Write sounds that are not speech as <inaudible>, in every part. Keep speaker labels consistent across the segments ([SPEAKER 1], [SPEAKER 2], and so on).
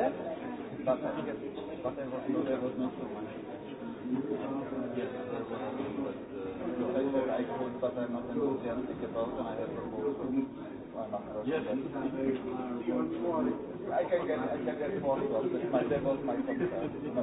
[SPEAKER 1] that? But I think it, but there was no, there was not so much. Yes, there was, but uh, I said I could, but I'm not enthusiastic about, and I have proposed. I'm not yes. I can get, I can get more. That was my concern. No.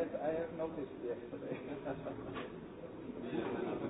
[SPEAKER 1] have I have noticed yesterday. <laughs>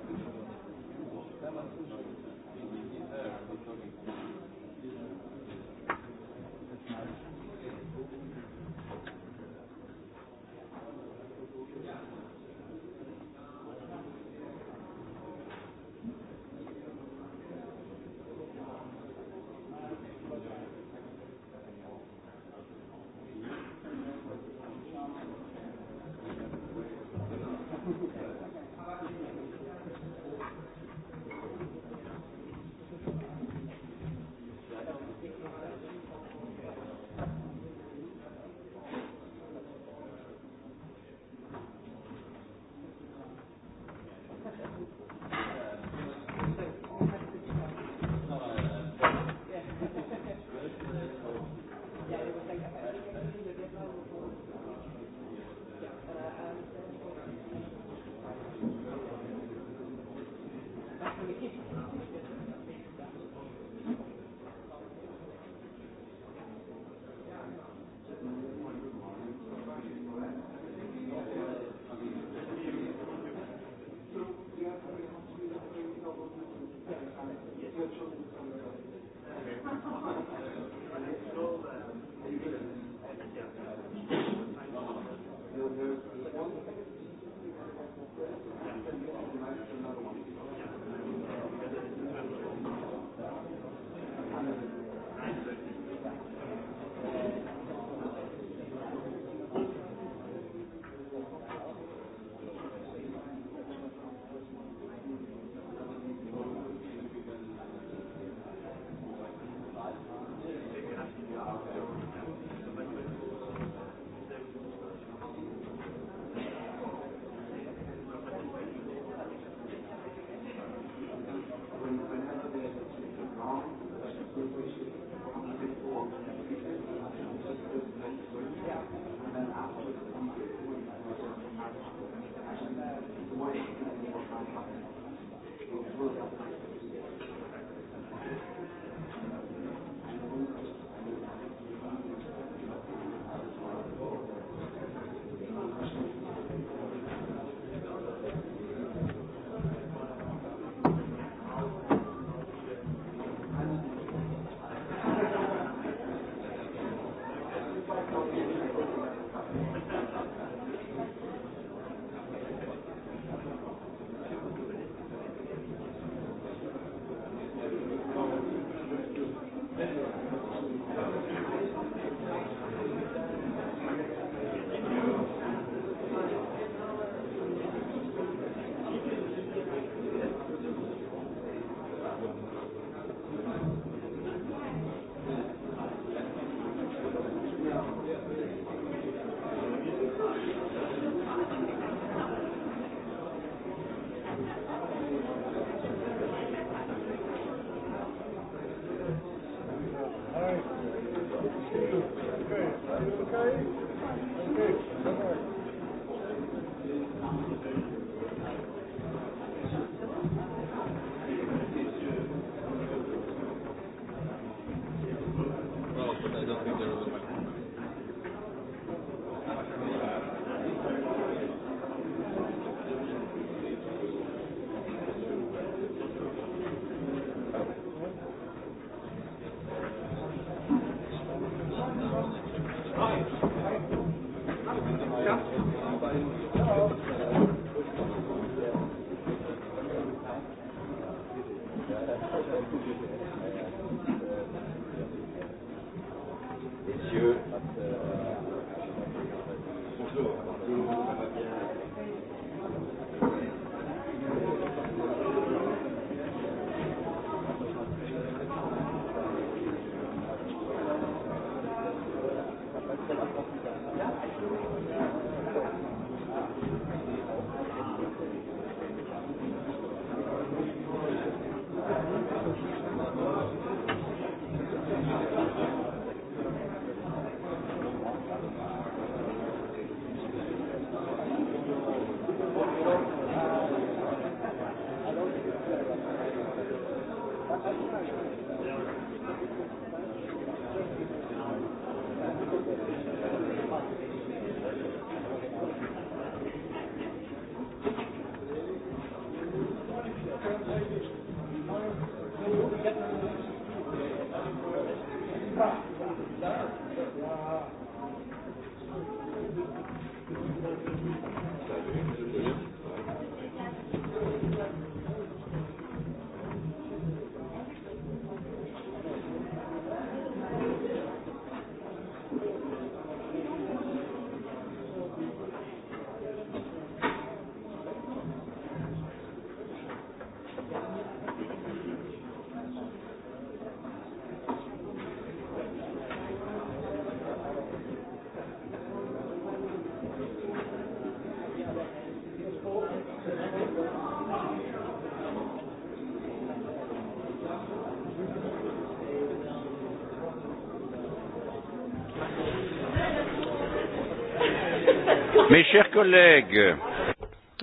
[SPEAKER 2] Mes chers collègues.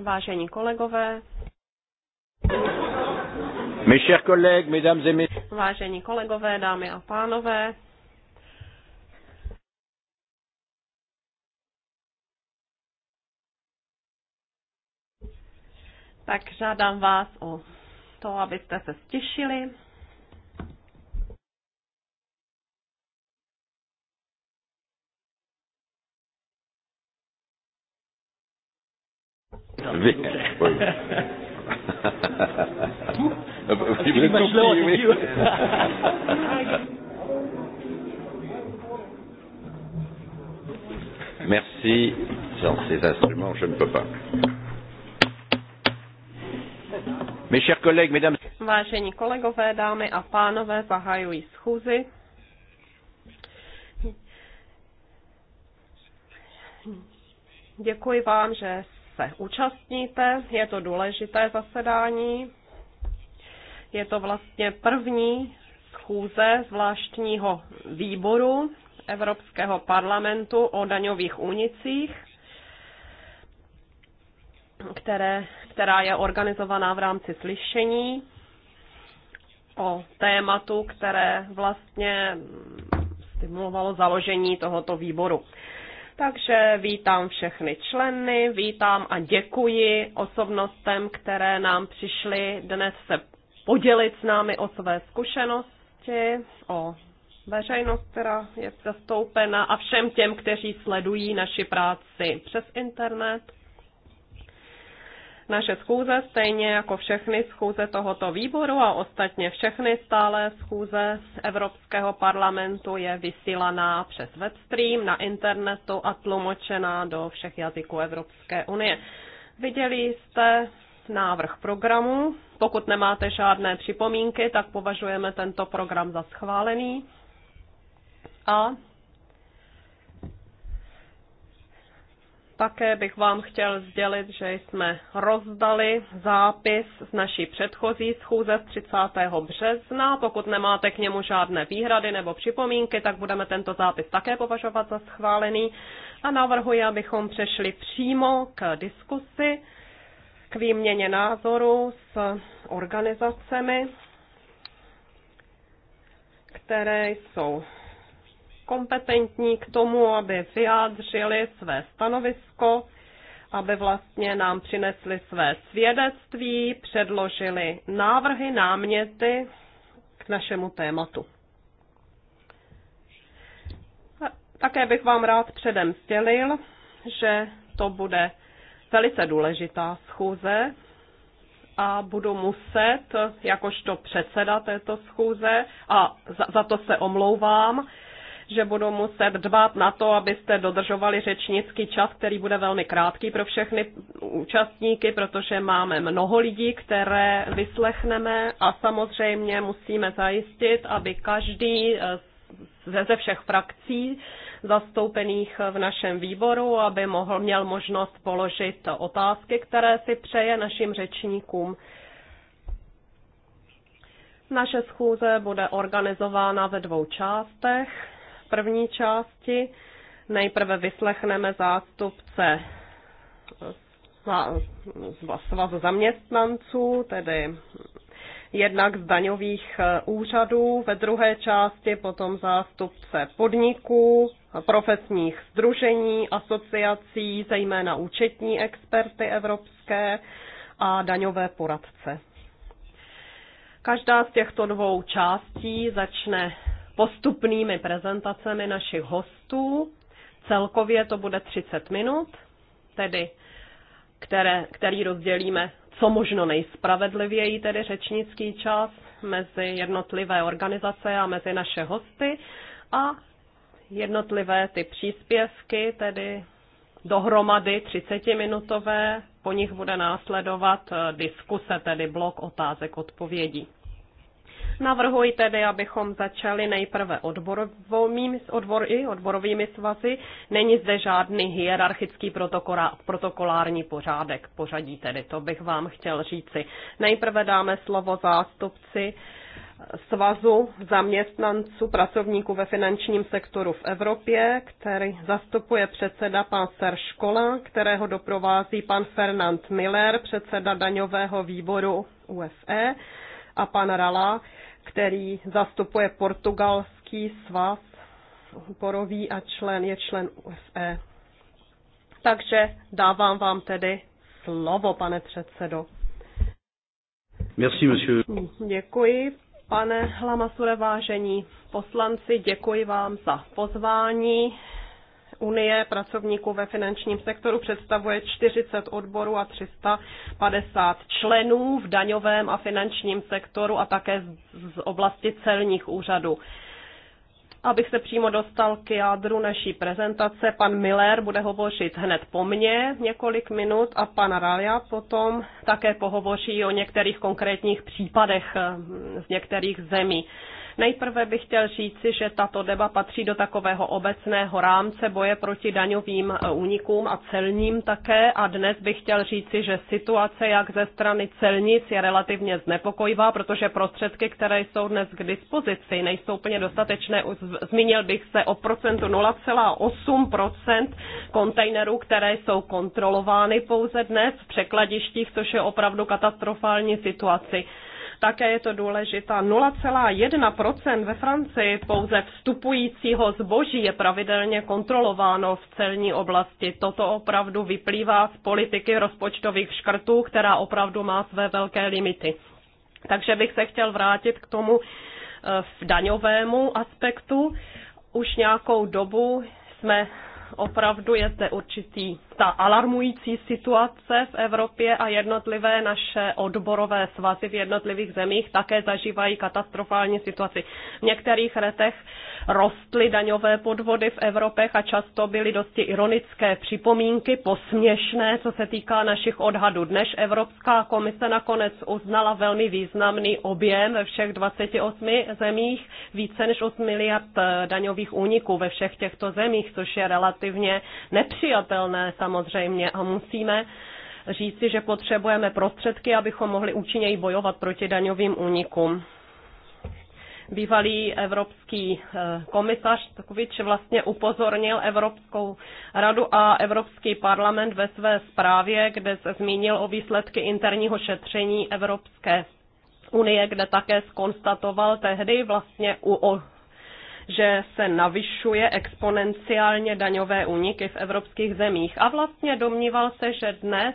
[SPEAKER 3] Vážení kolegové. Mes chers collègues, mesdames et messieurs. Vážení kolegové, dámy a pánové. Tak žádám vás o to, abyste se stěšili.
[SPEAKER 1] oui. Vous m'avez compris, oui. Merci. Sans ces instruments, je ne peux pas.
[SPEAKER 2] Mes chers collègues, mesdames...
[SPEAKER 3] Vážení kolegové, dámy a pánové, zahajují schůzi. Děkuji vám, že se účastníte. Je to důležité zasedání. Je to vlastně první schůze zvláštního výboru Evropského parlamentu o daňových únicích, které, která je organizovaná v rámci slyšení o tématu, které vlastně stimulovalo založení tohoto výboru. Takže vítám všechny členy, vítám a děkuji osobnostem, které nám přišly dnes se podělit s námi o své zkušenosti, o veřejnost, která je zastoupena a všem těm, kteří sledují naši práci přes internet. Naše schůze, stejně jako všechny schůze tohoto výboru a ostatně všechny stále schůze Evropského parlamentu je vysílaná přes webstream na internetu a tlumočená do všech jazyků Evropské unie. Viděli jste návrh programu. Pokud nemáte žádné připomínky, tak považujeme tento program za schválený. A Také bych vám chtěl sdělit, že jsme rozdali zápis z naší předchozí schůze z 30. března. Pokud nemáte k němu žádné výhrady nebo připomínky, tak budeme tento zápis také považovat za schválený. A navrhuji, abychom přešli přímo k diskusi, k výměně názoru s organizacemi, které jsou kompetentní k tomu, aby vyjádřili své stanovisko, aby vlastně nám přinesli své svědectví, předložili návrhy, náměty k našemu tématu. Také bych vám rád předem sdělil, že to bude velice důležitá schůze a budu muset, jakožto předseda této schůze, a za, za to se omlouvám, že budu muset dbát na to, abyste dodržovali řečnický čas, který bude velmi krátký pro všechny účastníky, protože máme mnoho lidí, které vyslechneme a samozřejmě musíme zajistit, aby každý eh, ze všech frakcí zastoupených v našem výboru, aby mohl, měl možnost položit otázky, které si přeje našim řečníkům. Naše schůze bude organizována ve dvou částech první části nejprve vyslechneme zástupce svaz zaměstnanců, tedy jednak z daňových eh, úřadů, ve druhé části potom zástupce podniků, profesních združení, asociací, zejména účetní experty evropské a daňové poradce. Každá z těchto dvou částí začne postupnými prezentacemi našich hostů. Celkově to bude 30 minut, tedy které, který rozdělíme co možno nejspravedlivěji, tedy řečnický čas mezi jednotlivé organizace a mezi naše hosty a jednotlivé ty příspěvky, tedy dohromady 30-minutové, po nich bude následovat eh, diskuse, tedy blok otázek odpovědí. Navrhuji tedy, abychom začali nejprve odborovými, odbor, i odborovými svazy. Není zde žádný hierarchický protokolární pořádek, pořadí tedy, to bych vám chtěl říci. Nejprve dáme slovo zástupci svazu zaměstnanců pracovníků ve finančním sektoru v Evropě, který zastupuje předseda pan Serškola, kterého doprovází pan Fernand Miller, předseda daňového výboru UFE a pan Rala, který zastupuje portugalský svaz porový a člen je člen UFE. Takže dávám vám tedy slovo, pane předsedo.
[SPEAKER 1] Merci, monsieur.
[SPEAKER 3] Děkuji, pane Lamasure, vážení poslanci, děkuji vám za pozvání Unie pracovníků ve finančním sektoru představuje 40 odborů a 350 členů v daňovém a finančním sektoru a také z oblasti celních úřadů. Abych se přímo dostal k jádru naší prezentace, pan Miller bude hovořit hned po mně několik minut a pan Ralia potom také pohovoří o některých konkrétních případech eh, z některých zemí. Nejprve bych chtěl říci, že tato deba patří do takového obecného rámce boje proti daňovým eh, únikům a celním také a dnes bych chtěl říci, že situace jak ze strany celnic je relativně znepokojivá, protože prostředky, které jsou dnes k dispozici, nejsou úplně dostatečné. Zmínil bych se o procentu 0,8% kontejnerů, které jsou kontrolovány pouze dnes v překladištích, což je opravdu katastrofální situaci. Také je to důležitá 0,1% ve Francii pouze vstupujícího zboží je pravidelně kontrolováno v celní oblasti. Toto opravdu vyplývá z politiky rozpočtových škrtů, která opravdu má své velké limity. Takže bych se chtěl vrátit k tomu eh, v daňovému aspektu. Už nějakou dobu jsme opravdu je zde určitý ta alarmující situace v Evropě a jednotlivé naše odborové svazy v jednotlivých zemích také zažívají katastrofální situaci. V některých retech rostly daňové podvody v Evropě a často byly dosti ironické připomínky, posměšné, co se týká našich odhadů. Dnes Evropská komise nakonec uznala velmi významný objem ve všech 28 zemích, více než 8 miliard eh, daňových úniků ve všech těchto zemích, což je relativně nepřijatelné samozřejmě a musíme říci, že potřebujeme prostředky, abychom mohli účinněji bojovat proti daňovým únikům bývalý evropský eh, komisař Takovič vlastně upozornil Evropskou radu a Evropský parlament ve své zprávě, kde se zmínil o výsledky interního šetření Evropské unie, kde také skonstatoval tehdy vlastně u, o, že se navyšuje exponenciálně daňové úniky v evropských zemích. A vlastně domníval se, že dnes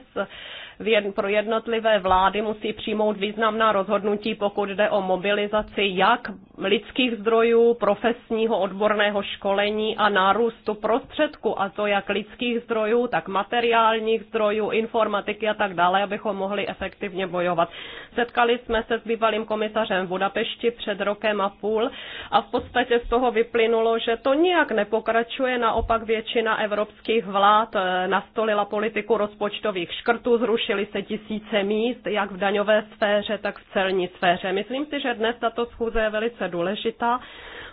[SPEAKER 3] pro jednotlivé vlády musí přijmout významná rozhodnutí, pokud jde o mobilizaci jak lidských zdrojů, profesního odborného školení a nárůstu prostředku, a to jak lidských zdrojů, tak materiálních zdrojů, informatiky a tak dále, abychom mohli efektivně bojovat. Setkali jsme se s bývalým komisařem v Budapešti před rokem a půl a v podstatě z toho vyplynulo, že to nijak nepokračuje, naopak většina evropských vlád eh, nastolila politiku rozpočtových škrtů, zrušení zrušily se tisíce míst, jak v daňové sféře, tak v celní sféře. Myslím si, že dnes tato schůze je velice důležitá,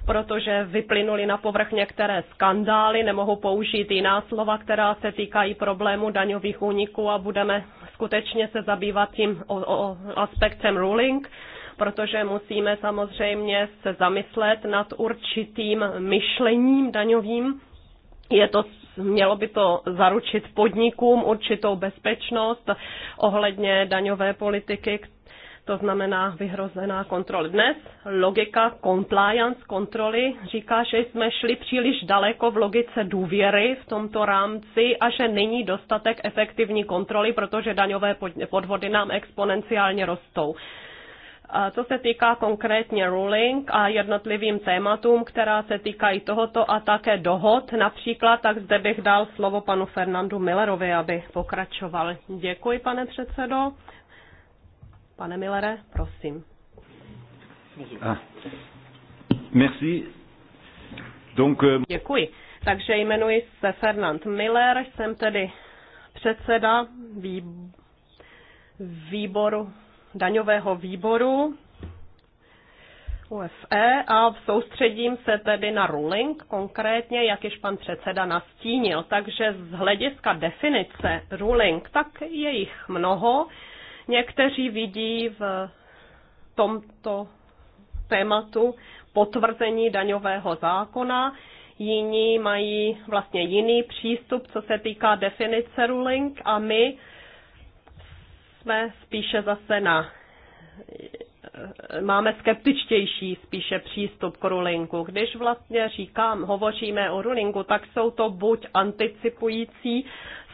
[SPEAKER 3] protože vyplynuly na povrch některé skandály, nemohu použít jiná slova, která se týkají problému daňových úniků a budeme skutečně se zabývat tím o, o aspektem ruling protože musíme samozřejmě se zamyslet nad určitým myšlením daňovým. Je to mělo by to zaručit podnikům určitou bezpečnost ohledně daňové politiky, to znamená vyhrozená kontrola. Dnes logika compliance kontroly říká, že jsme šli příliš daleko v logice důvěry v tomto rámci a že není dostatek efektivní kontroly, protože daňové podvody nám exponenciálně rostou. Co se týká konkrétně ruling a jednotlivým tématům, která se týkají tohoto a také dohod například, tak zde bych dal slovo panu Fernandu Millerovi, aby pokračoval. Děkuji, pane předsedo. Pane Millere, prosím.
[SPEAKER 1] Ah. Merci. Donc, euh,
[SPEAKER 3] Děkuji. Takže jmenuji se Fernand Miller, jsem tedy předseda výboru daňového výboru UFE a soustředím se tedy na ruling, konkrétně, jak již pan předseda nastínil. Takže z hlediska definice ruling, tak je jich mnoho. Někteří vidí v tomto tématu potvrzení daňového zákona, jiní mají vlastně jiný přístup, co se týká definice ruling a my jsme spíše zase na máme skeptičtější spíše přístup k rulingu. Když vlastně říkám, hovoříme o rulingu, tak jsou to buď anticipující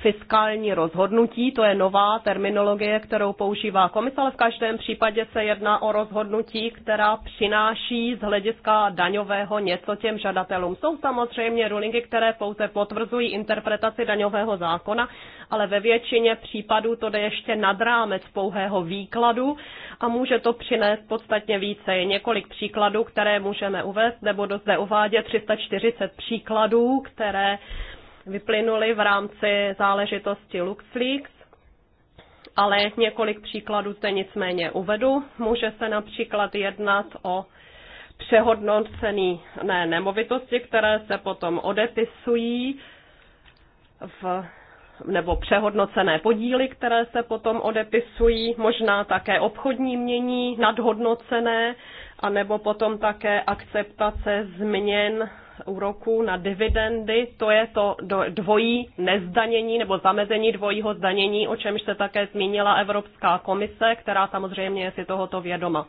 [SPEAKER 3] fiskální rozhodnutí, to je nová terminologie, kterou používá komise, ale v každém případě se jedná o rozhodnutí, která přináší z hlediska daňového něco těm žadatelům. Jsou samozřejmě rulingy, které pouze potvrzují interpretaci daňového zákona, ale ve většině případů to jde ještě nad rámec pouhého výkladu a může to přinést podstatně více. Je několik příkladů, které můžeme uvést, nebo zde uvádět 340 příkladů, které vyplynuly v rámci záležitosti LuxLeaks, ale několik příkladů zde nicméně uvedu. Může se například jednat o přehodnocený ne, nemovitosti, které se potom odepisují v, nebo přehodnocené podíly, které se potom odepisují, možná také obchodní mění nadhodnocené, anebo potom také akceptace změn úroku na dividendy, to je to dvojí nezdanění nebo zamezení dvojího zdanění, o čemž se také zmínila Evropská komise, která samozřejmě je si tohoto vědoma.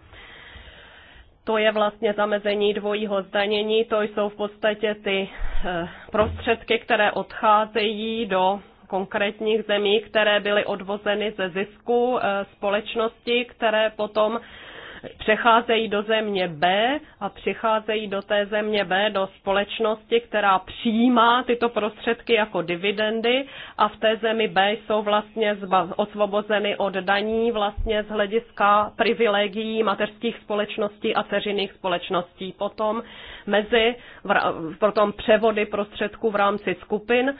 [SPEAKER 3] To je vlastně zamezení dvojího zdanění, to jsou v podstatě ty eh, prostředky, které odcházejí do konkrétních zemí, které byly odvozeny ze zisku eh, společnosti, které potom přecházejí do země B a přicházejí do té země B, do společnosti, která přijímá tyto prostředky jako dividendy a v té zemi B jsou vlastně osvobozeny od daní vlastně z hlediska privilegií mateřských společností a ceřiných společností. Potom mezi potom převody prostředků v rámci skupin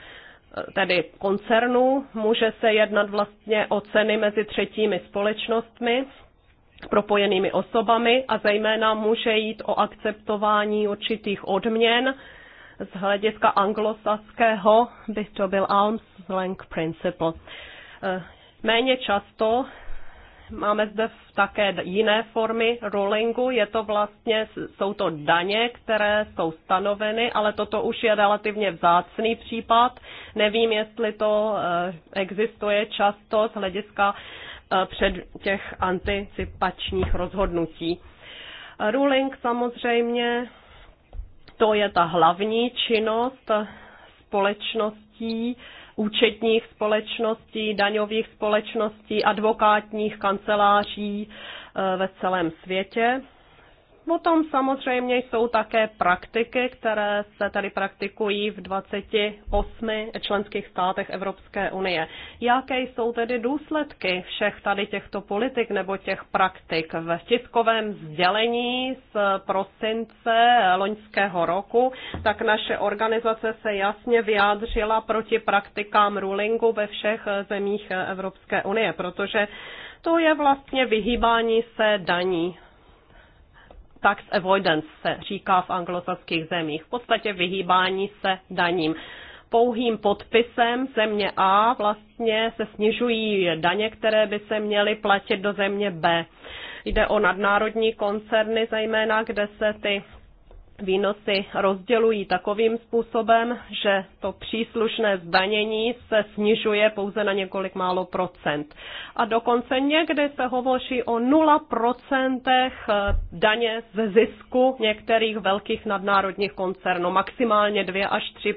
[SPEAKER 3] tedy koncernu, může se jednat vlastně o ceny mezi třetími společnostmi, propojenými osobami a zejména může jít o akceptování určitých odměn z hlediska anglosaského by to byl arms length principle. Eh, méně často máme zde také jiné formy rollingu, je to vlastně, jsou to daně, které jsou stanoveny, ale toto už je relativně vzácný případ. Nevím, jestli to eh, existuje často z hlediska Eh, před těch anticipačních rozhodnutí. Ruling samozřejmě to je ta hlavní činnost společností, účetních společností, daňových společností, advokátních kanceláří eh, ve celém světě. Potom samozřejmě jsou také praktiky, které se tady praktikují v 28 členských státech Evropské unie. Jaké jsou tedy důsledky všech tady těchto politik nebo těch praktik? V tiskovém sdělení z prosince loňského roku tak naše organizace se jasně vyjádřila proti praktikám rulingu ve všech zemích Evropské unie, protože to je vlastně vyhýbání se daní tax avoidance se říká v anglosaských zemích, v podstatě vyhýbání se daním. Pouhým podpisem země A vlastně se snižují daně, které by se měly platit do země B. Jde o nadnárodní koncerny, zejména kde se ty výnosy rozdělují takovým způsobem, že to příslušné zdanění se snižuje pouze na několik málo procent. A dokonce někdy se hovoří o 0% eh, daně ze zisku některých velkých nadnárodních koncernů, maximálně 2 až 3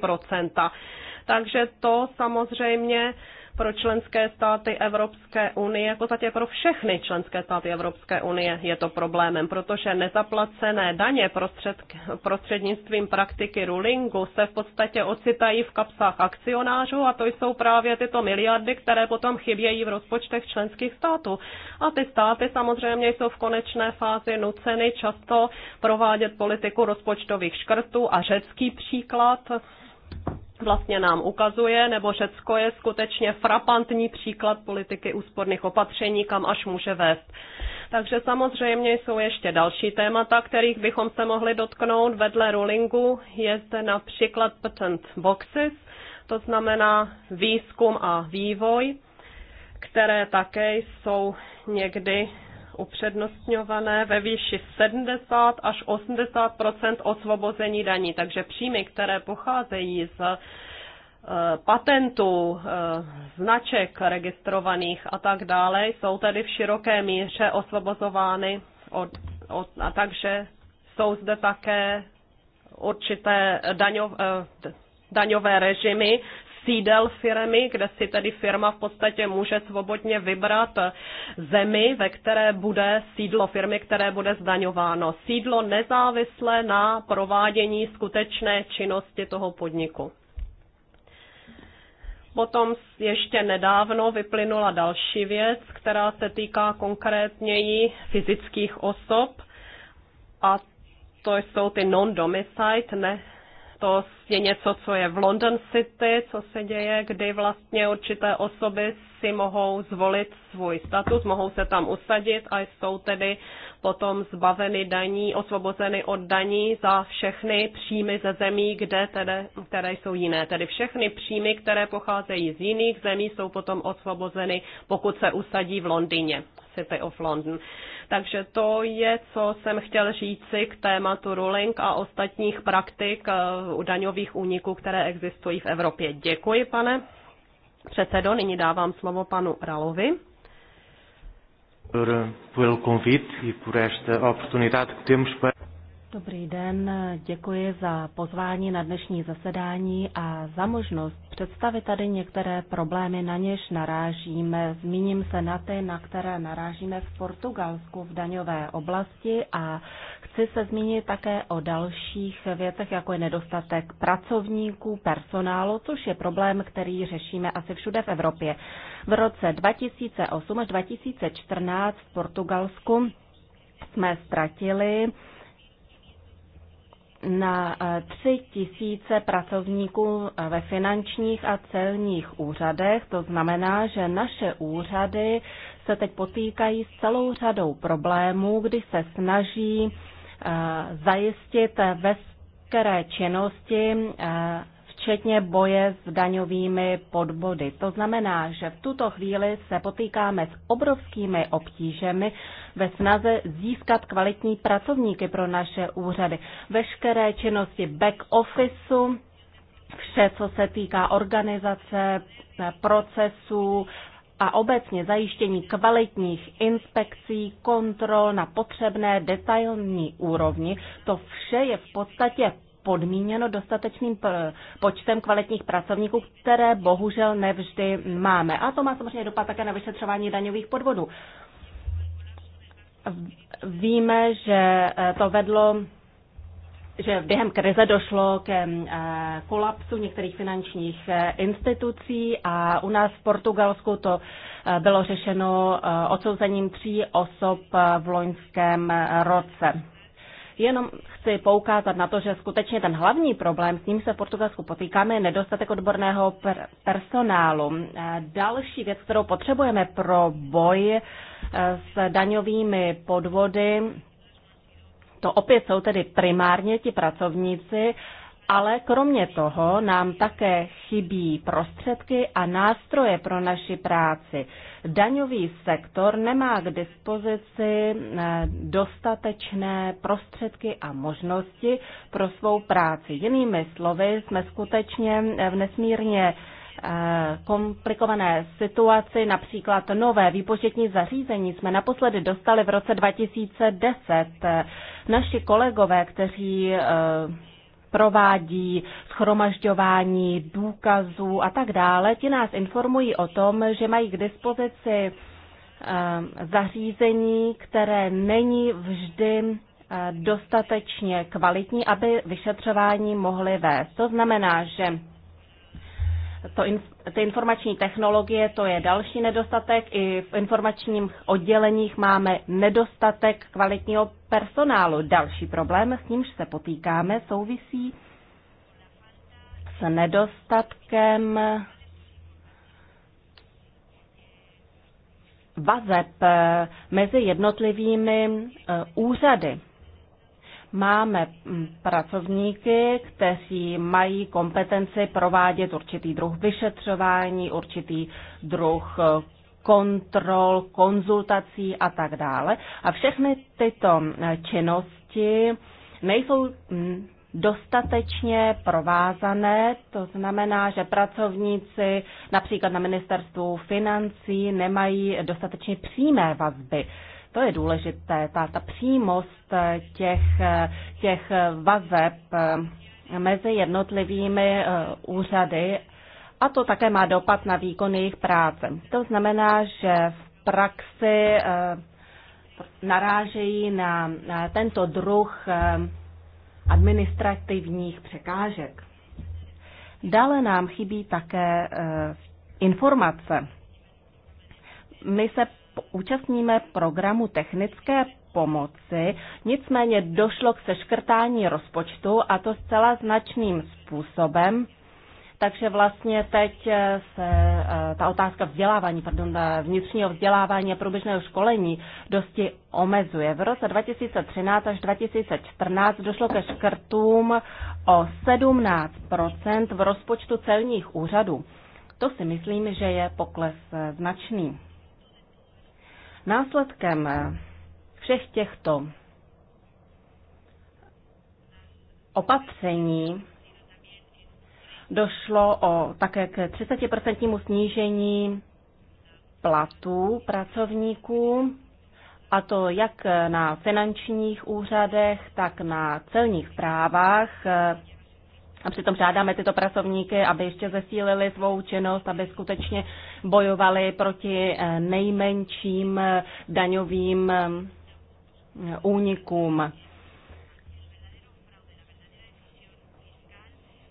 [SPEAKER 3] takže to samozřejmě pro členské státy Evropské unie, v jako podstatě pro všechny členské státy Evropské unie je to problémem, protože nezaplacené daně prostřednictvím praktiky rulingu se v podstatě ocitají v kapsách akcionářů a to jsou právě tyto miliardy, které potom chybějí v rozpočtech členských států. A ty státy samozřejmě jsou v konečné fázi nuceny často provádět politiku rozpočtových škrtů a řecký příklad vlastně nám ukazuje, nebo Řecko je skutečně frapantní příklad politiky úsporných opatření, kam až může vést. Takže samozřejmě jsou ještě další témata, kterých bychom se mohli dotknout. Vedle rulingu je zde například patent boxes, to znamená výzkum a vývoj, které také jsou někdy upřednostňované ve výši 70 až 80 osvobození daní. Takže příjmy, které pocházejí z eh, patentů, eh, značek registrovaných a tak dále, jsou tedy v široké míře osvobozovány od, od, a takže jsou zde také určité daňov, eh, daňové režimy sídel firmy, kde si tedy firma v podstatě může svobodně vybrat zemi, ve které bude sídlo firmy, které bude zdaňováno. Sídlo nezávisle na provádění skutečné činnosti toho podniku. Potom ještě nedávno vyplynula další věc, která se týká konkrétněji fyzických osob a to jsou ty non-domicite, ne, to je něco, co je v London City, co se děje, kdy vlastně určité osoby si mohou zvolit svůj status, mohou se tam usadit a jsou tedy potom zbaveny daní, osvobozeny od daní za všechny příjmy ze zemí, kde tedy, které jsou jiné. Tedy všechny příjmy, které pocházejí z jiných zemí, jsou potom osvobozeny, pokud se usadí v Londýně. City of London. Takže to je, co jsem chtěl říci k tématu ruling a ostatních praktik eh, u daňových úniků, které existují v Evropě. Děkuji, pane předsedo. Nyní dávám slovo panu Ralovi
[SPEAKER 1] por, pelo convite e por esta oportunidade que temos para
[SPEAKER 4] Dobrý den, děkuji za pozvání na dnešní zasedání a za možnost představit tady některé problémy, na něž narážíme. Zmíním se na ty, na které narážíme v Portugalsku v daňové oblasti a chci se zmínit také o dalších věcech, jako je nedostatek pracovníků, personálu, což je problém, který řešíme asi všude v Evropě. V roce 2008 až 2014 v Portugalsku jsme ztratili na 3 eh, tisíce pracovníků eh, ve finančních a celních úřadech. To znamená, že naše úřady se teď potýkají s celou řadou problémů, kdy se snaží eh, zajistit veškeré činnosti včetně boje s daňovými podbody. To znamená, že v tuto chvíli se potýkáme s obrovskými obtížemi ve snaze získat kvalitní pracovníky pro naše úřady. Veškeré činnosti back officeu, vše, co se týká organizace, procesů, a obecně zajištění kvalitních inspekcí, kontrol na potřebné detailní úrovni, to vše je v podstatě podmíněno dostatečným počtem kvalitních pracovníků, které bohužel nevždy máme. A to má samozřejmě dopad také na vyšetřování daňových podvodů. Víme, že eh, to vedlo že během krize došlo ke eh, kolapsu některých finančních eh, institucí a u nás v Portugalsku to bylo řešeno odsouzením tří osob v loňském roce. Jenom chci poukázat na to, že skutečně ten hlavní problém, s ním se v Portugalsku potýkáme, je nedostatek odborného per- personálu. E, další věc, kterou potřebujeme pro boj e, s daňovými podvody, to opět jsou tedy primárně ti pracovníci, ale kromě toho nám také chybí prostředky a nástroje pro naši práci daňový sektor nemá k dispozici eh, dostatečné prostředky a možnosti pro svou práci. Jinými slovy, jsme skutečně v nesmírně eh, komplikované situaci, například nové výpočetní zařízení jsme naposledy dostali v roce 2010. Eh, naši kolegové, kteří provádí schromažďování důkazů a tak dále. Ti nás informují o tom, že mají k dispozici eh, zařízení, které není vždy eh, dostatečně kvalitní, aby vyšetřování mohly vést. To znamená, že to, ty informační technologie, to je další nedostatek. I v informačních odděleních máme nedostatek kvalitního personálu. Další problém, s nímž se potýkáme, souvisí s nedostatkem vazeb mezi jednotlivými eh, úřady máme mm, pracovníky, kteří mají kompetenci provádět určitý druh vyšetřování, určitý druh eh, kontrol, konzultací a tak dále. A všechny tyto eh, činnosti nejsou mm, dostatečně provázané, to znamená, že pracovníci například na ministerstvu financí nemají dostatečně přímé vazby to je důležité, ta, ta přímost eh, těch, eh, těch eh, vazeb mezi jednotlivými úřady a to také má dopad na výkon jejich práce. To znamená, že v praxi narážejí na tento druh administrativních překážek. Dále nám chybí také informace. My se účastníme programu technické pomoci, nicméně došlo k seškrtání rozpočtu a to zcela značným způsobem. Takže vlastně teď eh, se eh, ta otázka vzdělávání, pardon, eh, vnitřního vzdělávání a průběžného školení dosti omezuje. V roce 2013 až 2014 došlo ke škrtům o 17 v rozpočtu celních úřadů. To si myslím, že je pokles značný. Následkem eh, všech těchto opatření došlo o také k 30% snížení platů pracovníků, a to jak na finančních úřadech, tak na celních zprávách eh, a přitom žádáme tyto pracovníky, aby ještě zesílili svou činnost, aby skutečně bojovali proti eh, nejmenším eh, daňovým eh, únikům.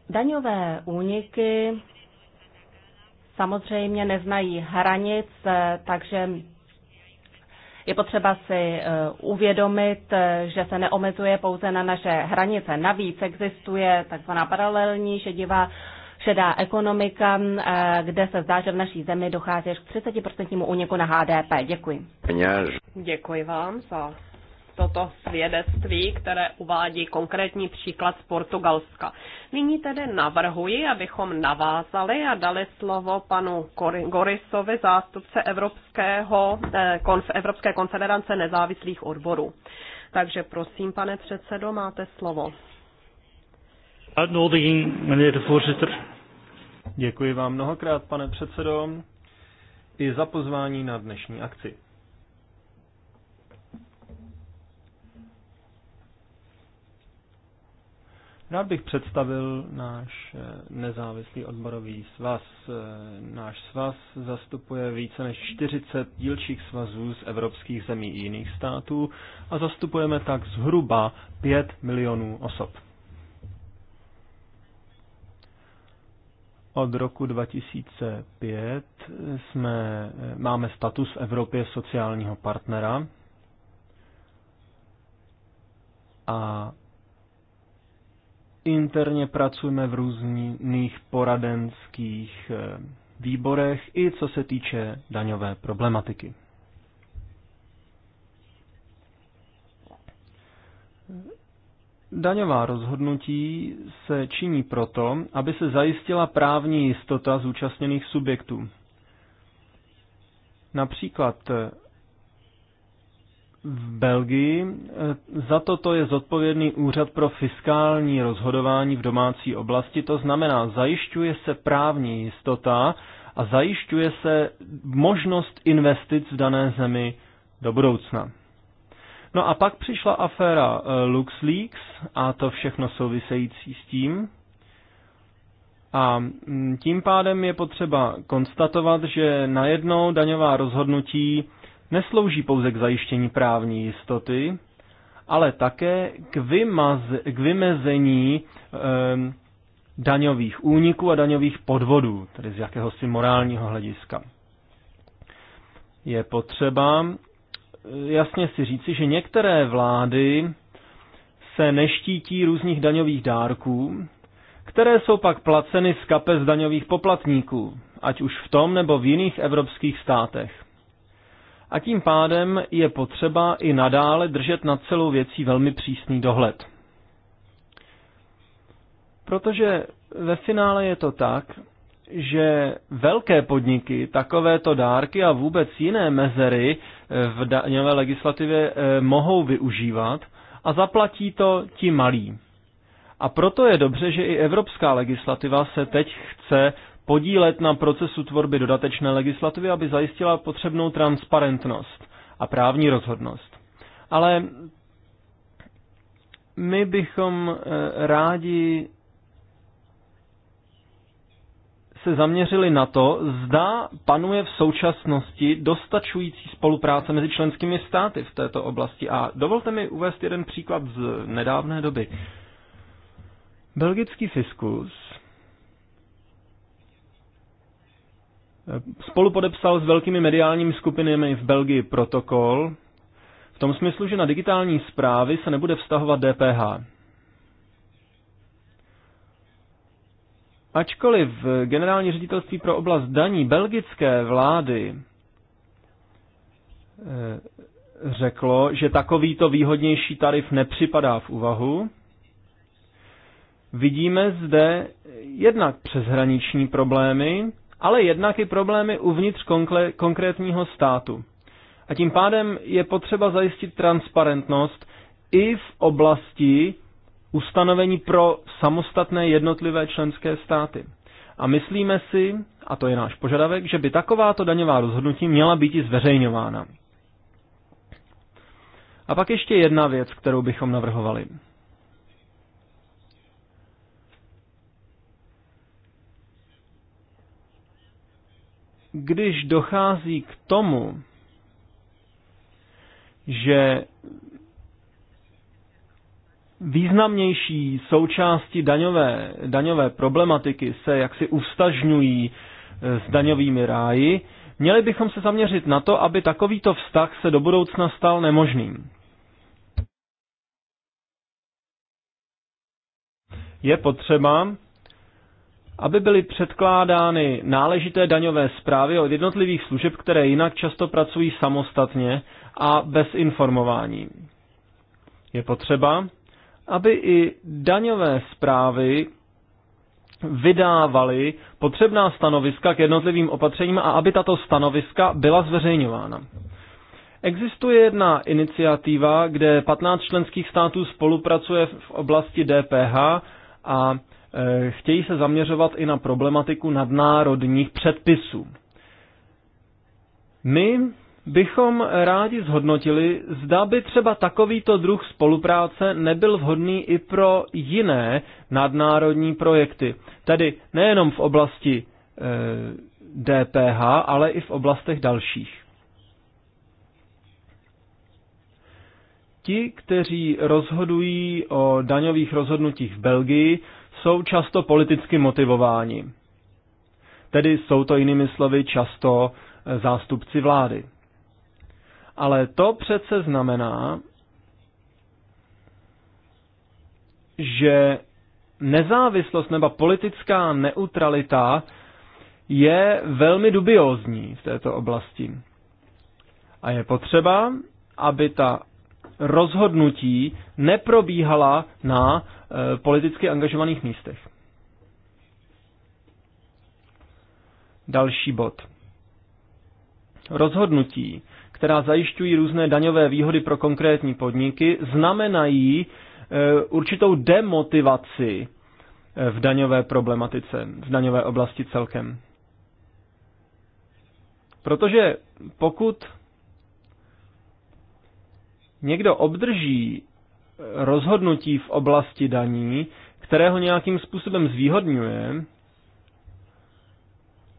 [SPEAKER 4] Daňové úniky samozřejmě neznají hranic, takže je potřeba si e, uvědomit, e, že se neomezuje pouze na naše hranice. Navíc existuje takzvaná paralelní šedivá šedá ekonomika, e, kde se zdá, že v naší zemi dochází až k 30% úniku na HDP. Děkuji.
[SPEAKER 3] Děkuji vám za toto svědectví, které uvádí konkrétní příklad z Portugalska. Nyní tedy navrhuji, abychom navázali a dali slovo panu Gorisovi, zástupce Evropského, eh, Evropské konfederace nezávislých odborů. Takže prosím, pane předsedo, máte slovo.
[SPEAKER 2] Děkuji vám mnohokrát, pane předsedo, i za pozvání na dnešní akci. Rád bych představil náš eh, nezávislý odborový svaz. Eh, náš svaz zastupuje více než 40 dílčích svazů z evropských zemí i jiných států a zastupujeme tak zhruba 5 milionů osob. Od roku 2005 jsme, eh, máme status v Evropě sociálního partnera a interně pracujeme v různých poradenských eh, výborech i co se týče daňové problematiky. Daňová rozhodnutí se činí proto, aby se zajistila právní jistota zúčastněných subjektů. Například eh, v Belgii. E, za toto je zodpovědný úřad pro fiskální rozhodování v domácí oblasti, to znamená, zajišťuje se právní jistota a zajišťuje se možnost investic v dané zemi do budoucna. No a pak přišla aféra e, LuxLeaks a to všechno související s tím. A mm, tím pádem je potřeba konstatovat, že najednou daňová rozhodnutí neslouží pouze k zajištění právní jistoty, ale také k, vymaz, k vymezení e, daňových úniků a daňových podvodů, tedy z jakéhosi morálního hlediska. Je potřeba eh, jasně si říci, že některé vlády se neštítí různých daňových dárků, které jsou pak placeny z kapes daňových poplatníků, ať už v tom nebo v jiných evropských státech a tím pádem je potřeba i nadále držet nad celou věcí velmi přísný dohled. Protože ve finále je to tak, že velké podniky takovéto dárky a vůbec jiné mezery eh, v daňové legislativě eh, mohou využívat a zaplatí to ti malí. A proto je dobře, že i evropská legislativa se teď chce podílet na procesu tvorby dodatečné legislativy, aby zajistila potřebnou transparentnost a právní rozhodnost. Ale my bychom eh, rádi se zaměřili na to, zda panuje v současnosti dostačující spolupráce mezi členskými státy v této oblasti. A dovolte mi uvést jeden příklad z nedávné doby. Belgický fiskus Spolupodepsal s velkými mediálními skupinami v Belgii protokol, v tom smyslu, že na digitální zprávy se nebude vztahovat DPH. Ačkoliv generální ředitelství pro oblast daní belgické vlády eh, řeklo, že takovýto výhodnější tarif nepřipadá v úvahu, vidíme zde jednak přeshraniční problémy, ale jednak i problémy uvnitř konkrétního státu. A tím pádem je potřeba zajistit transparentnost i v oblasti ustanovení pro samostatné jednotlivé členské státy. A myslíme si, a to je náš požadavek, že by takováto daňová rozhodnutí měla být i zveřejňována. A pak ještě jedna věc, kterou bychom navrhovali. když dochází k tomu, že významnější součásti daňové, daňové problematiky se jaksi uvstažňují e, s daňovými ráji, měli bychom se zaměřit na to, aby takovýto vztah se do budoucna stal nemožným. Je potřeba aby byly předkládány náležité daňové zprávy od jednotlivých služeb, které jinak často pracují samostatně a bez informování. Je potřeba, aby i daňové zprávy vydávaly potřebná stanoviska k jednotlivým opatřením a aby tato stanoviska byla zveřejňována. Existuje jedna iniciativa, kde 15 členských států spolupracuje v oblasti DPH a Eh, chtějí se zaměřovat i na problematiku nadnárodních předpisů. My bychom rádi zhodnotili, zda by třeba takovýto druh spolupráce nebyl vhodný i pro jiné nadnárodní projekty. Tedy nejenom v oblasti e, eh, DPH, ale i v oblastech dalších. Ti, kteří rozhodují o daňových rozhodnutích v Belgii, jsou často politicky motivováni. Tedy jsou to jinými slovy často eh, zástupci vlády. Ale to přece znamená, že nezávislost nebo politická neutralita je velmi dubiózní v této oblasti. A je potřeba, aby ta rozhodnutí neprobíhala na Eh, politicky angažovaných místech. Další bod. Rozhodnutí, která zajišťují různé daňové výhody pro konkrétní podniky, znamenají eh, určitou demotivaci eh, v daňové problematice, v daňové oblasti celkem. Protože pokud někdo obdrží rozhodnutí v oblasti daní, které ho nějakým způsobem zvýhodňuje,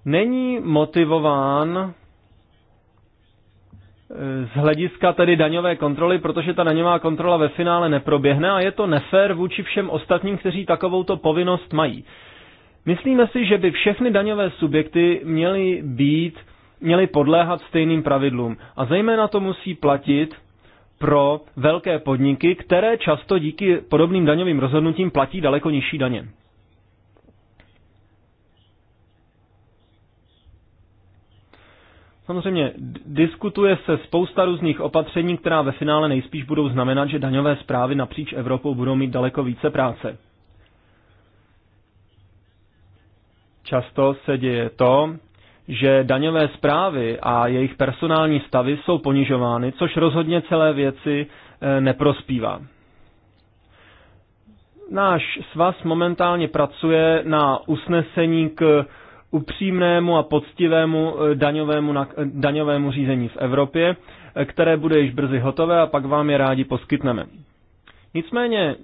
[SPEAKER 2] není motivován e, z hlediska tedy daňové kontroly, protože ta daňová kontrola ve finále neproběhne a je to nefér vůči všem ostatním, kteří takovouto povinnost mají. Myslíme si, že by všechny daňové subjekty měly být, měly podléhat stejným pravidlům. A zejména to musí platit pro velké podniky, které často díky podobným daňovým rozhodnutím platí daleko nižší daně. Samozřejmě diskutuje se spousta různých opatření, která ve finále nejspíš budou znamenat, že daňové zprávy napříč Evropou budou mít daleko více práce. Často se děje to, že daňové zprávy a jejich personální stavy jsou ponižovány, což rozhodně celé věci eh, neprospívá. Náš svaz momentálně pracuje na usnesení k upřímnému a poctivému eh, daňovému, daňovému řízení v Evropě, eh, které bude již brzy hotové a pak vám je rádi poskytneme. Nicméně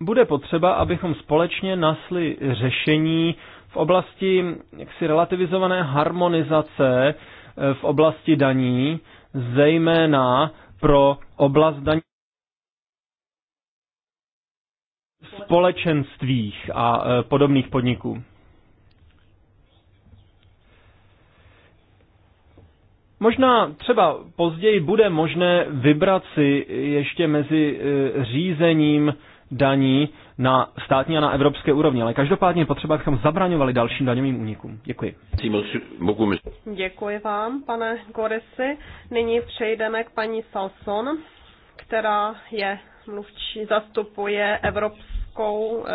[SPEAKER 2] bude potřeba, abychom společně nasli řešení v oblasti jaksi relativizované harmonizace eh, v oblasti daní, zejména pro oblast daní společenstvích a eh, podobných podniků. Možná třeba později bude možné vybrat si ještě mezi eh, řízením daní na státní a na evropské úrovni. Ale každopádně je potřeba, abychom zabraňovali dalším daňovým únikům. Děkuji.
[SPEAKER 3] Děkuji vám, pane Goresi. Nyní přejdeme k paní Salson, která je mluvčí, zastupuje Evropskou eh,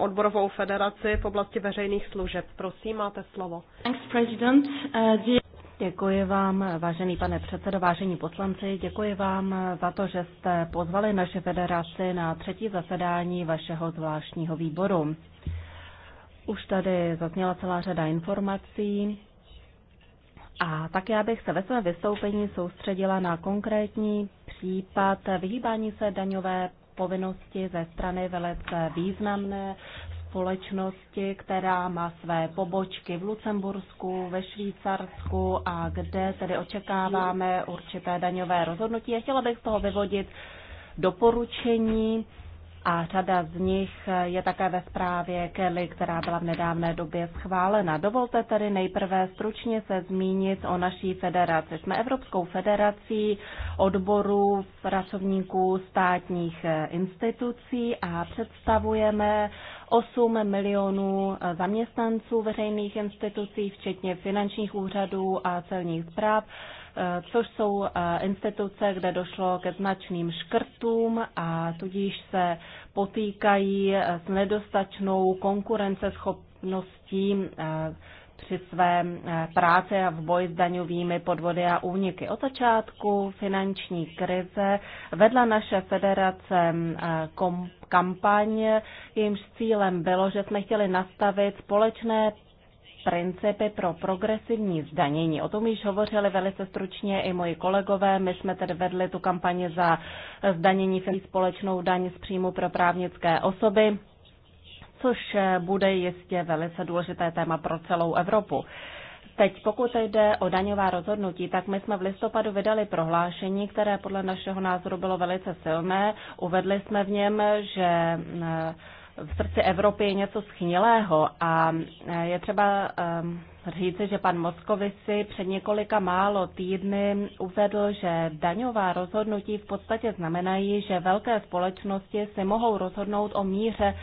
[SPEAKER 3] odborovou federaci v oblasti veřejných služeb. Prosím, máte slovo.
[SPEAKER 4] Thanks, President. Uh, eh, the... Děkuji vám, vážený pane předsedo, vážení poslanci, děkuji vám za to, že jste pozvali naše federaci na třetí zasedání vašeho zvláštního výboru. Už tady zazněla celá řada informací a tak já bych se ve svém vystoupení soustředila na konkrétní případ vyhýbání se daňové povinnosti ze strany velice významné společnosti, která má své pobočky v Lucembursku, ve Švýcarsku a kde tedy očekáváme určité daňové rozhodnutí. Já chtěla bych z toho vyvodit doporučení a řada z nich je také ve zprávě Kelly, která byla v nedávné době schválena. Dovolte tedy nejprve stručně se zmínit o naší federaci. Jsme Evropskou federací odborů pracovníků státních institucí a představujeme 8 milionů eh, zaměstnanců veřejných institucí, včetně finančních úřadů a celních zpráv, eh, což jsou eh, instituce, kde došlo ke značným škrtům a tudíž se potýkají s nedostačnou konkurenceschopností při své eh, práci a v boji s daňovými podvody a úniky. Od začátku finanční krize vedla naše federace eh, kampaň, jejímž cílem bylo, že jsme chtěli nastavit společné principy pro progresivní zdanění. O tom již hovořili velice stručně i moji kolegové. My jsme tedy vedli tu kampaně za zdanění společnou daň z příjmu pro právnické osoby což eh, bude jistě velice důležité téma pro celou Evropu. Teď, pokud jde o daňová rozhodnutí, tak my jsme v listopadu vydali prohlášení, které podle našeho názoru bylo velice silné. Uvedli jsme v něm, že eh, v srdci Evropy je něco schnilého a eh, je třeba říci, že pan Moskovici před několika málo týdny uvedl, že daňová rozhodnutí v podstatě znamenají, že velké společnosti si mohou rozhodnout o míře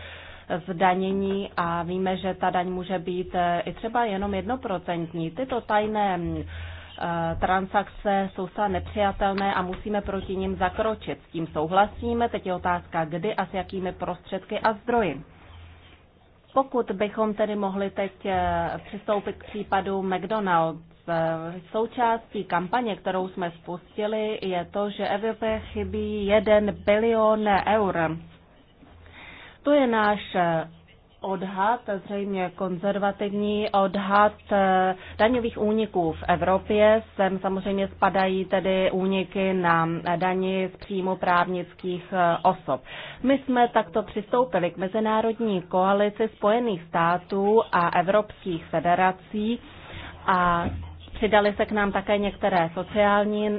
[SPEAKER 4] zdanění a víme, že ta daň může být eh, i třeba jenom jednoprocentní. Tyto tajné eh, transakce jsou zcela nepřijatelné a musíme proti ním zakročit. S tím souhlasíme, teď je otázka kdy a s jakými prostředky a zdroji. Pokud bychom tedy mohli teď eh, přistoupit k případu McDonald's, součástí kampaně, kterou jsme spustili, je to, že Evropě chybí 1 bilion eur. To je náš eh, odhad, zřejmě konzervativní odhad eh, daňových úniků v Evropě. Sem samozřejmě spadají tedy úniky na dani z příjmu právnických eh, osob. My jsme takto přistoupili k Mezinárodní koalici Spojených států a Evropských federací a Přidali se k nám také některé sociální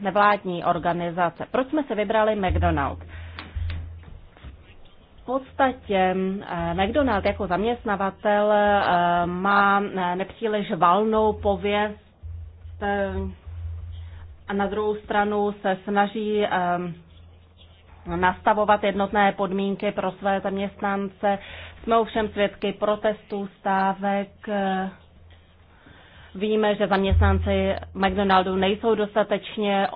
[SPEAKER 4] nevládní organizace. Proč jsme se vybrali McDonald's? podstatě eh, McDonald jako zaměstnavatel eh, má eh, nepříliš valnou pověst a na druhou stranu se snaží nastavovat jednotné podmínky pro své zaměstnance. Jsme ovšem svědky protestů, stávek. Víme, že zaměstnanci McDonaldu nejsou dostatečně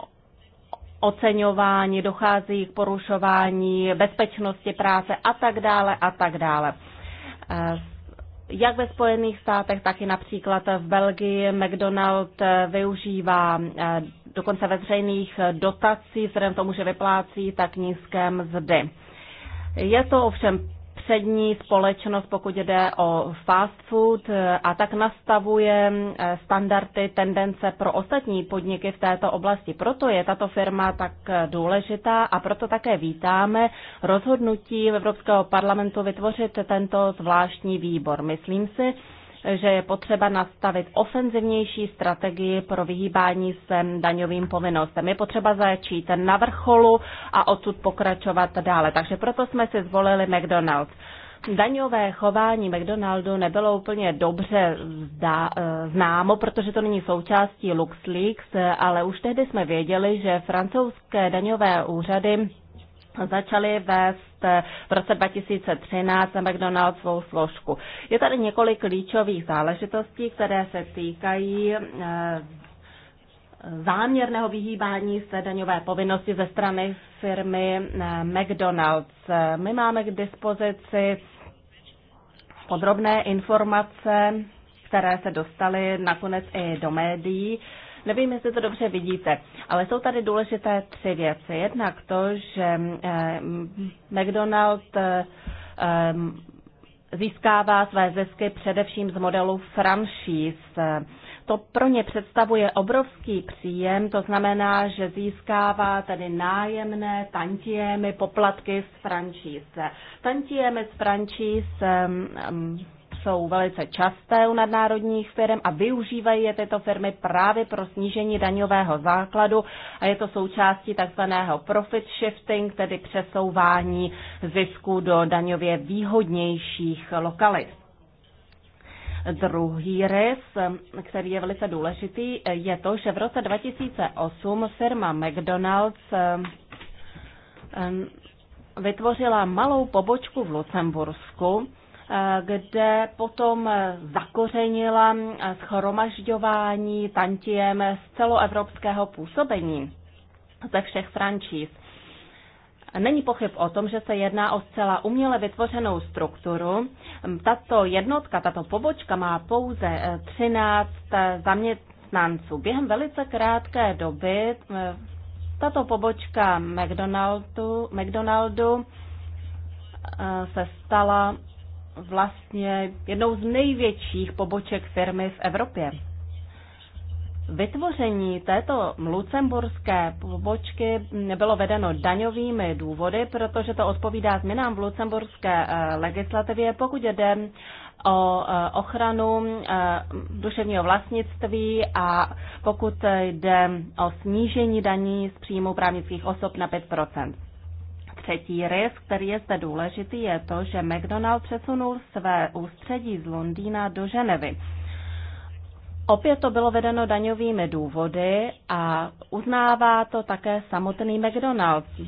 [SPEAKER 4] oceňování, dochází k porušování bezpečnosti práce a tak dále a tak dále. Eh, jak ve Spojených státech, tak i například v Belgii McDonald eh, využívá eh, dokonce veřejných dotací, vzhledem tomu, že vyplácí tak nízké mzdy. Je to ovšem přední společnost, pokud jde o fast food a tak nastavuje eh, standardy, tendence pro ostatní podniky v této oblasti. Proto je tato firma tak eh, důležitá a proto také vítáme rozhodnutí Evropského parlamentu vytvořit tento zvláštní výbor. Myslím si, že je potřeba nastavit ofenzivnější strategii pro vyhýbání se daňovým povinnostem. Je potřeba začít na vrcholu a odsud pokračovat dále. Takže proto jsme si zvolili McDonald's daňové chování McDonaldu nebylo úplně dobře zda, eh, známo, protože to není součástí LuxLeaks, eh, ale už tehdy jsme věděli, že francouzské daňové úřady začali vést eh, v roce 2013 McDonald's svou složku. Je tady několik klíčových záležitostí, které se týkají eh, záměrného vyhýbání se daňové povinnosti ze strany firmy eh, McDonald's. My máme k dispozici podrobné informace, které se dostaly nakonec i do médií Nevím, jestli to dobře vidíte, ale jsou tady důležité tři věci. Jednak to, že eh, McDonald eh, eh, získává své zisky především z modelu franchise. To pro ně představuje obrovský příjem, to znamená, že získává tady nájemné tantiemy, poplatky z franchise. Tantiemy z franchise jsou velice časté u nadnárodních firm a využívají je tyto firmy právě pro snížení daňového základu a je to součástí takzvaného profit shifting, tedy přesouvání zisku do daňově výhodnějších lokalit. Druhý rys, který je velice důležitý, je to, že v roce 2008 firma McDonald's ehm, vytvořila malou pobočku v Lucembursku kde potom zakořenila schromažďování tantiem z celoevropského působení ze všech frančíz. Není pochyb o tom, že se jedná o zcela uměle vytvořenou strukturu. Tato jednotka, tato pobočka má pouze 13 eh, eh, zaměstnanců. Během velice krátké doby eh, tato pobočka McDonaldu, McDonaldu se stala vlastně jednou z největších poboček firmy v Evropě. Vytvoření této lucemburské pobočky bylo vedeno daňovými důvody, protože to odpovídá změnám v lucemburské eh, legislativě, pokud jde eh, o eh, ochranu duševního vlastnictví a pokud jde o snížení daní z příjmu právnických osob na 5 Třetí risk, který je zde důležitý, je to, že McDonald přesunul své ústředí z Londýna do Ženevy. Opět to bylo vedeno daňovými důvody a uznává to také samotný McDonald's.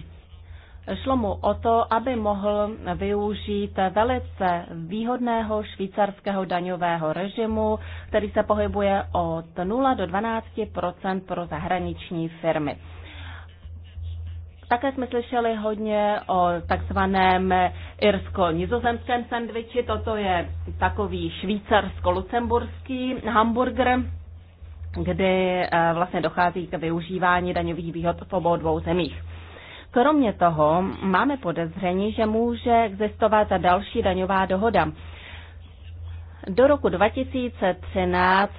[SPEAKER 4] Šlo mu o to, aby mohl využít velice výhodného švýcarského daňového režimu, který se pohybuje od 0 do 12 pro zahraniční firmy. Také jsme slyšeli hodně o takzvaném irsko-nizozemském sandviči. Toto je takový švýcarsko-lucemburský hamburger, kdy eh, vlastně dochází k využívání daňových výhod v obou dvou zemích. Kromě toho máme podezření, že může existovat další daňová dohoda. Do roku 2013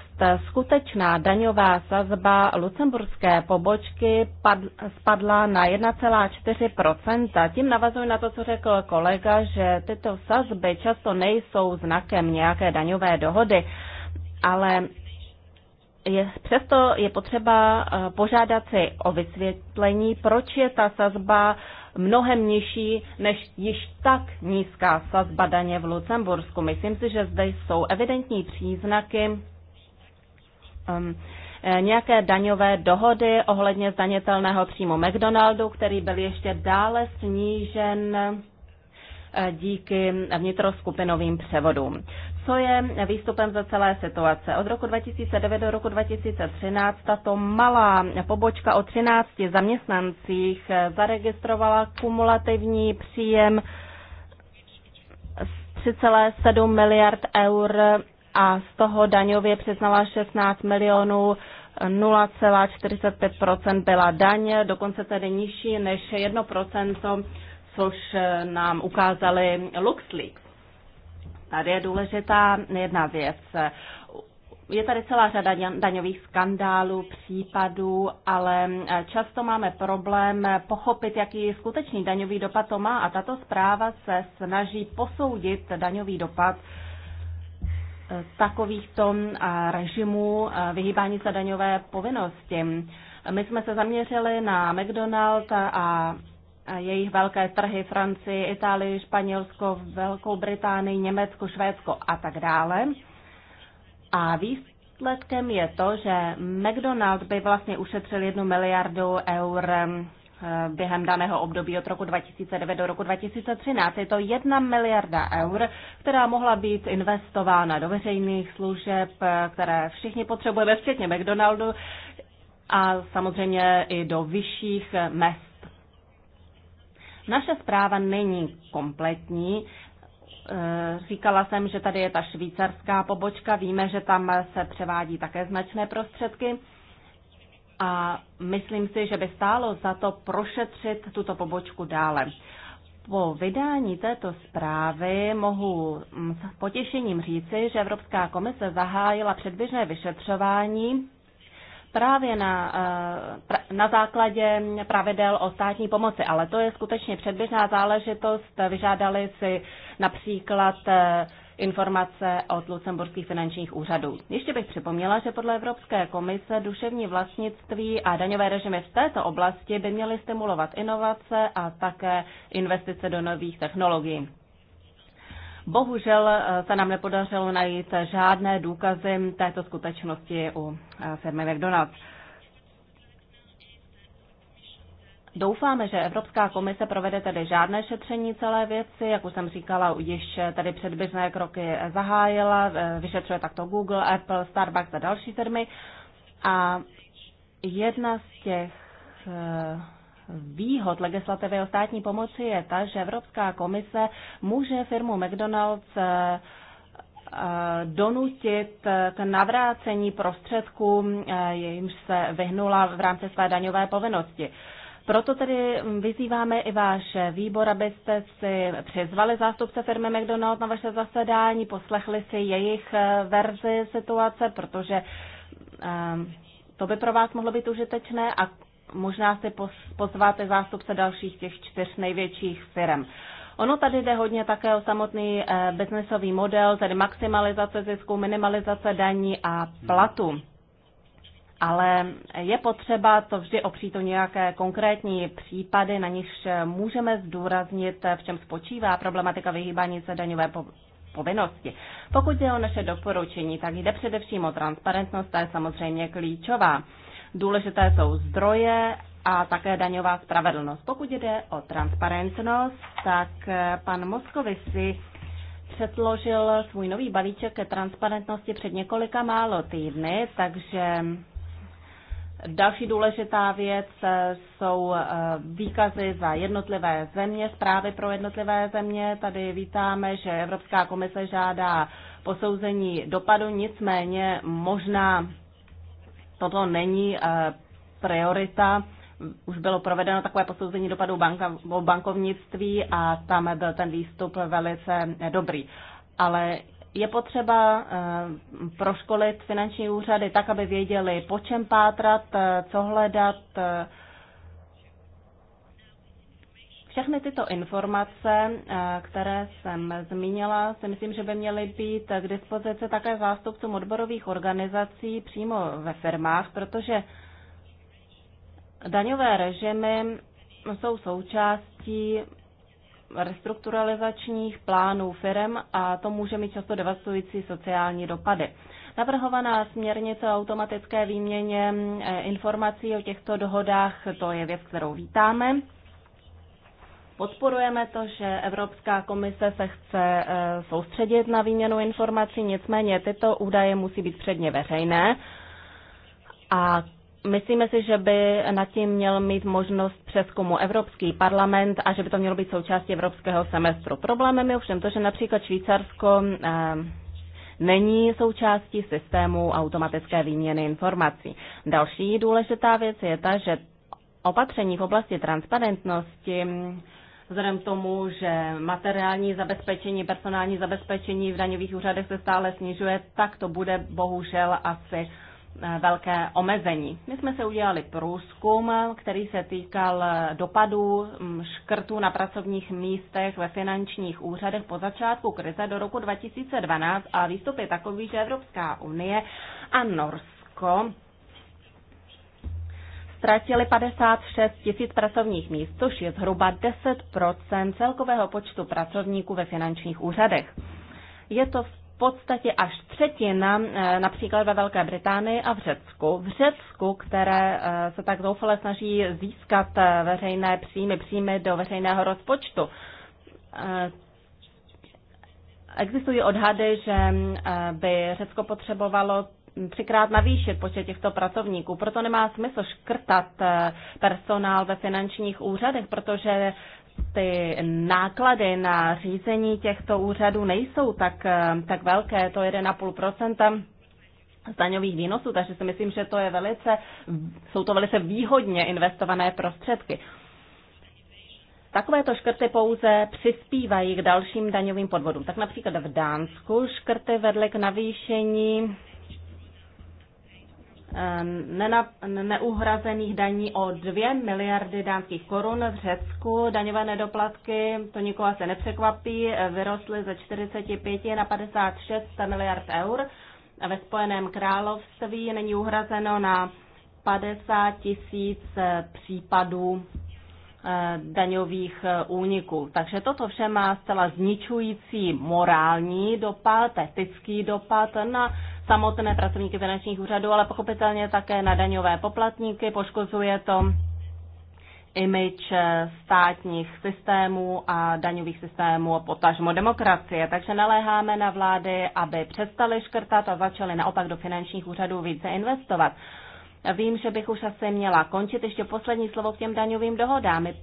[SPEAKER 4] skutečná daňová sazba lucemburské pobočky spadla na 1,4%. Tím navazuji na to, co řekl kolega, že tyto sazby často nejsou znakem nějaké daňové dohody, ale je, přesto je potřeba eh, požádat si o vysvětlení, proč je ta sazba mnohem nižší než již tak nízká sazba daně v Lucembursku. Myslím si, že zde jsou evidentní příznaky Um, eh, nějaké daňové dohody ohledně zdanitelného příjmu McDonaldu, který byl ještě dále snížen eh, díky vnitroskupinovým převodům. Co je výstupem ze celé situace? Od roku 2009 do roku 2013 tato malá pobočka o 13 zaměstnancích eh, zaregistrovala kumulativní příjem 3,7 miliard eur a z toho daňově přiznala 16 milionů 0,45 byla daň, dokonce tedy nižší než 1 což nám ukázali LuxLeaks. Tady je důležitá jedna věc. Je tady celá řada daňových skandálů, případů, ale často máme problém pochopit, jaký skutečný daňový dopad to má a tato zpráva se snaží posoudit daňový dopad takovýchto eh, režimů eh, vyhýbání se daňové povinnosti. My jsme se zaměřili na McDonald's a jejich velké trhy Francii, Itálii, Španělsko, Velkou Británii, Německo, Švédsko a tak dále. A výsledkem je to, že McDonald's by vlastně ušetřil jednu miliardu eur Eh, během daného období od roku 2009 do roku 2013. Je to jedna miliarda eur, která mohla být investována do veřejných služeb, eh, které všichni potřebujeme, včetně McDonaldu a samozřejmě i do vyšších mest. Naše zpráva není kompletní. Eh, říkala jsem, že tady je ta švýcarská pobočka, víme, že tam se převádí také značné prostředky a myslím si, že by stálo za to prošetřit tuto pobočku dále. Po vydání této zprávy mohu mm, s potěšením říci, že Evropská komise zahájila předběžné vyšetřování právě na, eh, na základě pravidel o státní pomoci, ale to je skutečně předběžná záležitost. Vyžádali si například eh, informace od lucemburských finančních úřadů. Ještě bych připomněla, že podle Evropské komise duševní vlastnictví a daňové režimy v této oblasti by měly stimulovat inovace a také investice do nových technologií. Bohužel eh, se nám nepodařilo najít žádné důkazy této skutečnosti u eh, firmy McDonald's. Doufáme, že Evropská komise provede tedy žádné šetření celé věci, jak už jsem říkala, již eh, tady předběžné kroky eh, zahájila, eh, vyšetřuje takto Google, Apple, Starbucks a další firmy. A jedna z těch výhod legislativy o státní pomoci je ta, že Evropská komise může firmu McDonald's donutit k navrácení prostředků, jejímž se vyhnula v rámci své daňové povinnosti. Proto tedy vyzýváme i váš výbor, abyste si přizvali zástupce firmy McDonald na vaše zasedání, poslechli si jejich eh, verzi situace, protože ehm, to by pro vás mohlo být užitečné a možná si pozváte zástupce dalších těch čtyř největších firm. Ono tady jde hodně také o samotný eh, biznesový model, tedy maximalizace zisku, minimalizace daní a platu ale je potřeba to vždy opřít o nějaké konkrétní případy, na nichž můžeme zdůraznit, v čem spočívá problematika vyhýbání se daňové povinnosti. Pokud je o naše doporučení, tak jde především o transparentnost, ta je samozřejmě klíčová. Důležité jsou zdroje a také daňová spravedlnost. Pokud jde o transparentnost, tak eh, pan Moskovici předložil svůj nový balíček ke transparentnosti před několika málo týdny, takže Další důležitá věc eh, jsou eh, výkazy za jednotlivé země, zprávy pro jednotlivé země. Tady vítáme, že Evropská komise žádá posouzení dopadu, nicméně možná toto není eh, priorita. Už bylo provedeno takové posouzení dopadu banka, bankovnictví a tam byl ten výstup velice dobrý. Ale je potřeba eh, proškolit finanční úřady tak, aby věděli, po čem pátrat, eh, co hledat. Eh. Všechny tyto informace, které jsem zmínila, si myslím, že by měly být k dispozici také zástupcům odborových organizací přímo ve firmách, protože daňové režimy jsou součástí restrukturalizačních plánů firm a to může mít často devastující sociální dopady. Navrhovaná směrnice o automatické výměně eh, informací o těchto dohodách, to je věc, kterou vítáme. Podporujeme to, že Evropská komise se chce eh, soustředit na výměnu informací, nicméně tyto údaje musí být předně veřejné a Myslíme si, že by nad tím měl mít možnost přeskumu Evropský parlament a že by to mělo být součástí evropského semestru. Problémem je ovšem to, že například Švýcarsko eh, není součástí systému automatické výměny informací. Další důležitá věc je ta, že opatření v oblasti transparentnosti vzhledem k tomu, že materiální zabezpečení, personální zabezpečení v daňových úřadech se stále snižuje, tak to bude bohužel asi Eh, velké omezení. My jsme se udělali průzkum, který se týkal dopadů mm, škrtů na pracovních místech ve finančních úřadech po začátku krize do roku 2012 a výstup je takový, že Evropská unie a Norsko ztratili 56 tisíc pracovních míst, což je zhruba 10 celkového počtu pracovníků ve finančních úřadech. Je to podstatě až třetina, eh, například ve Velké Británii a v Řecku. V Řecku, které eh, se tak zoufale snaží získat eh, veřejné příjmy, příjmy do veřejného rozpočtu. Existují odhady, že by Řecko potřebovalo třikrát navýšit počet těchto pracovníků. Proto nemá smysl škrtat personál ve finančních úřadech, protože ty náklady na řízení těchto úřadů nejsou tak, eh, tak velké, to 1,5 z daňových výnosů, takže si myslím, že to je velice, jsou to velice výhodně investované prostředky. Takovéto škrty pouze přispívají k dalším daňovým podvodům. Tak například v Dánsku škrty vedly k navýšení Ehm, neuhrazených daní o 2 miliardy dánských korun v Řecku. Daňové nedoplatky, to nikoho se nepřekvapí, eh, vyrostly ze 45 na 56 miliard eur. Ve Spojeném království není uhrazeno na 50 tisíc eh, případů eh, daňových úniků. Takže toto vše má zcela zničující morální dopad, etický dopad na samotné pracovníky finančních úřadů, ale pochopitelně také na daňové poplatníky. Poškozuje to image státních systémů a daňových systémů a potažmo demokracie. Takže naléháme na vlády, aby přestali škrtat a začaly naopak do finančních úřadů více investovat. Vím, že bych už asi měla končit. Ještě poslední slovo k těm daňovým dohodám. My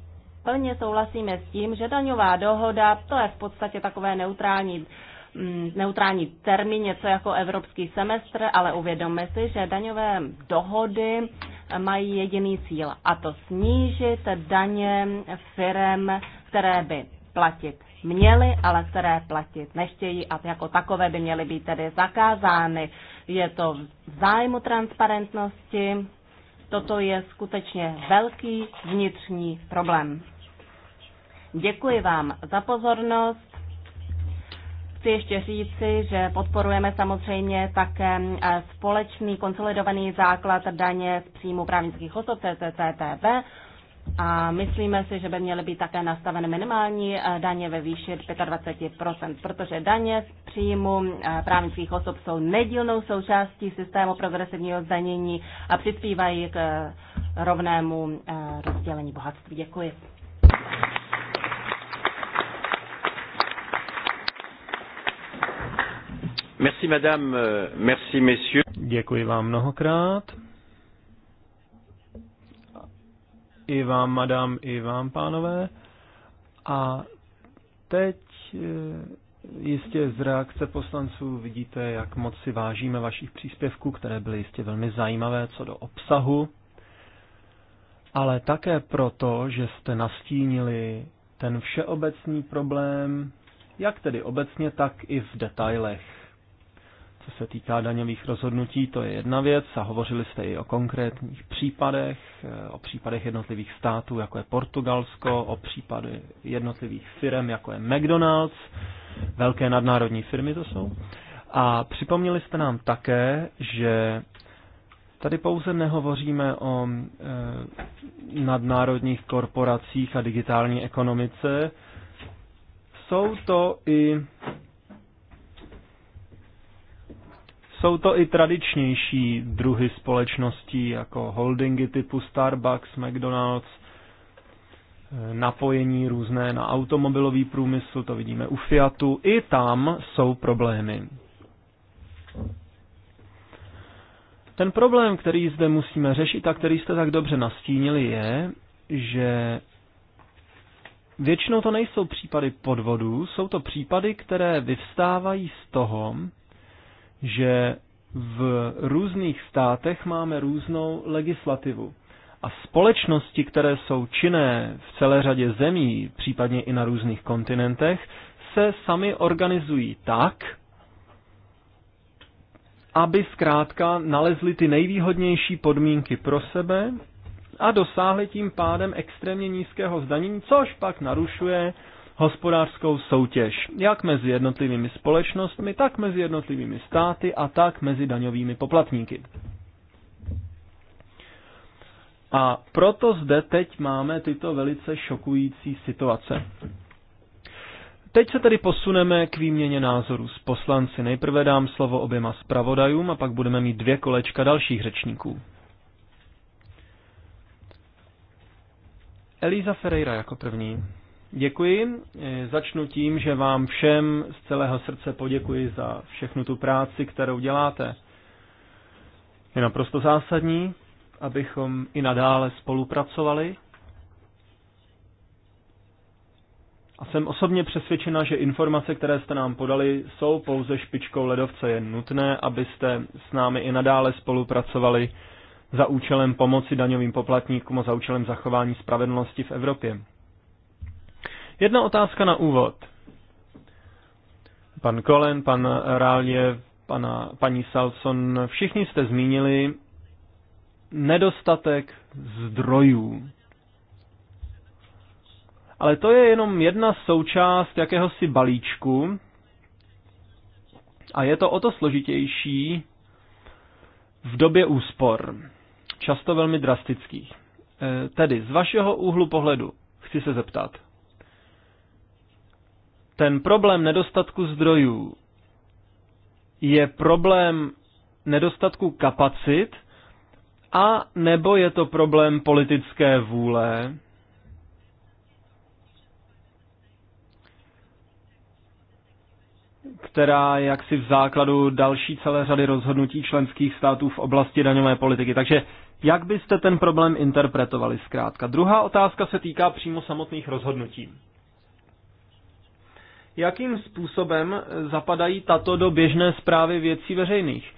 [SPEAKER 4] plně souhlasíme s tím, že daňová dohoda to je v podstatě takové neutrální Mm, neutrální termín, něco jako evropský semestr, ale uvědomme si, že daňové dohody mají jediný cíl, a to snížit daně firm, které by platit měly, ale které platit nechtějí a jako takové by měly být tedy zakázány. Je to v zájmu transparentnosti, toto je skutečně velký vnitřní problém. Děkuji vám za pozornost chci ještě říci, že podporujeme samozřejmě také eh, společný konsolidovaný základ daně z příjmu právnických osob CCTB a myslíme si, že by měly být také nastaveny minimální eh, daně ve výši 25%, protože daně z příjmu eh, právnických osob jsou nedílnou součástí systému progresivního zdanění a přispívají k rovnému rozdělení bohatství. Děkuji.
[SPEAKER 2] Merci, madame, euh, merci, messieurs. Děkuji vám mnohokrát. I vám, madam, i vám, pánové. A teď eh, jistě z reakce poslanců vidíte, jak moc si vážíme vašich příspěvků, které byly jistě velmi zajímavé co do obsahu, ale také proto, že jste nastínili ten všeobecný problém, jak tedy obecně, tak i v detailech. Co se týká daňových rozhodnutí, to je jedna věc a hovořili jste i o konkrétních případech, eh, o případech jednotlivých států, jako je Portugalsko, o případy jednotlivých firm, jako je McDonald's, velké nadnárodní firmy to jsou. A připomněli jste nám také, že Tady pouze nehovoříme o e, nadnárodních korporacích a digitální ekonomice. Jsou to i Jsou to i tradičnější druhy společností, jako holdingy typu Starbucks, McDonald's, eh, napojení různé na automobilový průmysl, to vidíme u Fiatu, i tam jsou problémy. Ten problém, který zde musíme řešit a který jste tak dobře nastínili, je, že většinou to nejsou případy podvodů, jsou to případy, které vyvstávají z toho, že v různých státech máme různou legislativu. A společnosti, které jsou činné v celé řadě zemí, případně i na různých kontinentech, se sami organizují tak, aby zkrátka nalezli ty nejvýhodnější podmínky pro sebe a dosáhly tím pádem extrémně nízkého zdanění, což pak narušuje hospodářskou soutěž, jak mezi jednotlivými společnostmi, tak mezi jednotlivými státy a tak mezi daňovými poplatníky. A proto zde teď máme tyto velice šokující situace. Teď se tedy posuneme k výměně názorů s poslanci. Nejprve dám slovo oběma zpravodajům a pak budeme mít dvě kolečka dalších řečníků. Elíza Ferreira jako první. Děkuji. Eh, začnu tím, že vám všem z celého srdce poděkuji za všechnu tu práci, kterou děláte. Je naprosto zásadní, abychom i nadále spolupracovali. A jsem osobně přesvědčena, že informace, které jste nám podali, jsou pouze špičkou ledovce. Je nutné, abyste s námi i nadále spolupracovali za účelem pomoci daňovým poplatníkům a za účelem zachování spravedlnosti v Evropě. Jedna otázka na úvod. Pan Kolen, pan Ráliev, pana, paní Salson, všichni jste zmínili nedostatek zdrojů. Ale to je jenom jedna součást jakéhosi balíčku a je to o to složitější v době úspor, často velmi drastických. E, tedy z vašeho úhlu pohledu chci se zeptat, ten problém nedostatku zdrojů je problém nedostatku kapacit a nebo je to problém politické vůle, která jak si v základu další celé řady rozhodnutí členských států v oblasti daňové politiky. Takže jak byste ten problém interpretovali zkrátka? Druhá otázka se týká přímo samotných rozhodnutí jakým způsobem zapadají tato do běžné zprávy věcí veřejných.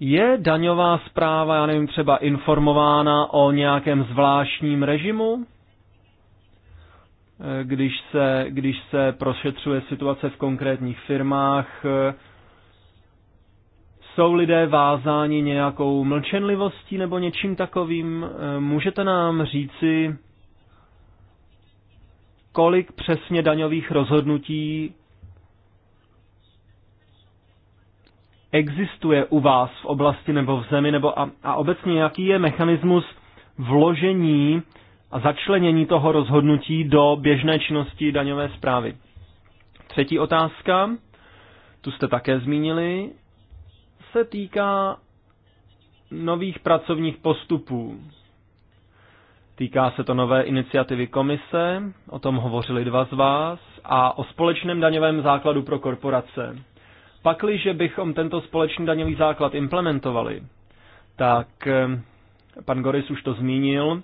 [SPEAKER 2] Je daňová zpráva, já nevím, třeba informována o nějakém zvláštním režimu, když se, když se prošetřuje situace v konkrétních firmách, jsou lidé vázáni nějakou mlčenlivostí nebo něčím takovým? Můžete nám říci, kolik přesně daňových rozhodnutí existuje u vás v oblasti nebo v zemi, nebo a, a obecně jaký je mechanismus vložení a začlenění toho rozhodnutí do běžné činnosti daňové zprávy. Třetí otázka, tu jste také zmínili, se týká nových pracovních postupů. Týká se to nové iniciativy komise, o tom hovořili dva z vás, a o společném daňovém základu pro korporace. Pakliže bychom tento společný daňový základ implementovali, tak eh, pan Goris už to zmínil,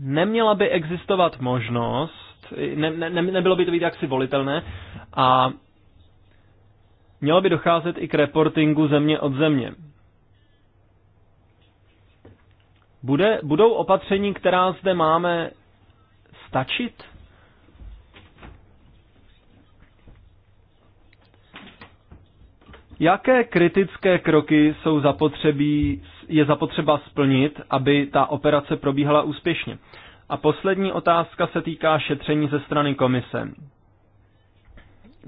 [SPEAKER 2] neměla by existovat možnost, ne, ne, nebylo by to být jaksi volitelné, a mělo by docházet i k reportingu země od země. Bude, budou opatření, která zde máme, stačit? Jaké kritické kroky jsou zapotřebí, je zapotřeba splnit, aby ta operace probíhala úspěšně? A poslední otázka se týká šetření ze strany komise.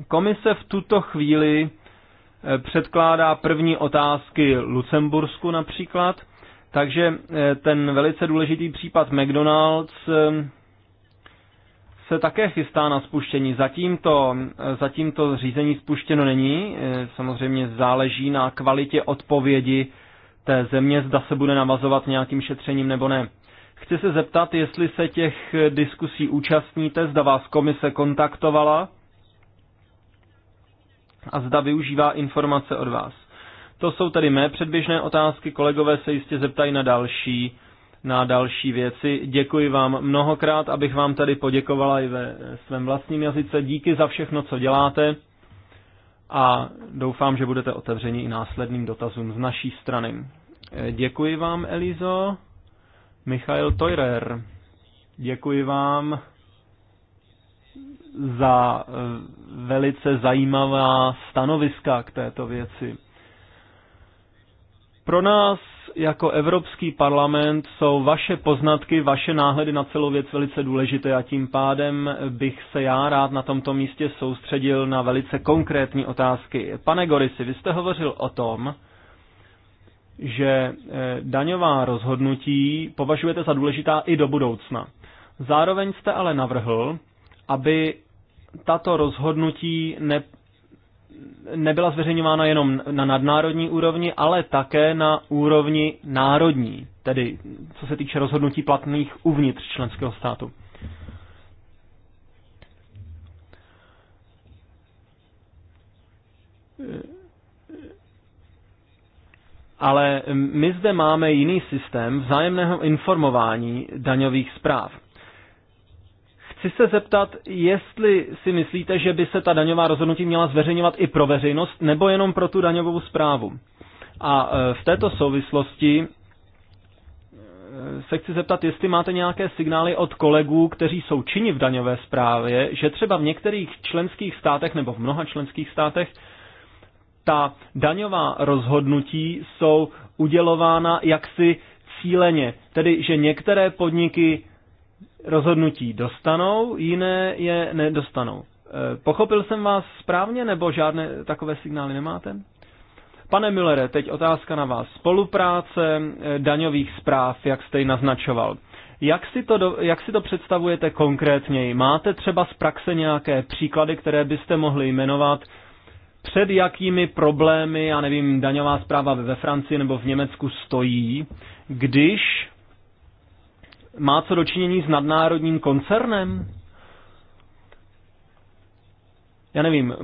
[SPEAKER 2] Komise v tuto chvíli eh, předkládá první otázky Lucembursku například – takže eh, ten velice důležitý případ McDonald's eh, se také chystá na spuštění. Zatím to, eh, zatím to řízení spuštěno není. Samozřejmě záleží na kvalitě odpovědi té země, zda se bude navazovat nějakým šetřením nebo ne. Chci se zeptat, jestli se těch diskusí účastníte, zda vás komise kontaktovala a zda využívá informace od vás. To jsou tedy mé předběžné otázky, kolegové se jistě zeptají na další, na další věci. Děkuji vám mnohokrát, abych vám tady poděkovala i ve svém vlastním jazyce. Díky za všechno, co děláte a doufám, že budete otevřeni i následným dotazům z naší strany. Děkuji vám, Elizo. Michail Teurer, děkuji vám za eh, velice zajímavá stanoviska k této věci. Pro nás jako Evropský parlament jsou vaše poznatky, vaše náhledy na celou věc velice důležité a tím pádem bych se já rád na tomto místě soustředil na velice konkrétní otázky. Pane Gorisi, vy jste hovořil o tom, že eh, daňová rozhodnutí považujete za důležitá i do budoucna. Zároveň jste ale navrhl, aby tato rozhodnutí ne, nebyla zveřejňována jenom na nadnárodní úrovni, ale také na úrovni národní, tedy co se týče rozhodnutí platných uvnitř členského státu. Ale my zde máme jiný systém vzájemného informování daňových zpráv. Chci se zeptat, jestli si myslíte, že by se ta daňová rozhodnutí měla zveřejňovat i pro veřejnost, nebo jenom pro tu daňovou zprávu. A e, v této souvislosti e, se chci zeptat, jestli máte nějaké signály od kolegů, kteří jsou činni v daňové správě, že třeba v některých členských státech nebo v mnoha členských státech ta daňová rozhodnutí jsou udělována jaksi cíleně, tedy že některé podniky rozhodnutí dostanou, jiné je nedostanou. E, pochopil jsem vás správně, nebo žádné takové signály nemáte? Pane Müllere, teď otázka na vás. Spolupráce e, daňových zpráv, jak jste ji naznačoval. Jak si, to jak si to představujete konkrétněji? Máte třeba z praxe nějaké příklady, které byste mohli jmenovat? Před jakými problémy, já nevím, daňová zpráva ve Francii nebo v Německu stojí, když má co dočinění s nadnárodním koncernem? Já nevím,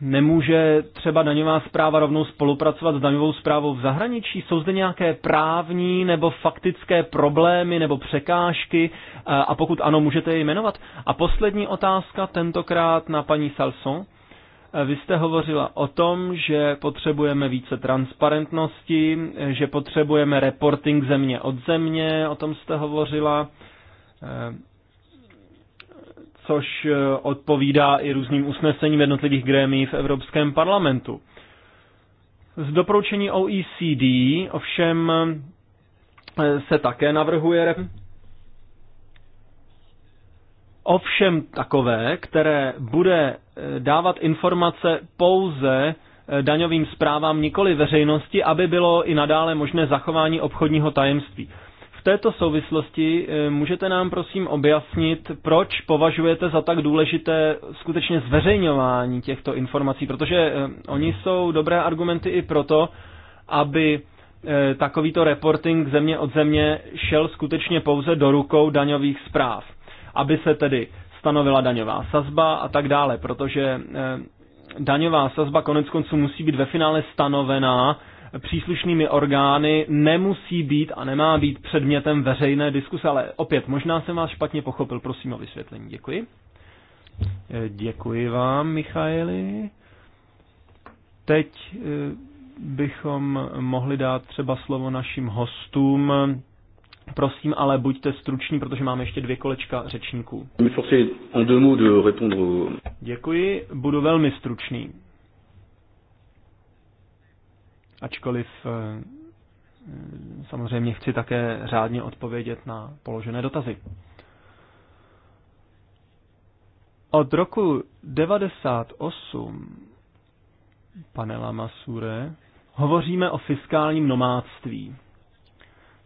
[SPEAKER 2] nemůže třeba daňová zpráva rovnou spolupracovat s daňovou zprávou v zahraničí? Jsou zde nějaké právní nebo faktické problémy nebo překážky? A pokud ano, můžete je jmenovat. A poslední otázka, tentokrát na paní Salson. Eh, vy jste hovořila o tom, že potřebujeme více transparentnosti, eh, že potřebujeme reporting země od země, o tom jste hovořila, eh, což odpovídá i různým usnesením jednotlivých grémí v Evropském parlamentu. Z doporučení OECD ovšem se také navrhuje ovšem takové, které bude dávat informace pouze eh, daňovým zprávám, nikoli veřejnosti, aby bylo i nadále možné zachování obchodního tajemství. V této souvislosti eh, můžete nám prosím objasnit, proč považujete za tak důležité skutečně zveřejňování těchto informací, protože eh, oni jsou dobré argumenty i proto, aby takovýto reporting země od země šel skutečně pouze do rukou daňových zpráv. Aby se tedy stanovila daňová sazba a tak dále, protože eh, daňová sazba konec konců musí být ve finále stanovená příslušnými orgány, nemusí být a nemá být předmětem veřejné diskuse, ale opět, možná jsem vás špatně pochopil, prosím o vysvětlení. Děkuji. Eh, děkuji vám, Michaili. Teď eh, bychom mohli dát třeba slovo našim hostům Prosím, ale buďte struční, protože máme ještě dvě kolečka řečníků. Děkuji, budu velmi stručný. Ačkoliv eh, eh, samozřejmě chci také řádně odpovědět na položené dotazy. Od roku 98, pane Lamasure, hovoříme o fiskálním nomádství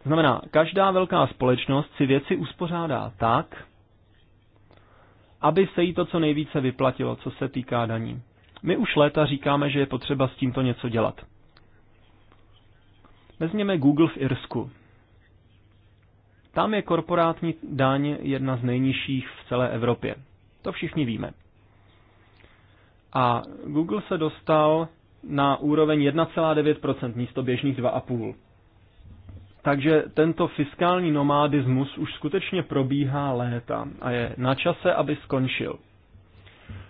[SPEAKER 2] znamená, každá velká společnost si věci uspořádá tak, aby se jí to co nejvíce vyplatilo, co se týká daní. My už léta říkáme, že je potřeba s tímto něco dělat. Vezměme Google v Irsku. Tam je korporátní daň jedna z nejnižších v celé Evropě. To všichni víme. A Google se dostal na úroveň 1,9% místo běžných 2,5%. Takže tento fiskální nomádismus už skutečně probíhá léta a je na čase, aby skončil.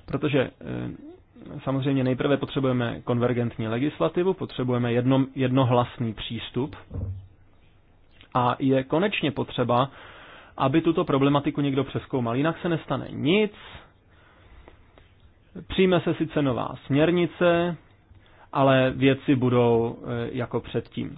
[SPEAKER 2] Protože eh, samozřejmě nejprve potřebujeme konvergentní legislativu, potřebujeme jedno, jednohlasný přístup a je konečně potřeba, aby tuto problematiku někdo přeskoumal. Jinak se nestane nic, přijme se sice nová směrnice, ale věci budou eh, jako předtím.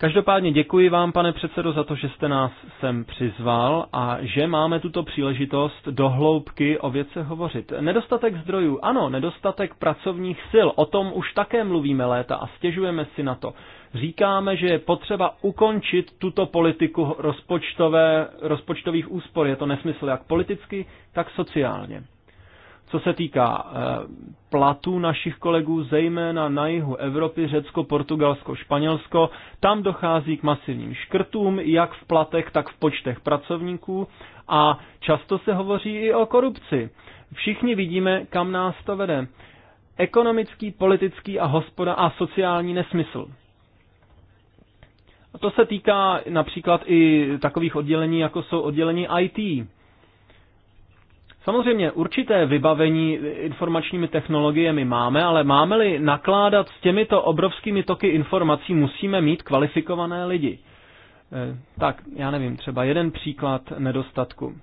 [SPEAKER 2] Každopádně děkuji vám, pane předsedo, za to, že jste nás sem přizval a že máme tuto příležitost do hloubky o věce hovořit. Nedostatek zdrojů, ano, nedostatek pracovních sil, o tom už také mluvíme léta a stěžujeme si na to. Říkáme, že je potřeba ukončit tuto politiku rozpočtové, rozpočtových úspor. Je to nesmysl jak politicky, tak sociálně. Co se týká eh, platů našich kolegů, zejména na jihu Evropy, Řecko, Portugalsko, Španělsko, tam dochází k masivním škrtům, jak v platech, tak v počtech pracovníků a často se hovoří i o korupci. Všichni vidíme, kam nás to vede. Ekonomický, politický a, hospoda a sociální nesmysl. A to se týká například i takových oddělení, jako jsou oddělení IT Samozřejmě určité vybavení informačními technologiemi máme, ale máme-li nakládat s těmito obrovskými toky informací, musíme mít kvalifikované lidi. Eh, tak, já nevím, třeba jeden příklad nedostatku.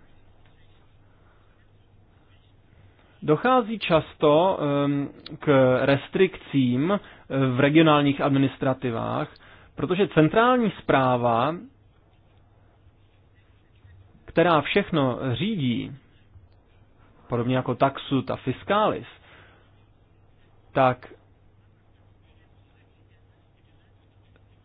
[SPEAKER 2] Dochází často ehm, k restrikcím eh, v regionálních administrativách, protože centrální zpráva, která všechno řídí, podobně jako taxut a fiscalis, tak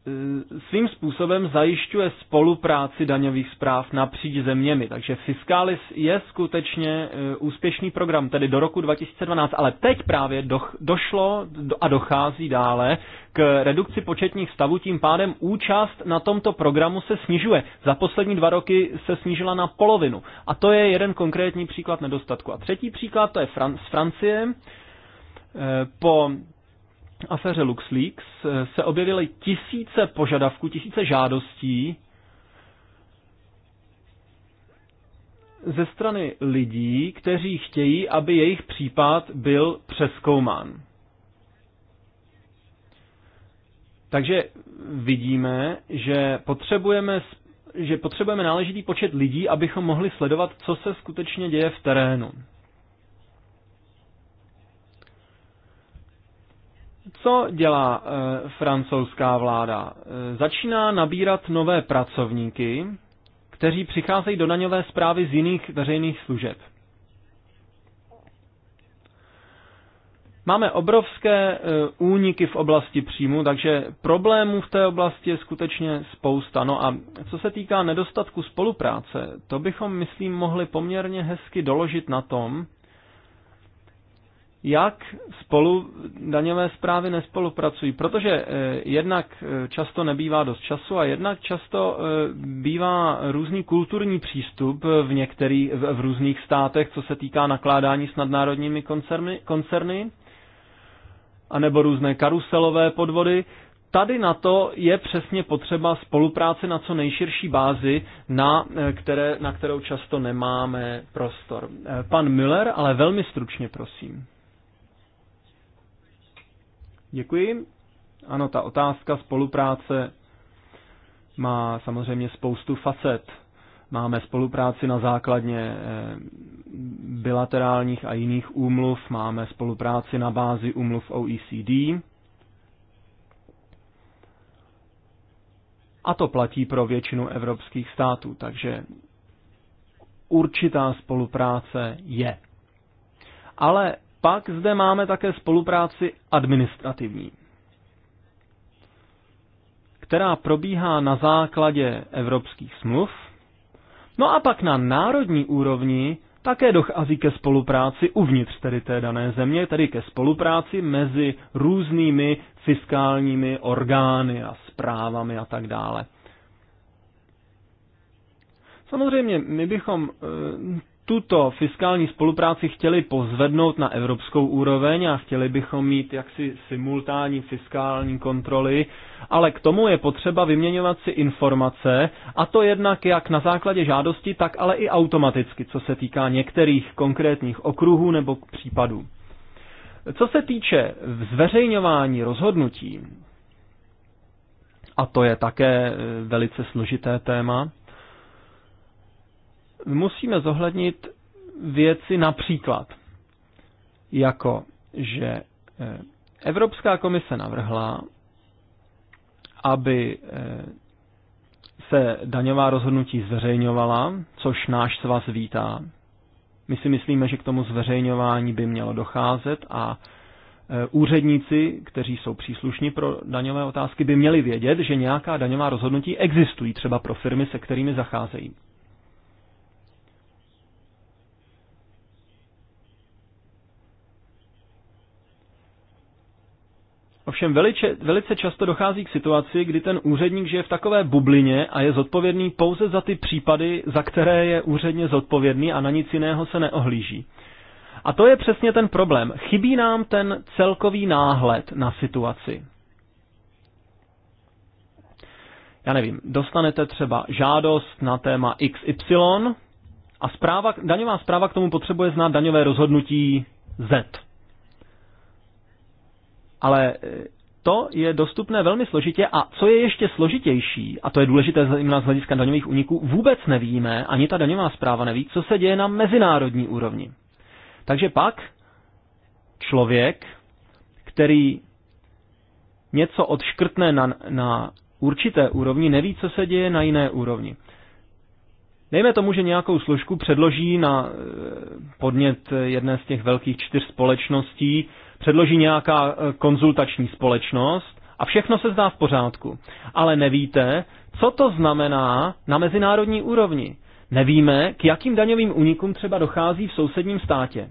[SPEAKER 2] E, svým způsobem zajišťuje spolupráci daňových zpráv napříč zeměmi. Takže Fiscalis je skutečně e, úspěšný program, tedy do roku 2012, ale teď právě došlo a dochází dále k redukci početních stavů, tím pádem účast na tomto programu se snižuje. Za poslední dva roky se snížila na polovinu. A to je jeden konkrétní příklad nedostatku. A třetí příklad, to je Fran- z Francie. E, po aféře LuxLeaks eh, se objevily tisíce požadavků, tisíce žádostí ze strany lidí, kteří chtějí, aby jejich případ byl přeskoumán. Takže vidíme, že potřebujeme, že potřebujeme náležitý počet lidí, abychom mohli sledovat, co se skutečně děje v terénu. Co dělá e, francouzská vláda? E, začíná nabírat nové pracovníky, kteří přicházejí do daňové zprávy z jiných veřejných služeb. Máme obrovské eh, úniky v oblasti příjmu, takže problémů v té oblasti je skutečně spousta. No a co se týká nedostatku spolupráce, to bychom, myslím, mohli poměrně hezky doložit na tom, jak spolu daňové zprávy nespolupracují, protože eh, jednak eh, často nebývá dost času a jednak často eh, bývá různý kulturní přístup v některých, v různých státech, co se týká nakládání s nadnárodními koncerny, koncerny anebo různé karuselové podvody. Tady na to je přesně potřeba spolupráce na co nejširší bázi, na, které, na kterou často nemáme prostor. Pan Müller, ale velmi stručně, prosím. Děkuji. Ano, ta otázka spolupráce má samozřejmě spoustu facet. Máme spolupráci na základně eh, bilaterálních a jiných úmluv, máme spolupráci na bázi úmluv OECD. A to platí pro většinu evropských států, takže určitá spolupráce je. Ale pak zde máme také spolupráci administrativní, která probíhá na základě evropských smluv. No a pak na národní úrovni také dochází ke spolupráci uvnitř tedy té dané země, tedy ke spolupráci mezi různými fiskálními orgány a zprávami a tak dále. Samozřejmě, my bychom eh, tuto fiskální spolupráci chtěli pozvednout na evropskou úroveň a chtěli bychom mít jaksi simultánní fiskální kontroly, ale k tomu je potřeba vyměňovat si informace, a to jednak jak na základě žádosti, tak ale i automaticky, co se týká některých konkrétních okruhů nebo případů. Co se týče zveřejňování rozhodnutí, a to je také eh, velice složité téma, musíme zohlednit věci například, jako že eh, Evropská komise navrhla, aby eh, se daňová rozhodnutí zveřejňovala, což náš svaz vítá. My si myslíme, že k tomu zveřejňování by mělo docházet a eh, úředníci, kteří jsou příslušní pro daňové otázky, by měli vědět, že nějaká daňová rozhodnutí existují třeba pro firmy, se kterými zacházejí. Ovšem velice, velice často dochází k situaci, kdy ten úředník žije v takové bublině a je zodpovědný pouze za ty případy, za které je úředně zodpovědný a na nic jiného se neohlíží. A to je přesně ten problém. Chybí nám ten celkový náhled na situaci. Já nevím, dostanete třeba žádost na téma XY a zpráva, daňová zpráva k tomu potřebuje znát daňové rozhodnutí Z. Ale e, to je dostupné velmi složitě a co je ještě složitější, a to je důležité zejména z hlediska daňových úniků, vůbec nevíme, ani ta daňová zpráva neví, co se děje na mezinárodní úrovni. Takže pak člověk, který něco odškrtne na, na určité úrovni, neví, co se děje na jiné úrovni. Dejme tomu, že nějakou složku předloží na e, podnět jedné z těch velkých čtyř společností, předloží nějaká eh, konzultační společnost a všechno se zdá v pořádku. Ale nevíte, co to znamená na mezinárodní úrovni. Nevíme, k jakým daňovým únikům třeba dochází v sousedním státě.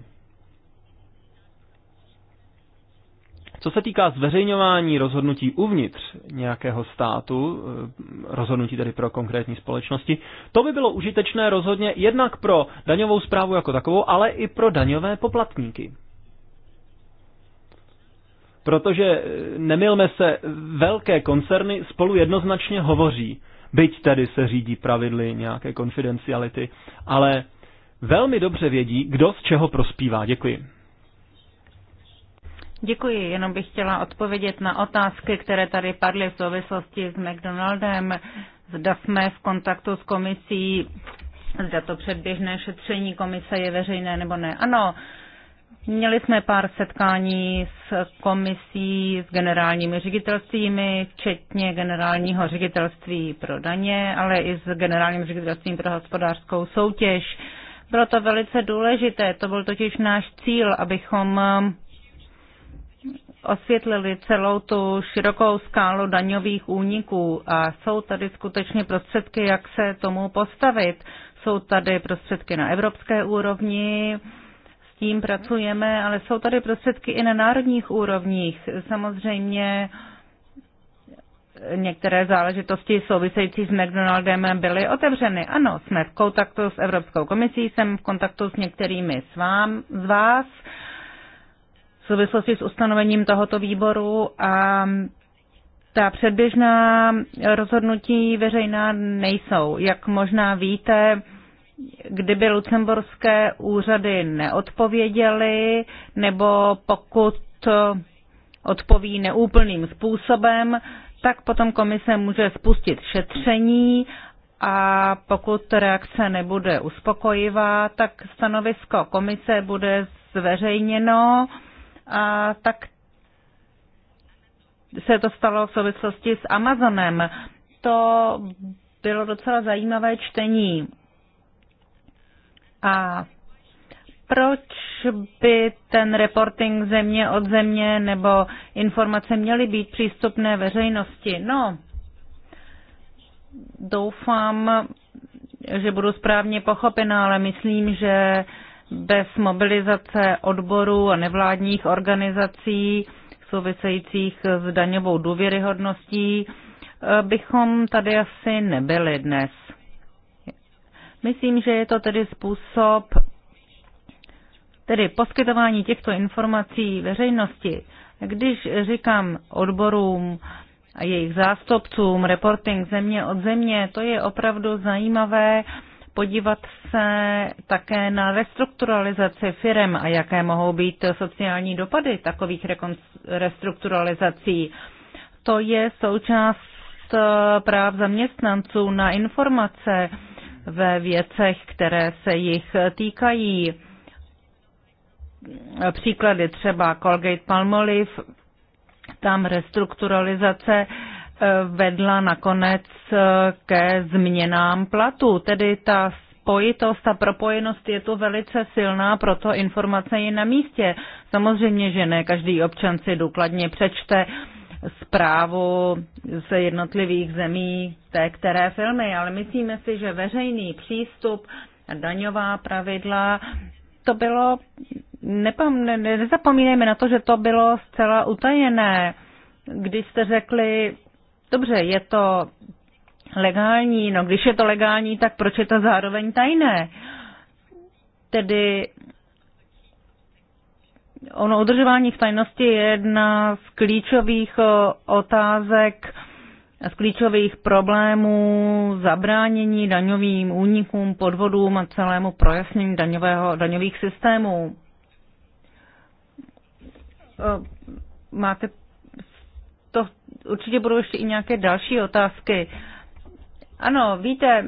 [SPEAKER 2] Co se týká zveřejňování rozhodnutí uvnitř nějakého státu, eh, rozhodnutí tedy pro konkrétní společnosti, to by bylo užitečné rozhodně jednak pro daňovou zprávu jako takovou, ale i pro daňové poplatníky. Protože, eh, nemilme se, velké koncerny spolu jednoznačně hovoří, byť tedy se řídí pravidly nějaké konfidenciality, ale velmi dobře vědí, kdo z čeho prospívá. Děkuji.
[SPEAKER 5] Děkuji, jenom bych chtěla odpovědět na otázky, které tady padly v souvislosti s McDonaldem. Zda jsme v kontaktu s komisí, zda to předběžné šetření komise je veřejné nebo ne. Ano, Měli jsme pár setkání s komisí, s generálními ředitelstvími, včetně generálního ředitelství pro daně, ale i s generálním ředitelstvím pro hospodářskou soutěž. Bylo to velice důležité, to byl totiž náš cíl, abychom um, osvětlili celou tu širokou skálu daňových úniků a jsou tady skutečně prostředky, jak se tomu postavit. Jsou tady prostředky na evropské úrovni, tím pracujeme, ale jsou tady prostředky i na národních úrovních. Samozřejmě některé záležitosti související s McDonaldem byly otevřeny. Ano, jsme v kontaktu s Evropskou komisí, jsem v kontaktu s některými s, vám, z vás v souvislosti s ustanovením tohoto výboru a ta předběžná rozhodnutí veřejná nejsou. Jak možná víte, kdyby lucemburské úřady neodpověděly, nebo pokud odpoví neúplným způsobem, tak potom komise může spustit šetření a pokud reakce nebude uspokojivá, tak stanovisko komise bude zveřejněno a tak se to stalo v souvislosti s Amazonem. To bylo docela zajímavé čtení. A proč by ten reporting země od země nebo informace měly být přístupné veřejnosti? No, doufám, že budu správně pochopená, ale myslím, že bez mobilizace odborů a nevládních organizací souvisejících s daňovou důvěryhodností eh, bychom tady asi nebyli dnes. Myslím, že je to tedy způsob tedy poskytování těchto informací veřejnosti. Když říkám odborům a jejich zástupcům reporting země od země, to je opravdu zajímavé podívat se také na restrukturalizaci firm a jaké mohou být sociální dopady takových restrukturalizací. To je součást eh, práv zaměstnanců na informace, ve věcech, které se jich týkají. Příklady třeba Colgate Palmolive, tam restrukturalizace eh, vedla nakonec eh, ke změnám platu. Tedy ta spojitost a propojenost je tu velice silná, proto informace je na místě. Samozřejmě, že ne každý občan si důkladně přečte zprávu z jednotlivých zemí té které filmy, ale myslíme si, že veřejný přístup daňová pravidla, to bylo, nepam, ne, nezapomínejme na to, že to bylo zcela utajené. Když jste řekli, dobře, je to legální, no když je to legální, tak proč je to zároveň tajné? Tedy ono udržování v tajnosti je jedna z klíčových eh, otázek, z klíčových problémů zabránění daňovým únikům, podvodům a celému projasnění daňového, daňových systémů. Eh, máte to, určitě budou ještě i nějaké další otázky. Ano, víte,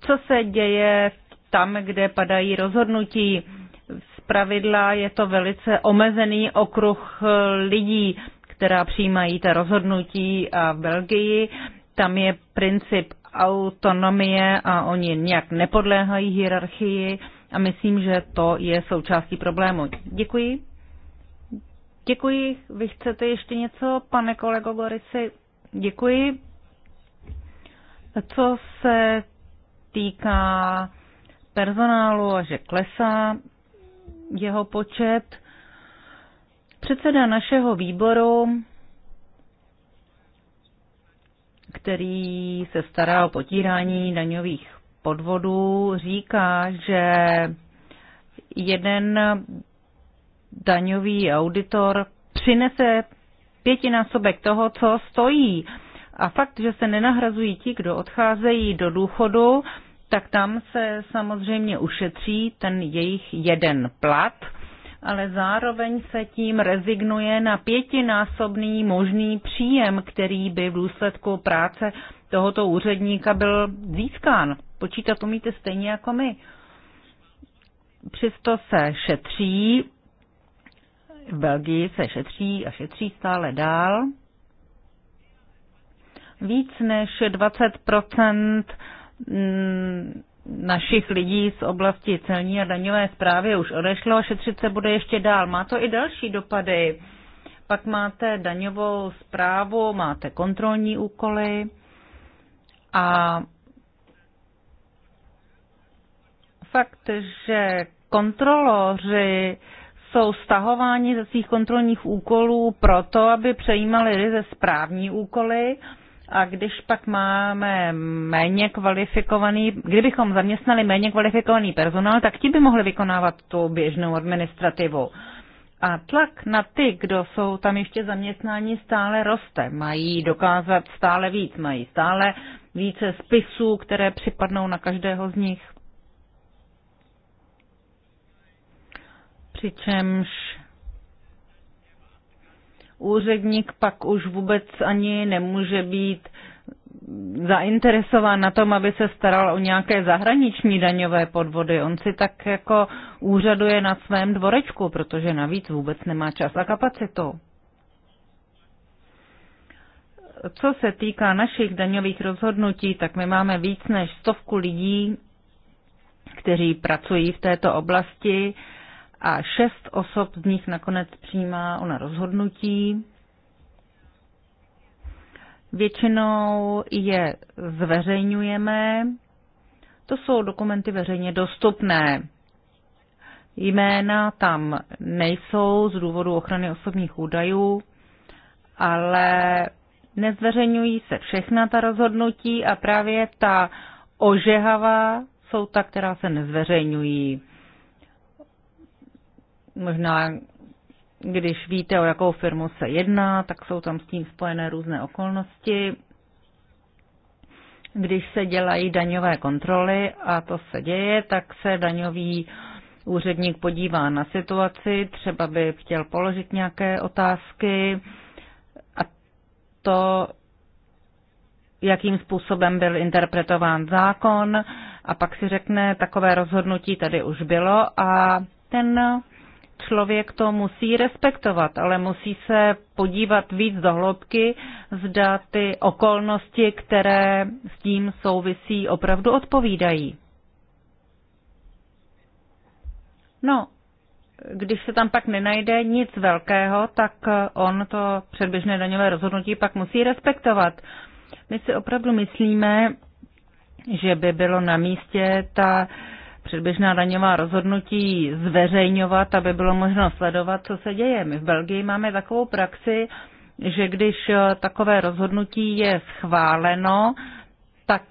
[SPEAKER 5] co se děje tam, kde padají rozhodnutí pravidla je to velice omezený okruh eh, lidí, která přijímají ta rozhodnutí a v Belgii. Tam je princip autonomie a oni nějak nepodléhají hierarchii a myslím, že to je součástí problému. Děkuji. Děkuji. Vy chcete ještě něco, pane kolego Gorisi? Děkuji. Co se týká personálu a že klesá, jeho počet. Předseda našeho výboru, který se stará o potírání daňových podvodů, říká, že jeden daňový auditor přinese pětinásobek toho, co stojí. A fakt, že se nenahrazují ti, kdo odcházejí do důchodu, tak tam se samozřejmě ušetří ten jejich jeden plat, ale zároveň se tím rezignuje na pětinásobný možný příjem, který by v důsledku práce tohoto úředníka byl získán. Počítat umíte stejně jako my. Přesto se šetří, v Belgii se šetří a šetří stále dál. Víc než 20 Mm, našich lidí z oblasti celní a daňové zprávy už odešlo a šetřit se bude ještě dál. Má to i další dopady. Pak máte daňovou zprávu, máte kontrolní úkoly a fakt, že kontroloři jsou stahováni ze svých kontrolních úkolů proto, aby přejímali ze správní úkoly a když pak máme méně kvalifikovaný, kdybychom zaměstnali méně kvalifikovaný personál, tak ti by mohli vykonávat tu běžnou administrativu. A tlak na ty, kdo jsou tam ještě zaměstnáni, stále roste. Mají dokázat stále víc, mají stále více spisů, které připadnou na každého z nich. Přičemž úředník pak už vůbec ani nemůže být zainteresován na tom, aby se staral o nějaké zahraniční daňové podvody. On si tak jako úřaduje na svém dvorečku, protože navíc vůbec nemá čas a kapacitu. Co se týká našich daňových rozhodnutí, tak my máme víc než stovku lidí, kteří pracují v této oblasti a šest osob z nich nakonec přijímá ona rozhodnutí. Většinou je zveřejňujeme. To jsou dokumenty veřejně dostupné. Jména tam nejsou z důvodu ochrany osobních údajů, ale nezveřejňují se všechna ta rozhodnutí a právě ta ožehavá jsou ta, která se nezveřejňují. Možná, když víte, o jakou firmu se jedná, tak jsou tam s tím spojené různé okolnosti. Když se dělají daňové kontroly, a to se děje, tak se daňový úředník podívá na situaci, třeba by chtěl položit nějaké otázky a to, jakým způsobem byl interpretován zákon a pak si řekne, takové rozhodnutí tady už bylo a ten člověk to musí respektovat, ale musí se podívat víc do hloubky, zda ty okolnosti, které s tím souvisí, opravdu odpovídají. No, když se tam pak nenajde nic velkého, tak on to předběžné daňové rozhodnutí pak musí respektovat. My si opravdu myslíme, že by bylo na místě ta uh, předběžná daňová rozhodnutí zveřejňovat, aby bylo možno sledovat, co se děje. My v Belgii máme takovou praxi, že když eh, takové rozhodnutí je schváleno, tak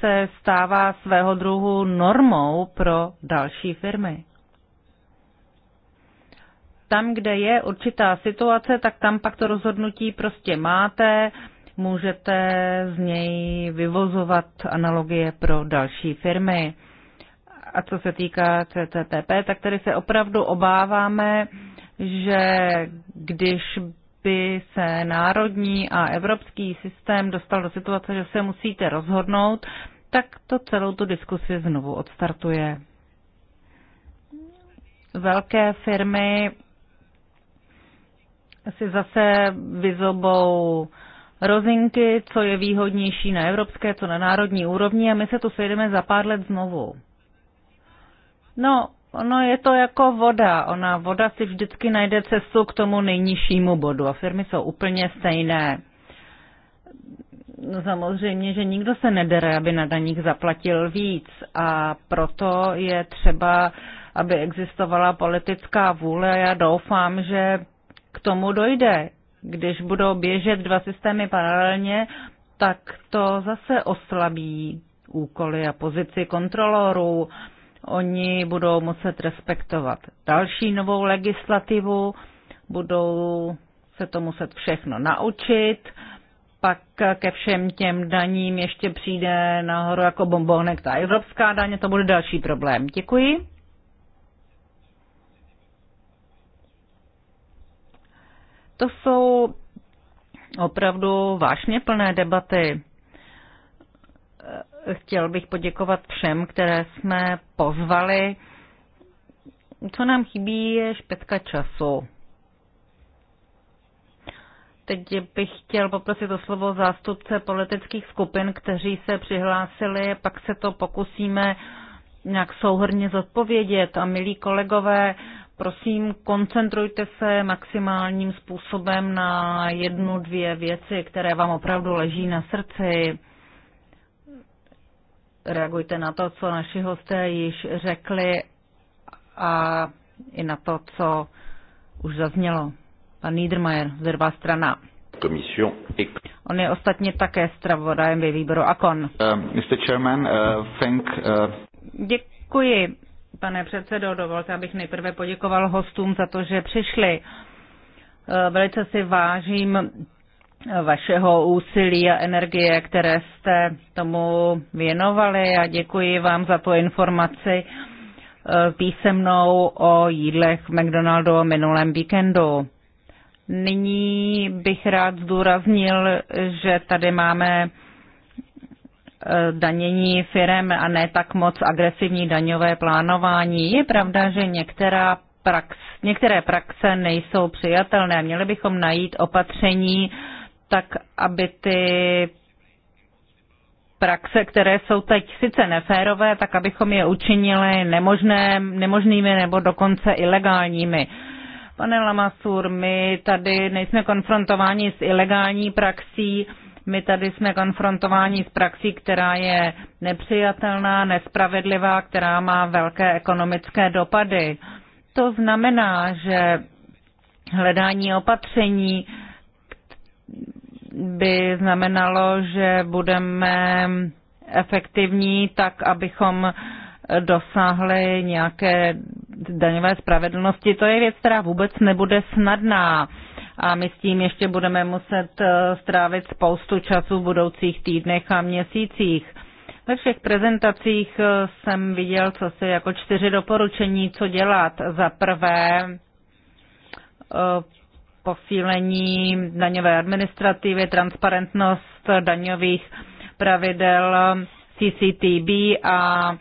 [SPEAKER 5] se stává svého druhu normou pro další firmy. Tam, kde je určitá situace, tak tam pak to rozhodnutí prostě máte, můžete z něj vyvozovat analogie pro další firmy. A co se týká CCTP, tak tady se opravdu obáváme, že když by se národní a evropský systém dostal do situace, že se musíte rozhodnout, tak to celou tu diskusi znovu odstartuje. Velké firmy si zase vyzobou rozinky, co je výhodnější na evropské, co na národní úrovni a my se tu sejdeme za pár let znovu. No, ono je to jako voda. Ona voda si vždycky najde cestu k tomu nejnižšímu bodu a firmy jsou úplně stejné. No, samozřejmě, že nikdo se nedere, aby na daních zaplatil víc a proto je třeba, aby existovala politická vůle a já doufám, že k tomu dojde. Když budou běžet dva systémy paralelně, tak to zase oslabí úkoly a pozici kontrolorů. Uh, Oni budou muset respektovat další novou legislativu, budou se to muset všechno naučit, pak ke všem těm daním ještě přijde nahoru jako bombonek ta evropská daně, to bude další problém. Děkuji. To jsou opravdu vážně plné debaty. Chtěl bych poděkovat všem, které jsme pozvali. Co nám chybí, je špetka času. Teď bych chtěl poprosit o slovo zástupce politických skupin, kteří se přihlásili, pak se to pokusíme nějak souhrně zodpovědět. A milí kolegové, prosím, koncentrujte se maximálním způsobem na jednu, dvě věci, které vám opravdu leží na srdci reagujte na to, co naši hosté již řekli a i na to, co už zaznělo. Pan Niedermayer, zdrvá strana. Komision. On je ostatně také stravodajem ve výboru AKON. Uh, Mr. Chairman, uh, thank, uh... Děkuji, pane předsedo. Dovolte, abych nejprve poděkoval hostům za to, že přišli. Uh, velice si vážím vašeho úsilí a energie, které jste tomu věnovali a děkuji vám za tu informaci eh, písemnou o jídlech v McDonaldu minulém víkendu. Nyní bych rád zdůraznil, že tady máme eh, danění firem a ne tak moc agresivní daňové plánování. Je pravda, že některá prax, některé praxe nejsou přijatelné. Měli bychom najít opatření, tak aby ty praxe, které jsou teď sice neférové, tak abychom je učinili nemožné, nemožnými nebo dokonce ilegálními. Pane Lamasur, my tady nejsme konfrontováni s ilegální praxí, my tady jsme konfrontováni s praxí, která je nepřijatelná, nespravedlivá, která má velké ekonomické dopady. To znamená, že hledání opatření, by znamenalo, že budeme efektivní tak, abychom dosáhli nějaké daňové spravedlnosti. To je věc, která vůbec nebude snadná a my s tím ještě budeme muset eh, strávit spoustu času v budoucích týdnech a měsících. Ve všech prezentacích eh, jsem viděl, co se jako čtyři doporučení, co dělat. Za prvé eh, posílení daňové administrativy, transparentnost daňových pravidel CCTB a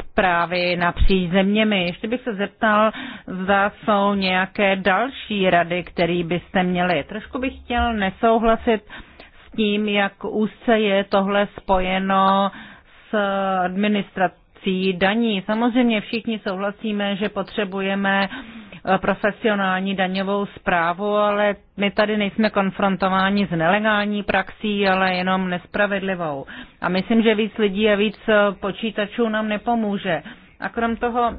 [SPEAKER 5] zprávy napříč zeměmi. Ještě bych se zeptal, zda jsou nějaké další rady, které byste měli. Trošku bych chtěl nesouhlasit s tím, jak úzce je tohle spojeno s administrativou daní. Samozřejmě všichni souhlasíme, že potřebujeme uh, Eh, profesionální daňovou zprávu, ale my tady nejsme konfrontováni s nelegální praxí, ale jenom nespravedlivou. A myslím, že víc lidí a víc eh, počítačů nám nepomůže. A krom toho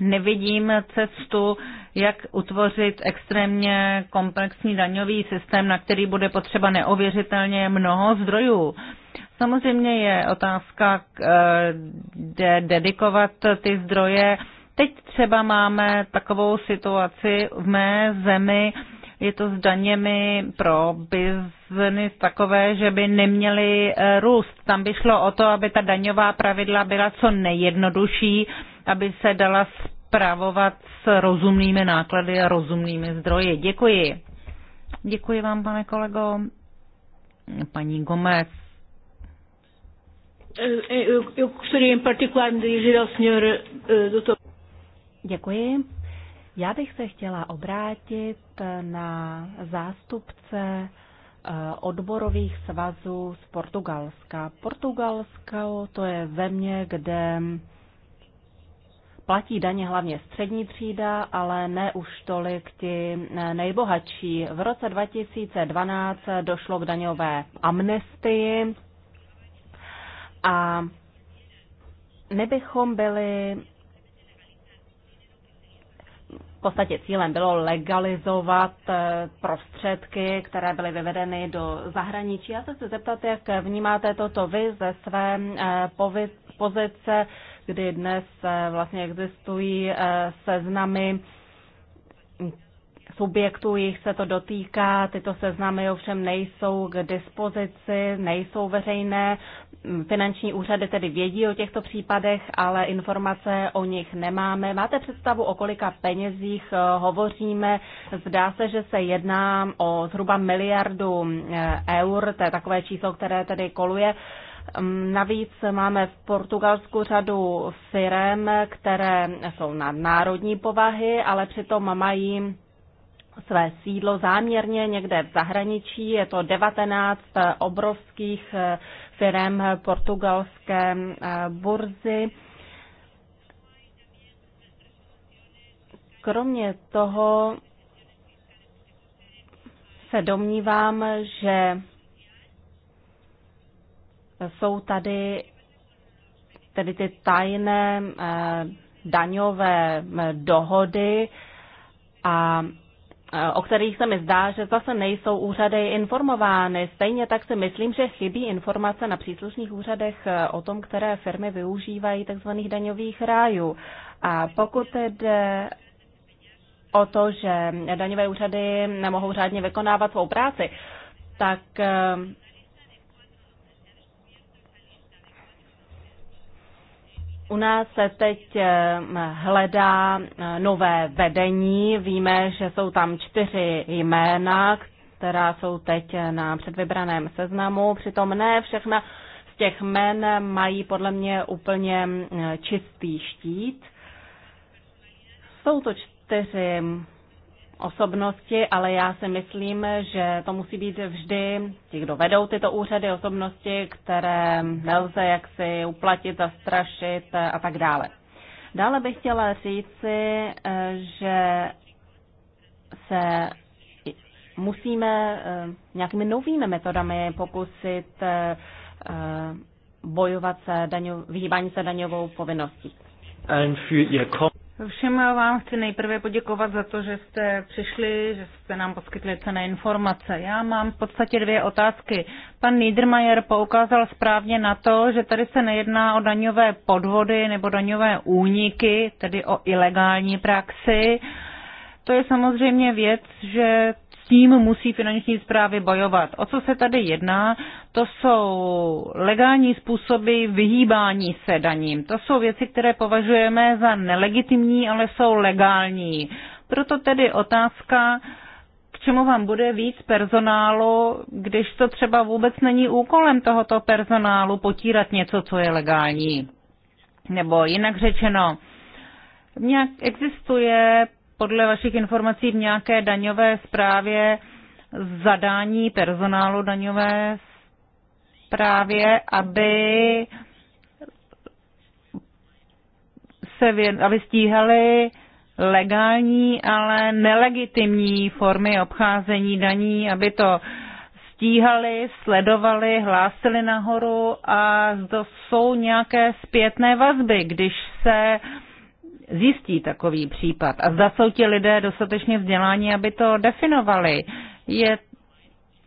[SPEAKER 5] nevidím cestu, jak utvořit extrémně komplexní daňový systém, na který bude potřeba neověřitelně mnoho zdrojů. Samozřejmě je otázka, eh, kde dedikovat ty zdroje Teď třeba máme takovou situaci v mé zemi, je to s daněmi pro biznis takové, že by neměly eh, růst. Tam by šlo o to, aby ta daňová pravidla byla co nejjednodušší, aby se dala spravovat s rozumnými náklady a rozumnými zdroji. Děkuji. Děkuji vám, pane kolego. Paní Gomez.
[SPEAKER 4] Eu, eh, eu eh, gostaria em particular de dirigir ao senhor uh, doutor. Děkuji. Já bych se chtěla obrátit na zástupce eh, odborových svazů z Portugalska. Portugalsko to je země, kde platí daně hlavně střední třída, ale ne už tolik ti eh, nejbohatší. V roce 2012 došlo k daňové amnestii a my bychom byli podstatě cílem bylo legalizovat eh, prostředky, které byly vyvedeny do zahraničí. Já se chci zeptat, jak vnímáte toto vy ze své eh, pozice, kdy dnes eh, vlastně existují seznamy subjektů, jich se to dotýká. Tyto seznamy ovšem nejsou k dispozici, nejsou veřejné. Finanční úřady tedy vědí o těchto případech, ale informace o nich nemáme. Máte představu, o kolika penězích eh, hovoříme? Zdá se, že se jedná o zhruba miliardu eh, eur, to je takové číslo, které tedy koluje. Mm, navíc máme v Portugalsku řadu firm, které jsou na národní povahy, ale přitom mají své sídlo záměrně někde v zahraničí. Je to 19 eh, obrovských eh, firm portugalské eh, burzy. Kromě toho se domnívám, že jsou tady tedy ty tajné daňové dohody a Eh, o kterých se mi zdá, že zase nejsou úřady informovány. Stejně tak si myslím, že chybí informace na příslušných úřadech eh, o tom, které firmy využívají tzv. daňových rájů. A pokud jde o to, že daňové úřady nemohou řádně vykonávat svou práci, tak eh, U nás se teď eh, hledá eh, nové vedení. Víme, že jsou tam čtyři jména, která jsou teď eh, na předvybraném seznamu. Přitom ne všechna z těch jmen mají podle mě úplně čistý štít. Jsou to čtyři osobnosti, ale já si myslím, že to musí být vždy ti, kdo vedou tyto úřady, osobnosti, které nelze jaksi uplatit, zastrašit a tak dále. Dále bych chtěla říci, eh, že se musíme eh, nějakými novými metodami pokusit eh, bojovat se daňov, vyhýbání se daňovou povinností. Všem
[SPEAKER 5] vám chci nejprve poděkovat za to, že jste přišli, že jste nám poskytli cené informace. Já mám v podstatě dvě otázky. Pan Niedermayer poukázal správně na to, že tady se nejedná o daňové podvody nebo daňové úniky, tedy o ilegální praxi. To je samozřejmě věc, že s tím musí finanční zprávy bojovat. O co se tady jedná? To jsou legální způsoby vyhýbání se daním. To jsou věci, které považujeme za nelegitimní, ale jsou legální. Proto tedy otázka, k čemu vám bude víc personálu, když to třeba vůbec není úkolem tohoto personálu potírat něco, co je legální. Nebo jinak řečeno, nějak existuje podle vašich informací v nějaké daňové zprávě zadání personálu daňové zprávě, aby se aby stíhali legální, ale nelegitimní formy obcházení daní, aby to stíhali, sledovali, hlásili nahoru a to jsou nějaké zpětné vazby, když se uh, zjistí takový případ. A zda jsou ti lidé dostatečně vzdělání, aby to definovali. Je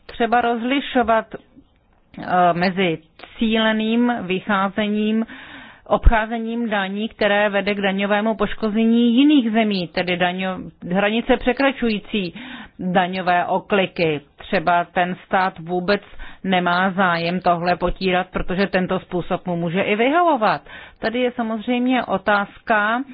[SPEAKER 5] třeba rozlišovat eh, mezi cíleným vycházením, obcházením daní, které vede k daňovému poškození jiných zemí, tedy daňo, hranice překračující daňové okliky. Třeba ten stát vůbec nemá zájem tohle potírat, protože tento způsob mu může i vyhovovat. Tady je samozřejmě otázka, uh,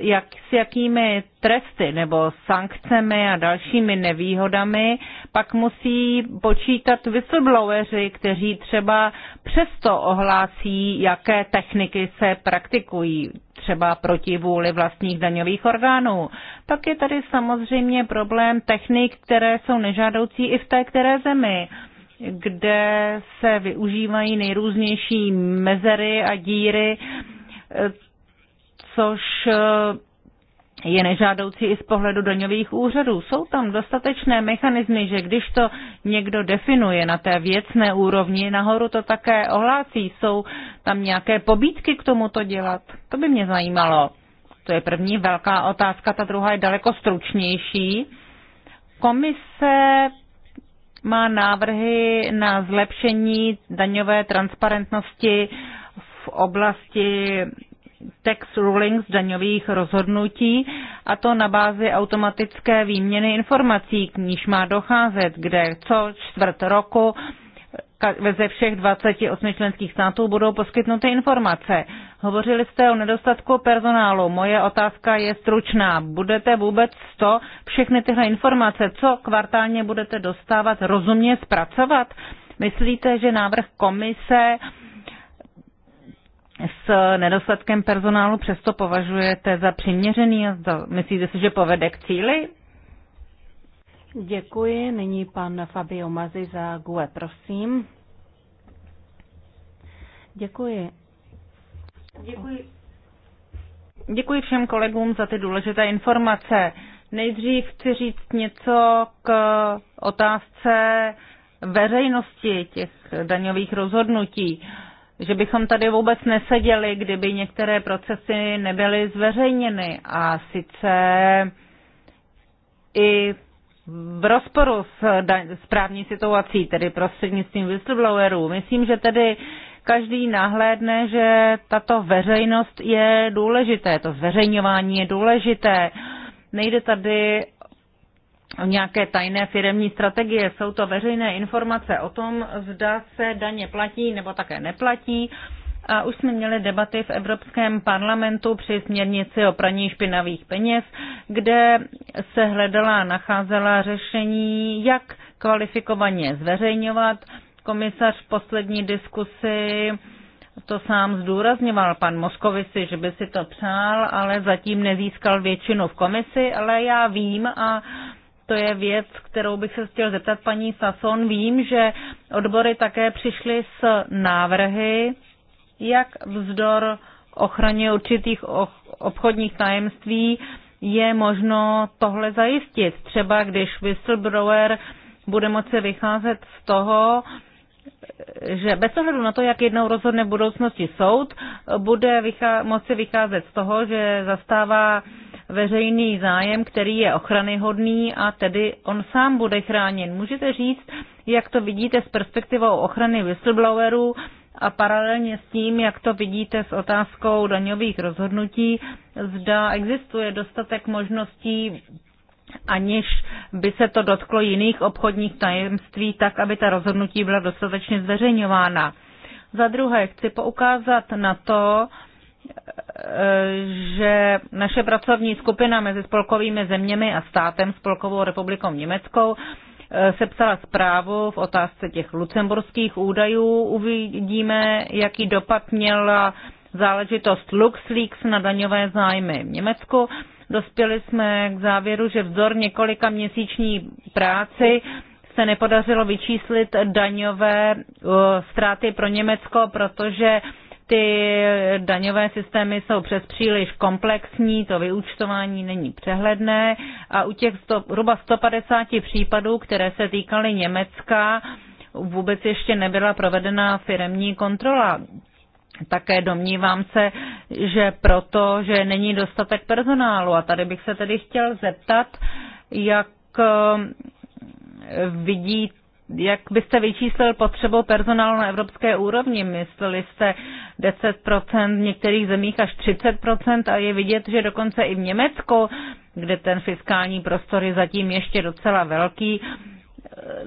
[SPEAKER 5] jak, s jakými tresty nebo sankcemi a dalšími nevýhodami pak musí počítat whistlebloweri, kteří třeba přesto ohlásí, jaké techniky se praktikují třeba proti vůli vlastních daňových orgánů. Pak je tady samozřejmě problém technik, které jsou nežádoucí i v té které zemi kde se využívají nejrůznější mezery a díry což eh, je nežádoucí i z pohledu daňových úřadů. Jsou tam dostatečné mechanismy, že když to někdo definuje na té věcné úrovni, nahoru to také ohlásí. Jsou tam nějaké pobídky k tomu to dělat? To by mě zajímalo. To je první velká otázka, ta druhá je daleko stručnější. Komise má návrhy na zlepšení daňové transparentnosti v oblasti tax rulings, daňových rozhodnutí, a to na bázi automatické výměny informací, k níž má docházet, kde co čtvrt roku ze všech 28 členských států budou poskytnuty informace. Hovořili jste o nedostatku personálu. Moje otázka je stručná. Budete vůbec to, všechny tyhle informace, co kvartálně budete dostávat, rozumně zpracovat? Myslíte, že návrh komise uh, s nedostatkem personálu přesto považujete za přiměřený a myslíte si, že povede k cíli?
[SPEAKER 4] Děkuji. Nyní pan Fabio Mazi za GUE, prosím. Děkuji. Děkuji.
[SPEAKER 5] Děkuji všem kolegům za ty důležité informace. Nejdřív chci říct něco k otázce veřejnosti těch daňových rozhodnutí že bychom tady vůbec neseděli, kdyby některé procesy nebyly zveřejněny. A sice i v rozporu s, správní s právní situací, tedy prostřednictvím whistleblowerů. Myslím, že tedy každý nahlédne, že tato veřejnost je důležité, to zveřejňování je důležité. Nejde tady nějaké tajné firemní strategie. Jsou to veřejné informace o tom, zda se daně platí nebo také neplatí. A už jsme měli debaty v Evropském parlamentu při směrnici o praní špinavých peněz, kde se hledala a nacházela řešení, jak kvalifikovaně zveřejňovat. Komisař v poslední diskusi to sám zdůrazňoval pan Moskovici, že by si to přál, ale zatím nezískal většinu v komisi, ale já vím a to je věc, kterou bych se chtěl zeptat paní Sason. Vím, že odbory také přišly s návrhy, jak vzdor ochraně určitých obchodních tajemství je možno tohle zajistit. Třeba když whistleblower bude moci vycházet z toho, že bez ohledu na to, jak jednou rozhodne v budoucnosti soud, bude vychá- moci vycházet z toho, že zastává uh, veřejný zájem, který je ochranyhodný a tedy on sám bude chráněn. Můžete říct, jak to vidíte s perspektivou ochrany whistleblowerů a paralelně s tím, jak to vidíte s otázkou daňových rozhodnutí, zda existuje dostatek možností aniž by se to dotklo jiných obchodních tajemství, tak aby ta rozhodnutí byla dostatečně zveřejňována. Za druhé, chci poukázat na to, že naše pracovní skupina mezi spolkovými zeměmi a státem Spolkovou republikou Německou sepsala zprávu v otázce těch lucemburských údajů. Uvidíme, jaký dopad měla záležitost LuxLeaks na daňové zájmy v Německu. Dospěli jsme k závěru, že vzdor několika měsíční práci se nepodařilo vyčíslit daňové eh, ztráty pro Německo, protože ty daňové systémy jsou přes příliš komplexní, to vyúčtování není přehledné a u těch sto, hruba 150 případů, které se týkaly Německa, vůbec ještě nebyla provedena firemní kontrola. Také domnívám se, že proto, že není dostatek personálu. A tady bych se tedy chtěl zeptat, jak eh, vidíte, jak byste vyčíslil potřebu personálu na evropské úrovni? Mysleli jste 10%, v některých zemích až 30% a je vidět, že dokonce i v Německu, kde ten fiskální prostor je zatím ještě docela velký,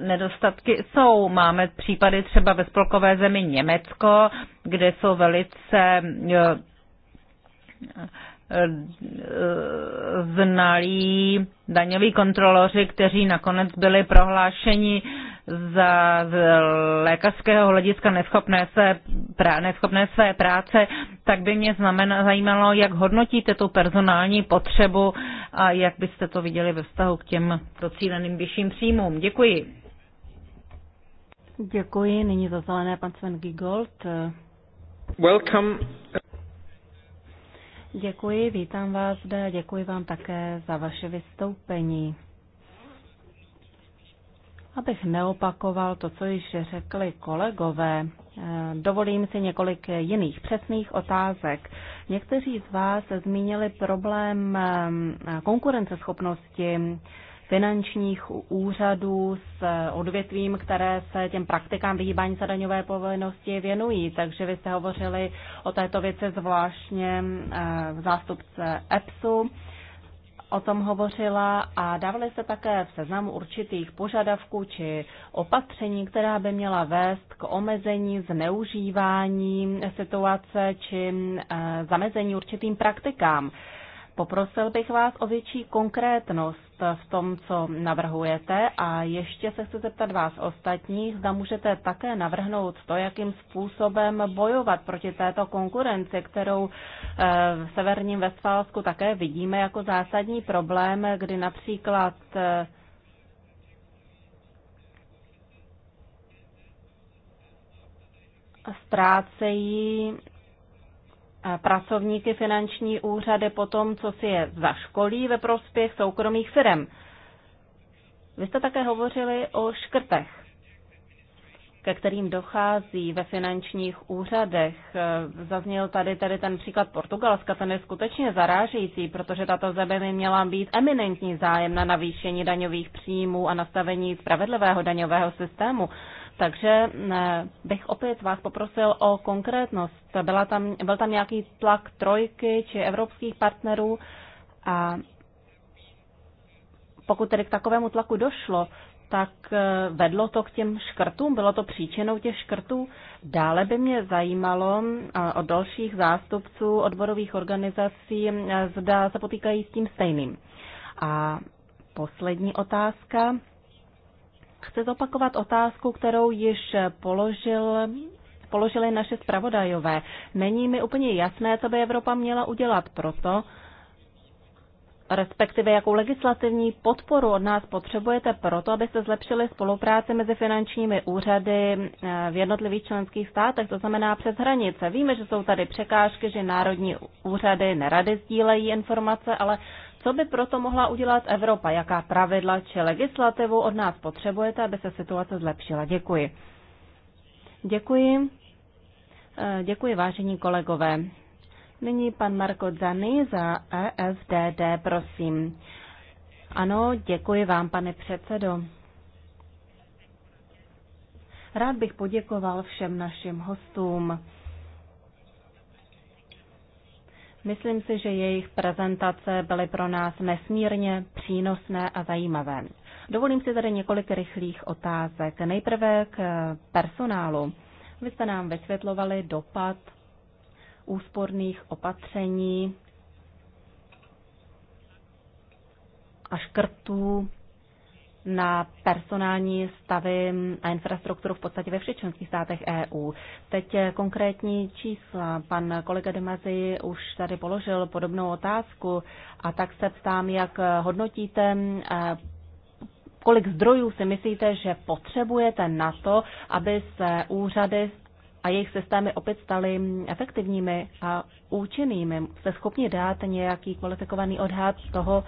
[SPEAKER 5] nedostatky jsou. Máme případy třeba ve spolkové zemi Německo, kde jsou velice eh, znalí daňoví kontroloři, kteří nakonec byli prohlášeni za z lékařského hlediska neschopné své, pra, neschopné své práce, tak by mě znamená, zajímalo, jak hodnotíte tu personální potřebu a jak byste to viděli ve vztahu k těm docíleným vyšším příjmům. Děkuji.
[SPEAKER 4] Děkuji. Nyní zazelené pan Sven Gigold. Welcome. Děkuji, vítám vás zde, děkuji vám také za vaše vystoupení. Abych neopakoval to, co již řekli kolegové, eh, dovolím si několik jiných přesných otázek. Někteří z vás zmínili problém eh, konkurenceschopnosti finančních úřadů s odvětvím, které se těm praktikám vyhýbání se daňové povinnosti věnují. Takže vy jste hovořili o této věci zvláštně eh, zástupce EPSu o tom hovořila a dávali se také v seznamu určitých požadavků či opatření, která by měla vést k omezení zneužívání situace či eh, zamezení určitým praktikám. Poprosil bych vás o větší konkrétnost v tom, co navrhujete a ještě se chci zeptat vás ostatních, zda můžete také navrhnout to, jakým způsobem bojovat proti této konkurenci, kterou eh, v severním Vestfálsku také vidíme jako zásadní problém, kdy například eh, ztrácejí pracovníky finanční úřady po tom, co si je zaškolí ve prospěch soukromých firm. Vy jste také hovořili o škrtech, ke kterým dochází ve finančních úřadech. Zazněl tady tady ten příklad Portugalska, ten je skutečně zarážející, protože tato země by měla být eminentní zájem na navýšení daňových příjmů a nastavení spravedlivého daňového systému. Takže eh, bych opět vás poprosil o konkrétnost. Byla tam, byl tam nějaký tlak trojky či evropských partnerů a pokud tedy k takovému tlaku došlo, tak eh, vedlo to k těm škrtům, bylo to příčinou těch škrtů. Dále by mě zajímalo eh, od dalších zástupců odborových organizací, zda se potýkají s tím stejným. A poslední otázka. Chci zopakovat otázku, kterou již položil položili naše zpravodajové. Není mi úplně jasné, co by Evropa měla udělat proto, respektive jakou legislativní podporu od nás potřebujete proto, abyste zlepšili spolupráci mezi finančními úřady eh, v jednotlivých členských státech, to znamená přes hranice. Víme, že jsou tady překážky, že národní úřady nerady sdílejí informace, ale co by proto mohla udělat Evropa? Jaká pravidla či legislativu od nás potřebujete, aby se situace zlepšila? Děkuji. Děkuji. Eh, děkuji, vážení kolegové. Nyní pan Marko Zany za EFDD, prosím. Ano, děkuji vám, pane předsedo. Rád bych poděkoval všem našim hostům. Myslím si, že jejich prezentace byly pro nás nesmírně přínosné a zajímavé. Dovolím si tady několik rychlých otázek. Nejprve k eh, personálu. Vy jste nám vysvětlovali dopad úsporných opatření a škrtů na personální stavy a infrastrukturu v podstatě ve všech členských státech EU. Teď eh, konkrétní čísla. Pan kolega Demazi už tady položil podobnou otázku a tak se ptám, jak eh, hodnotíte eh, kolik zdrojů si myslíte, že potřebujete na to, aby se úřady a jejich systémy opět staly efektivními a účinnými? Jste schopni dát nějaký kvalifikovaný odhad toho,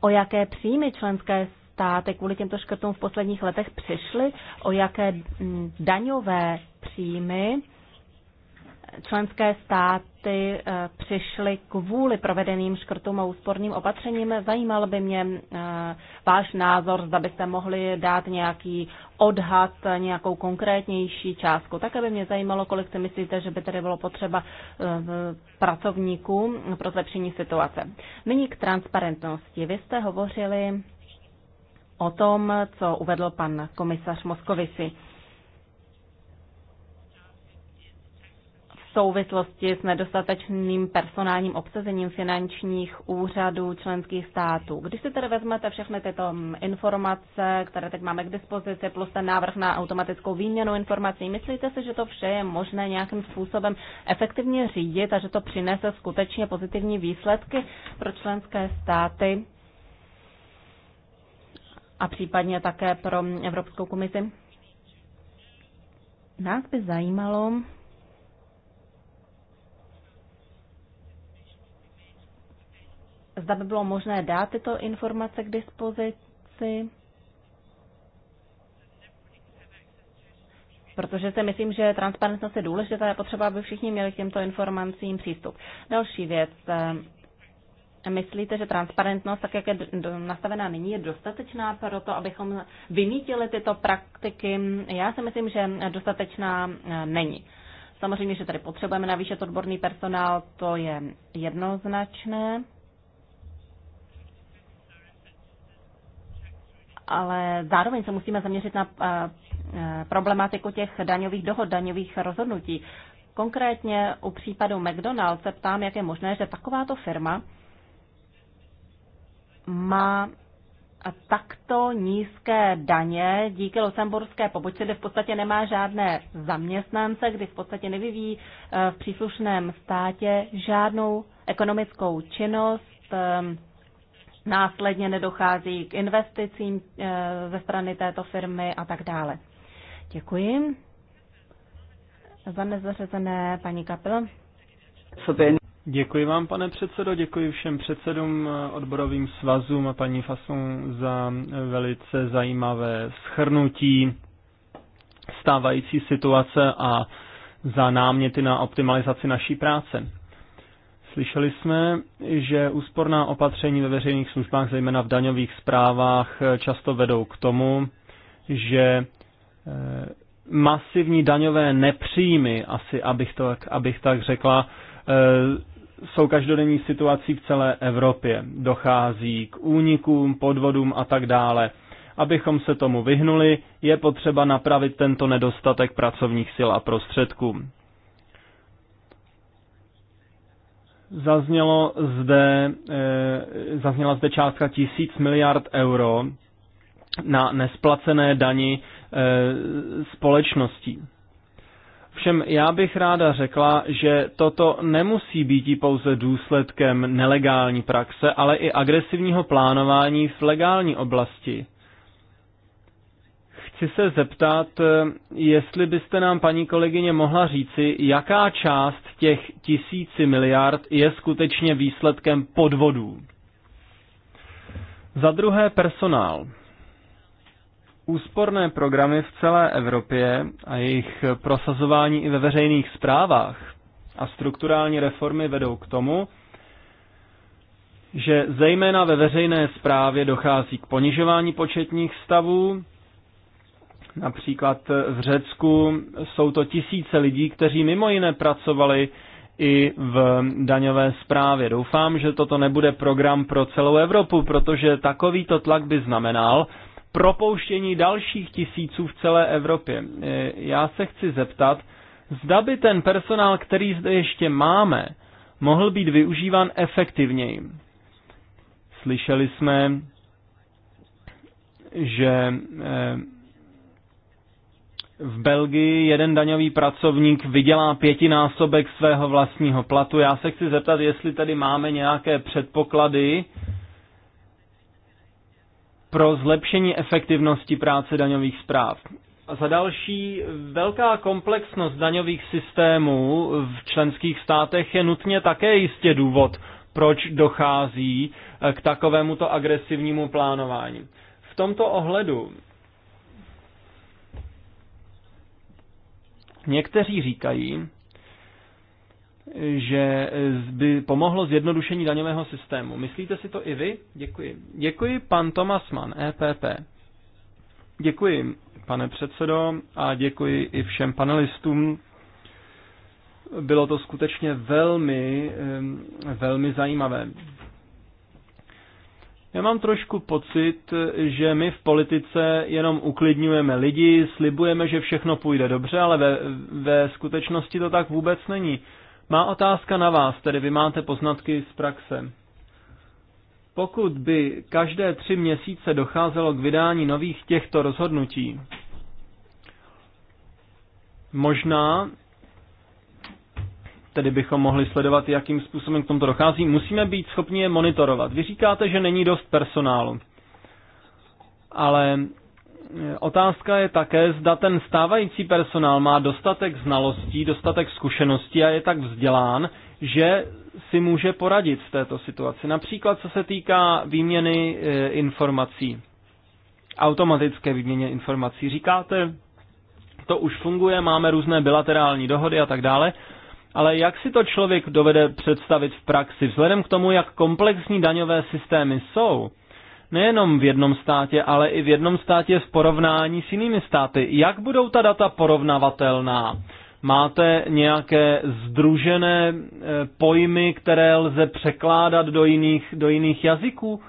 [SPEAKER 4] o jaké příjmy členské státy kvůli těmto škrtům v posledních letech přišly, o jaké mm, daňové příjmy členské státy eh, přišly kvůli provedeným škrtům a úsporným opatřením. Zajímal by mě eh, váš názor, zda byste mohli dát nějaký odhad, nějakou konkrétnější částku. Také by mě zajímalo, kolik si myslíte, že by tady bylo potřeba eh, pracovníků pro zlepšení situace. Nyní k transparentnosti. Vy jste hovořili o tom, co uvedl pan komisař Moskovici. souvislosti s nedostatečným personálním obsazením finančních úřadů členských států. Když si tedy vezmete všechny tyto mm, informace, které teď máme k dispozici, plus ten návrh na automatickou výměnu informací, myslíte si, že to vše je možné nějakým způsobem efektivně řídit a že to přinese skutečně pozitivní výsledky pro členské státy a případně také pro Evropskou komisi? Nás by zajímalo, zda by bylo možné dát tyto informace k dispozici. protože si myslím, že transparentnost je důležitá a je potřeba, aby všichni měli k těmto informacím přístup. Další věc. Eh, myslíte, že transparentnost, tak jak je nastavená nyní, je dostatečná pro to, abychom vymítili tyto praktiky? Já si myslím, že dostatečná eh, není. Samozřejmě, že tady potřebujeme navýšet odborný personál, to je jednoznačné. ale zároveň se musíme zaměřit na eh, eh, problematiku těch daňových dohod, daňových rozhodnutí. Konkrétně u případu McDonald's se ptám, jak je možné, že takováto firma má takto nízké daně díky lucemburské pobočce, kde v podstatě nemá žádné zaměstnance, kdy v podstatě nevyvíjí eh, v příslušném státě žádnou ekonomickou činnost, následně nedochází k investicím eh, ze strany této firmy a tak dále. Děkuji. Za nezařazené paní Kapil.
[SPEAKER 2] Děkuji vám, pane předsedo, děkuji všem předsedům, eh, odborovým svazům a paní Fasun za velice zajímavé schrnutí stávající situace a za náměty na optimalizaci naší práce. Slyšeli jsme, že úsporná opatření ve veřejných službách, zejména v daňových zprávách, často vedou k tomu, že eh, masivní daňové nepříjmy, asi abych, to, abych tak řekla, eh, jsou každodenní situací v celé Evropě. Dochází k únikům, podvodům a tak dále. Abychom se tomu vyhnuli, je potřeba napravit tento nedostatek pracovních sil a prostředků. Zaznělo zde, eh, zazněla zde částka tisíc miliard euro na nesplacené dani eh, společností. Všem já bych ráda řekla, že toto nemusí být pouze důsledkem nelegální praxe, ale i agresivního plánování v legální oblasti. Chci se zeptat, eh, jestli byste nám, paní kolegyně, mohla říci, jaká část těch tisíci miliard je skutečně výsledkem podvodů. Za druhé personál. Úsporné programy v celé Evropě a jejich prosazování i ve veřejných zprávách a strukturální reformy vedou k tomu, že zejména ve veřejné správě dochází k ponižování početních stavů, Například v Řecku jsou to tisíce lidí, kteří mimo jiné pracovali i v daňové správě. Doufám, že toto nebude program pro celou Evropu, protože takovýto tlak by znamenal propouštění dalších tisíců v celé Evropě. E, já se chci zeptat, zda by ten personál, který zde ještě máme, mohl být využíván efektivněji. Slyšeli jsme, že e, v Belgii jeden daňový pracovník vydělá pětinásobek svého vlastního platu. Já se chci zeptat, jestli tady máme nějaké předpoklady pro zlepšení efektivnosti práce daňových zpráv. A za další, velká komplexnost daňových systémů v členských státech je nutně také jistě důvod, proč dochází k takovémuto agresivnímu plánování. V tomto ohledu Někteří říkají, že by pomohlo zjednodušení daňového systému. Myslíte si to i vy? Děkuji. Děkuji pan Tomasman, EPP. Děkuji, pane předsedo, a děkuji i všem panelistům. Bylo to skutečně velmi, eh, velmi zajímavé. Já mám trošku pocit, že my v politice jenom uklidňujeme lidi, slibujeme, že všechno půjde dobře, ale ve, ve skutečnosti to tak vůbec není. Má otázka na vás, tedy vy máte poznatky z praxe. Pokud by každé tři měsíce docházelo k vydání nových těchto rozhodnutí, možná tedy bychom mohli sledovat, jakým způsobem k tomu dochází, musíme být schopni je monitorovat. Vy říkáte, že není dost personálu, ale e, otázka je také, zda ten stávající personál má dostatek znalostí, dostatek zkušeností a je tak vzdělán, že si může poradit v této situaci. Například co se týká výměny e, informací, automatické výměně informací. Říkáte, to už funguje, máme různé bilaterální dohody a tak dále, ale jak si to člověk dovede představit v praxi, vzhledem k tomu, jak komplexní daňové systémy jsou, nejenom v jednom státě, ale i v jednom státě v porovnání s jinými státy, jak budou ta data porovnavatelná? Máte nějaké združené e, pojmy, které lze překládat do jiných, do jiných jazyků?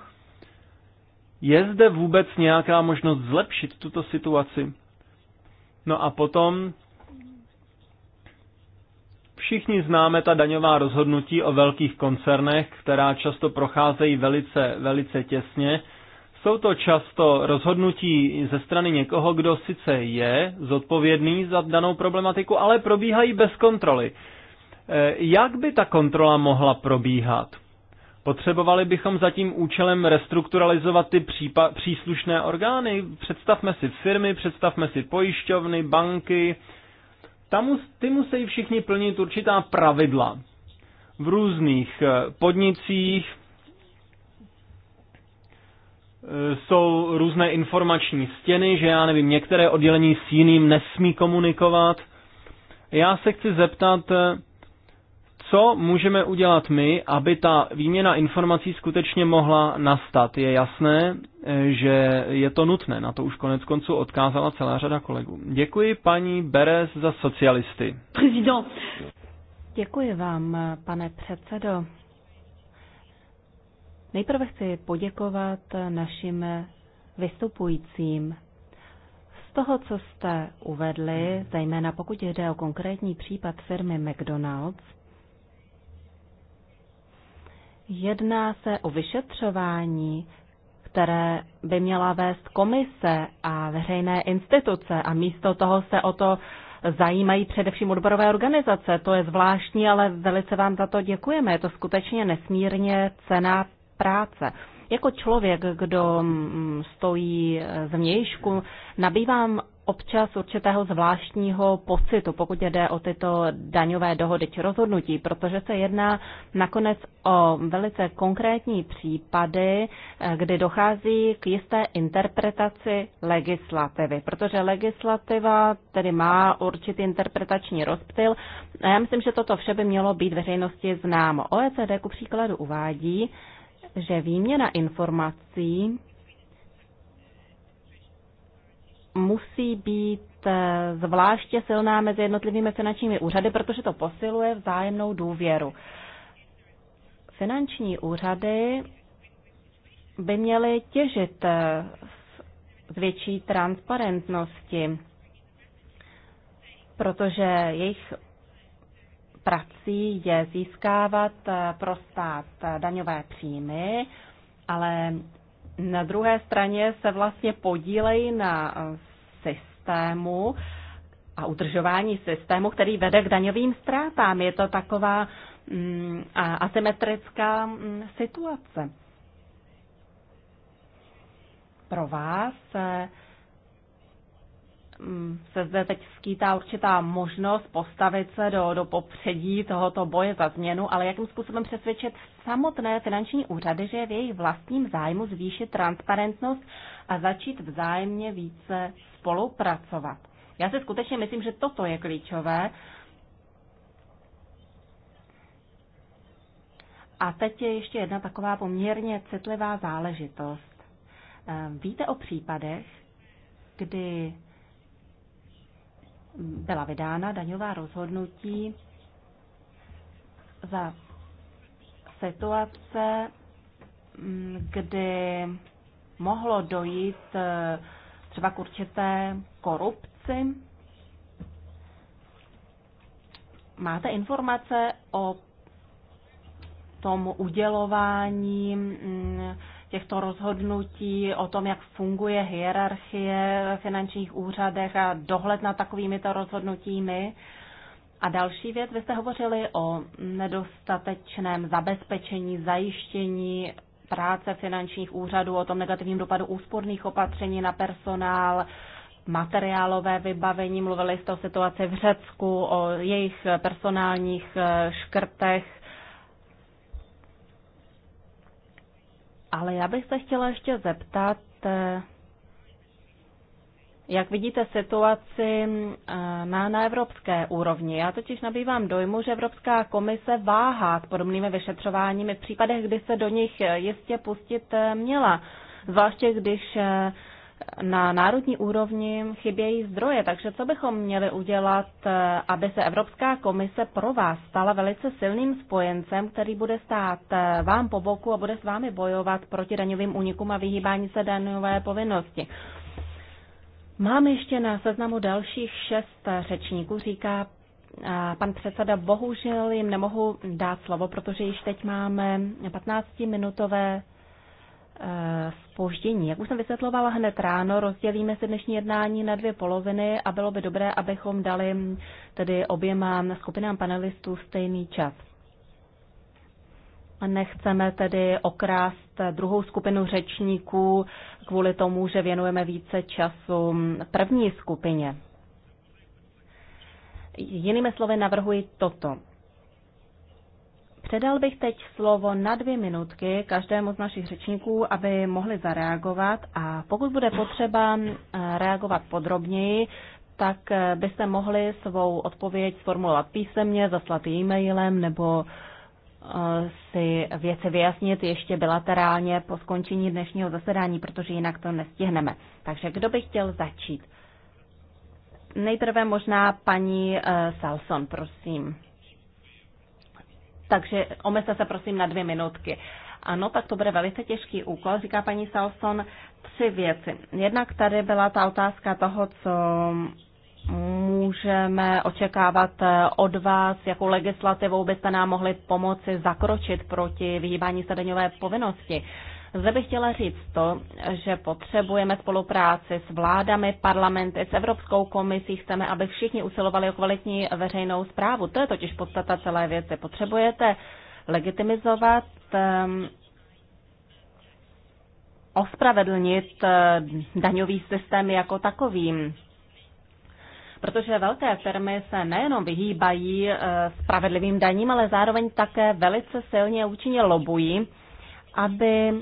[SPEAKER 2] Je zde vůbec nějaká možnost zlepšit tuto situaci? No a potom Všichni známe ta daňová rozhodnutí o velkých koncernech, která často procházejí velice, velice těsně. Jsou to často rozhodnutí ze strany někoho, kdo sice je zodpovědný za danou problematiku, ale probíhají bez kontroly. E, jak by ta kontrola mohla probíhat? Potřebovali bychom za tím účelem restrukturalizovat ty příslušné orgány. Představme si firmy, představme si pojišťovny, banky, tam, ty musí všichni plnit určitá pravidla v různých eh, podnicích, eh, jsou různé informační stěny, že já nevím, některé oddělení s jiným nesmí komunikovat. Já se chci zeptat, eh, co můžeme udělat my, aby ta výměna informací skutečně mohla nastat. Je jasné, eh, že je to nutné, na to už konec konců odkázala celá řada kolegů. Děkuji paní Beres za socialisty. Prezident.
[SPEAKER 4] Děkuji vám, pane předsedo. Nejprve chci poděkovat našim vystupujícím. Z toho, co jste uvedli, zejména pokud jde o konkrétní případ firmy McDonald's, Jedná se o vyšetřování, které by měla vést komise a veřejné instituce a místo toho se o to zajímají především odborové organizace. To je zvláštní, ale velice vám za to děkujeme. Je to skutečně nesmírně cená práce. Jako člověk, kdo mm, stojí zvnějšku, eh, nabývám občas určitého zvláštního pocitu, pokud jde o tyto daňové dohody či rozhodnutí, protože se jedná nakonec o velice konkrétní případy, eh, kdy dochází k jisté interpretaci legislativy, protože legislativa tedy má určitý interpretační rozptyl a já myslím, že toto vše by mělo být veřejnosti známo. OECD ku příkladu uvádí, že výměna informací musí být eh, zvláště silná mezi jednotlivými finančními úřady, protože to posiluje vzájemnou důvěru. Finanční úřady by měly těžit eh, z větší transparentnosti, protože jejich prací je získávat eh, pro stát eh, daňové příjmy, ale na druhé straně se vlastně podílejí na eh, systému a udržování systému, který vede k daňovým ztrátám. Je to taková mm, asymetrická mm, situace. Pro vás Mm, se zde teď skýtá určitá možnost postavit se do, do popředí tohoto boje za změnu, ale jakým způsobem přesvědčit samotné finanční úřady, že je v jejich vlastním zájmu zvýšit transparentnost a začít vzájemně více spolupracovat. Já si skutečně myslím, že toto je klíčové. A teď je ještě jedna taková poměrně citlivá záležitost. Ehm, víte o případech, kdy byla vydána daňová rozhodnutí za situace, mm, kdy mohlo dojít e, třeba k určité korupci. Máte informace o tom udělování mm, těchto rozhodnutí o tom, jak funguje hierarchie ve finančních úřadech a dohled nad to rozhodnutími. A další věc, vy jste hovořili o nedostatečném zabezpečení, zajištění práce finančních úřadů, o tom negativním dopadu úsporných opatření na personál, materiálové vybavení, mluvili jste o situaci v Řecku, o jejich personálních eh, škrtech Ale já bych se chtěla ještě zeptat, eh, jak vidíte situaci eh, na, na evropské úrovni? Já totiž nabývám dojmu, že Evropská komise váhá s podobnými vyšetřováními v případech, kdy se do nich eh, jistě pustit měla. Zvláště když na národní úrovni chybějí zdroje, takže co bychom měli udělat, eh, aby se Evropská komise pro vás stala velice silným spojencem, který bude stát eh, vám po boku a bude s vámi bojovat proti daňovým únikům a vyhýbání se daňové povinnosti. Mám ještě na seznamu dalších šest eh, řečníků, říká pan předseda. Bohužel jim nemohu dát slovo, protože již teď máme 15-minutové spoždění. Jak už jsem vysvětlovala hned ráno, rozdělíme se dnešní jednání na dvě poloviny a bylo by dobré, abychom dali tedy oběma skupinám panelistů stejný čas. Nechceme tedy okrást druhou skupinu řečníků kvůli tomu, že věnujeme více času první skupině. Jinými slovy navrhuji toto. Předal bych teď slovo na dvě minutky každému z našich řečníků, aby mohli zareagovat a pokud bude potřeba eh, reagovat podrobněji, tak eh, byste mohli svou odpověď sformulovat písemně, zaslat e-mailem nebo eh, si věci vyjasnit ještě bilaterálně po skončení dnešního zasedání, protože jinak to nestihneme. Takže kdo by chtěl začít? Nejprve možná paní Salson, prosím. Takže omezte se prosím na dvě minutky. Ano, tak to bude velice těžký úkol, říká paní Salson. Tři věci. Jednak tady byla ta otázka toho, co můžeme očekávat od vás, jakou legislativou byste nám mohli pomoci zakročit proti vyhýbání se daňové povinnosti. Zde bych chtěla říct to, že potřebujeme spolupráci s vládami, parlamenty, s Evropskou komisí. Chceme, aby všichni usilovali o kvalitní veřejnou zprávu. To je totiž podstata celé věci. Potřebujete legitimizovat, um, ospravedlnit eh, daňový systém jako takovým. Protože velké firmy se nejenom vyhýbají eh, spravedlivým daním, ale zároveň také velice silně účinně lobují, aby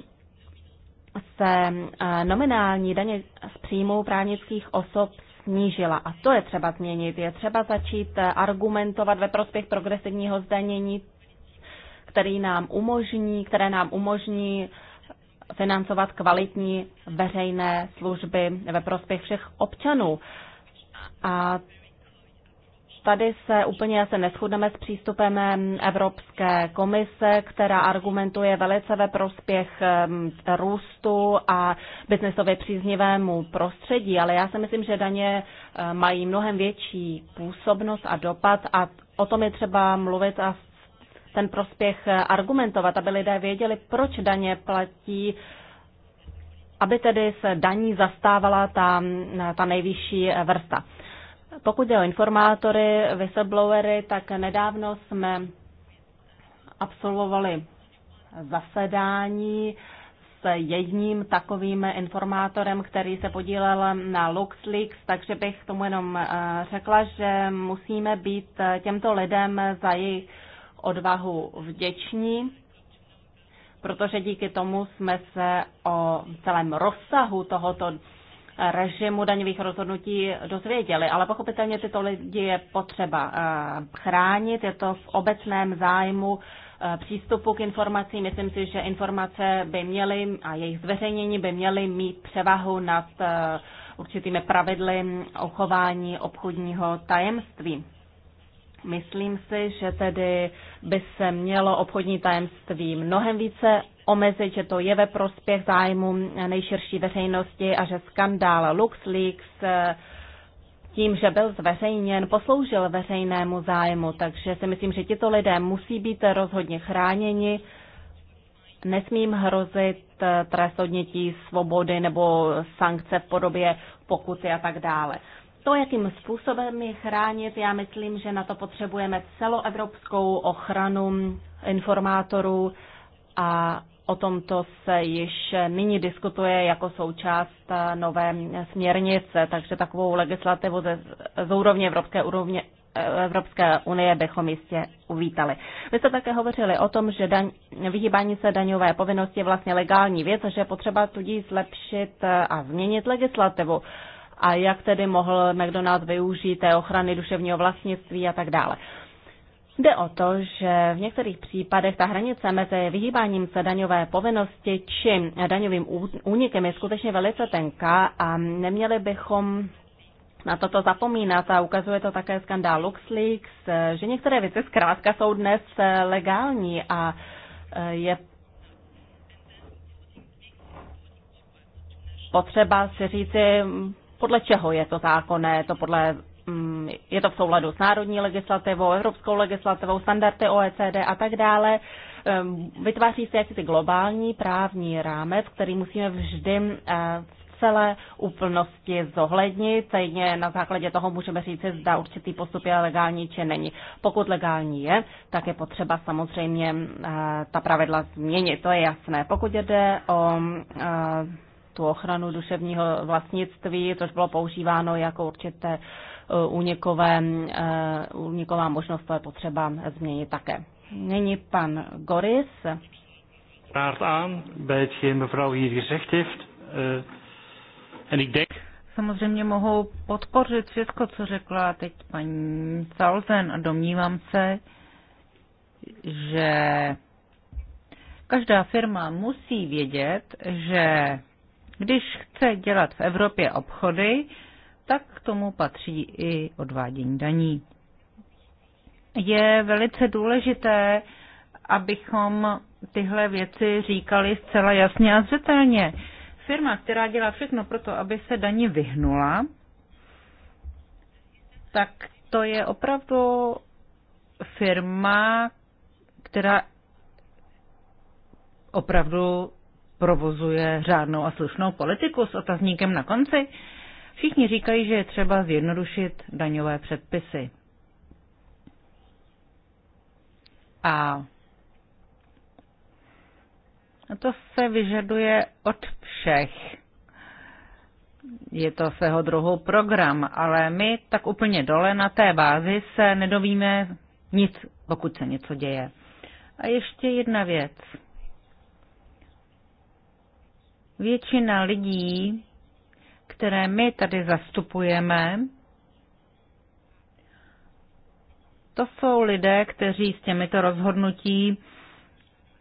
[SPEAKER 4] se eh, nominální daně z příjmů právnických osob snížila. A to je třeba změnit. Je třeba začít eh, argumentovat ve prospěch progresivního zdanění, který nám umožní, které nám umožní financovat kvalitní veřejné služby ve prospěch všech občanů. A tady se úplně se neschodneme s přístupem Evropské komise, která argumentuje velice ve prospěch růstu a biznesově příznivému prostředí, ale já si myslím, že daně mají mnohem větší působnost a dopad a o tom je třeba mluvit a ten prospěch eh, argumentovat, aby lidé věděli, proč daně platí, aby tedy se daní zastávala ta, ta nejvyšší eh, vrsta. Pokud jde o informátory, whistleblowery, tak nedávno jsme absolvovali zasedání s jedním takovým informátorem, který se podílel na LuxLeaks, takže bych tomu jenom eh, řekla, že musíme být těmto lidem za jejich odvahu vděční, protože díky tomu jsme se o celém rozsahu tohoto režimu daňových rozhodnutí dozvěděli, ale pochopitelně tyto lidi je potřeba eh, chránit, je to v obecném zájmu eh, přístupu k informacím. Myslím si, že informace by měly a jejich zveřejnění by měly mít převahu nad eh, určitými pravidly o chování obchodního tajemství. Myslím si, že tedy by se mělo obchodní tajemství mnohem více omezit, že to je ve prospěch zájmu nejširší veřejnosti a že skandál LuxLeaks eh, tím, že byl zveřejněn, posloužil veřejnému zájmu. Takže si myslím, že tito lidé musí být rozhodně chráněni. Nesmím hrozit eh, trest odnětí svobody nebo sankce v podobě pokuty a tak dále. To, jakým způsobem je chránit, já myslím, že na to potřebujeme celoevropskou ochranu informátorů a O tomto se již nyní diskutuje jako součást nové směrnice, takže takovou legislativu ze, z úrovně Evropské úrovně, Evropské unie bychom jistě uvítali. Vy jste také hovořili o tom, že daň, vyhýbání se daňové povinnosti je vlastně legální věc a že je potřeba tudíž zlepšit a změnit legislativu. A jak tedy mohl McDonald's využít té ochrany duševního vlastnictví a tak dále. Jde o to, že v některých případech ta hranice mezi vyhýbáním se daňové povinnosti či daňovým únikem je skutečně velice tenká a neměli bychom na toto zapomínat a ukazuje to také skandál LuxLeaks, že některé věci zkrátka jsou dnes legální a eh, je potřeba si říci, podle čeho je to zákonné, to podle Mm, je to v souladu s národní legislativou, evropskou legislativou, standardy OECD a tak dále. Ehm, vytváří se jakýsi globální právní rámec, který musíme vždy eh, v celé úplnosti zohlednit. Stejně na základě toho můžeme říct, zda určitý postup je legální či není. Pokud legální je, tak je potřeba samozřejmě eh, ta pravidla změnit, to je jasné. Pokud jde o eh, tu ochranu duševního vlastnictví, což bylo používáno jako určité únikové, eh, úniková možnost, to je potřeba změnit také. Není pan Goris. Eh, samozřejmě
[SPEAKER 5] mohou podpořit všechno, co řekla teď paní Salzen a domnívám se, že každá firma musí vědět, že když chce dělat v Evropě obchody, tak k tomu patří i odvádění daní. Je velice důležité, abychom tyhle věci říkali zcela jasně a zřetelně. Firma, která dělá všechno pro to, aby se daní vyhnula, tak to je opravdu firma, která opravdu provozuje řádnou a slušnou politiku s otazníkem na konci. Všichni říkají, že je třeba zjednodušit daňové předpisy. A to se vyžaduje od všech. Je to svého druhou program, ale my tak úplně dole na té bázi se nedovíme nic, pokud se něco děje. A ještě jedna věc. Většina lidí které my tady zastupujeme, to jsou lidé, kteří s těmito rozhodnutí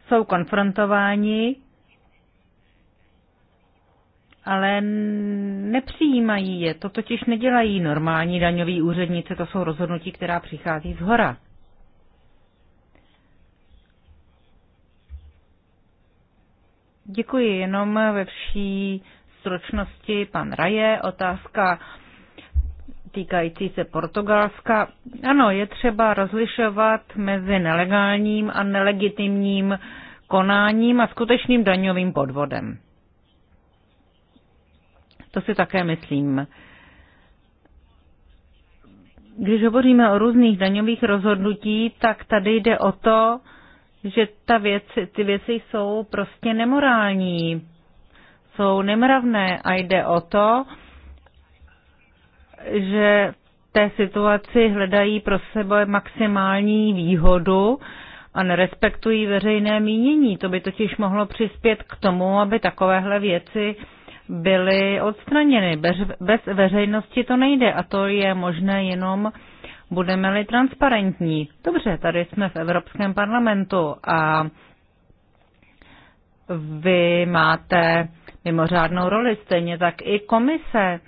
[SPEAKER 5] jsou konfrontováni, ale nepřijímají je. To totiž nedělají normální daňoví úředníci, to jsou rozhodnutí, která přichází z hora. Děkuji, jenom ve vší stručnosti pan Raje, otázka týkající se Portugalska. Ano, je třeba rozlišovat mezi nelegálním a nelegitimním konáním a skutečným daňovým podvodem. To si také myslím. Když hovoříme o různých daňových rozhodnutí, tak tady jde o to, že ta věc, ty věci jsou prostě nemorální jsou nemravné a jde o to, že v té situaci hledají pro sebe maximální výhodu a nerespektují veřejné mínění. To by totiž mohlo přispět k tomu, aby takovéhle věci byly odstraněny. Bez, bez veřejnosti to nejde a to je možné jenom budeme-li transparentní. Dobře, tady jsme v Evropském parlamentu a vy máte mimořádnou roli, stejně tak i komise.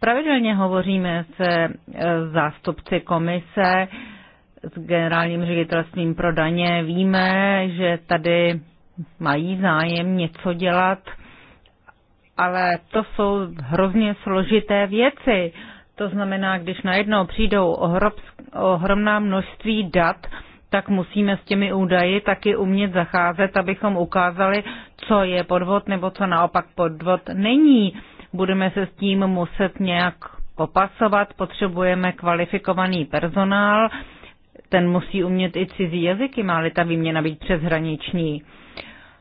[SPEAKER 5] Pravidelně hovoříme se e, zástupci komise s generálním ředitelstvím pro daně. Víme, že tady mají zájem něco dělat, ale to jsou hrozně složité věci. To znamená, když najednou přijdou ohromná množství dat, tak musíme s těmi údaji taky umět zacházet, abychom ukázali, co je podvod nebo co naopak podvod není. Budeme se s tím muset nějak popasovat, potřebujeme kvalifikovaný personál, ten musí umět i cizí jazyky, má-li ta výměna být přeshraniční.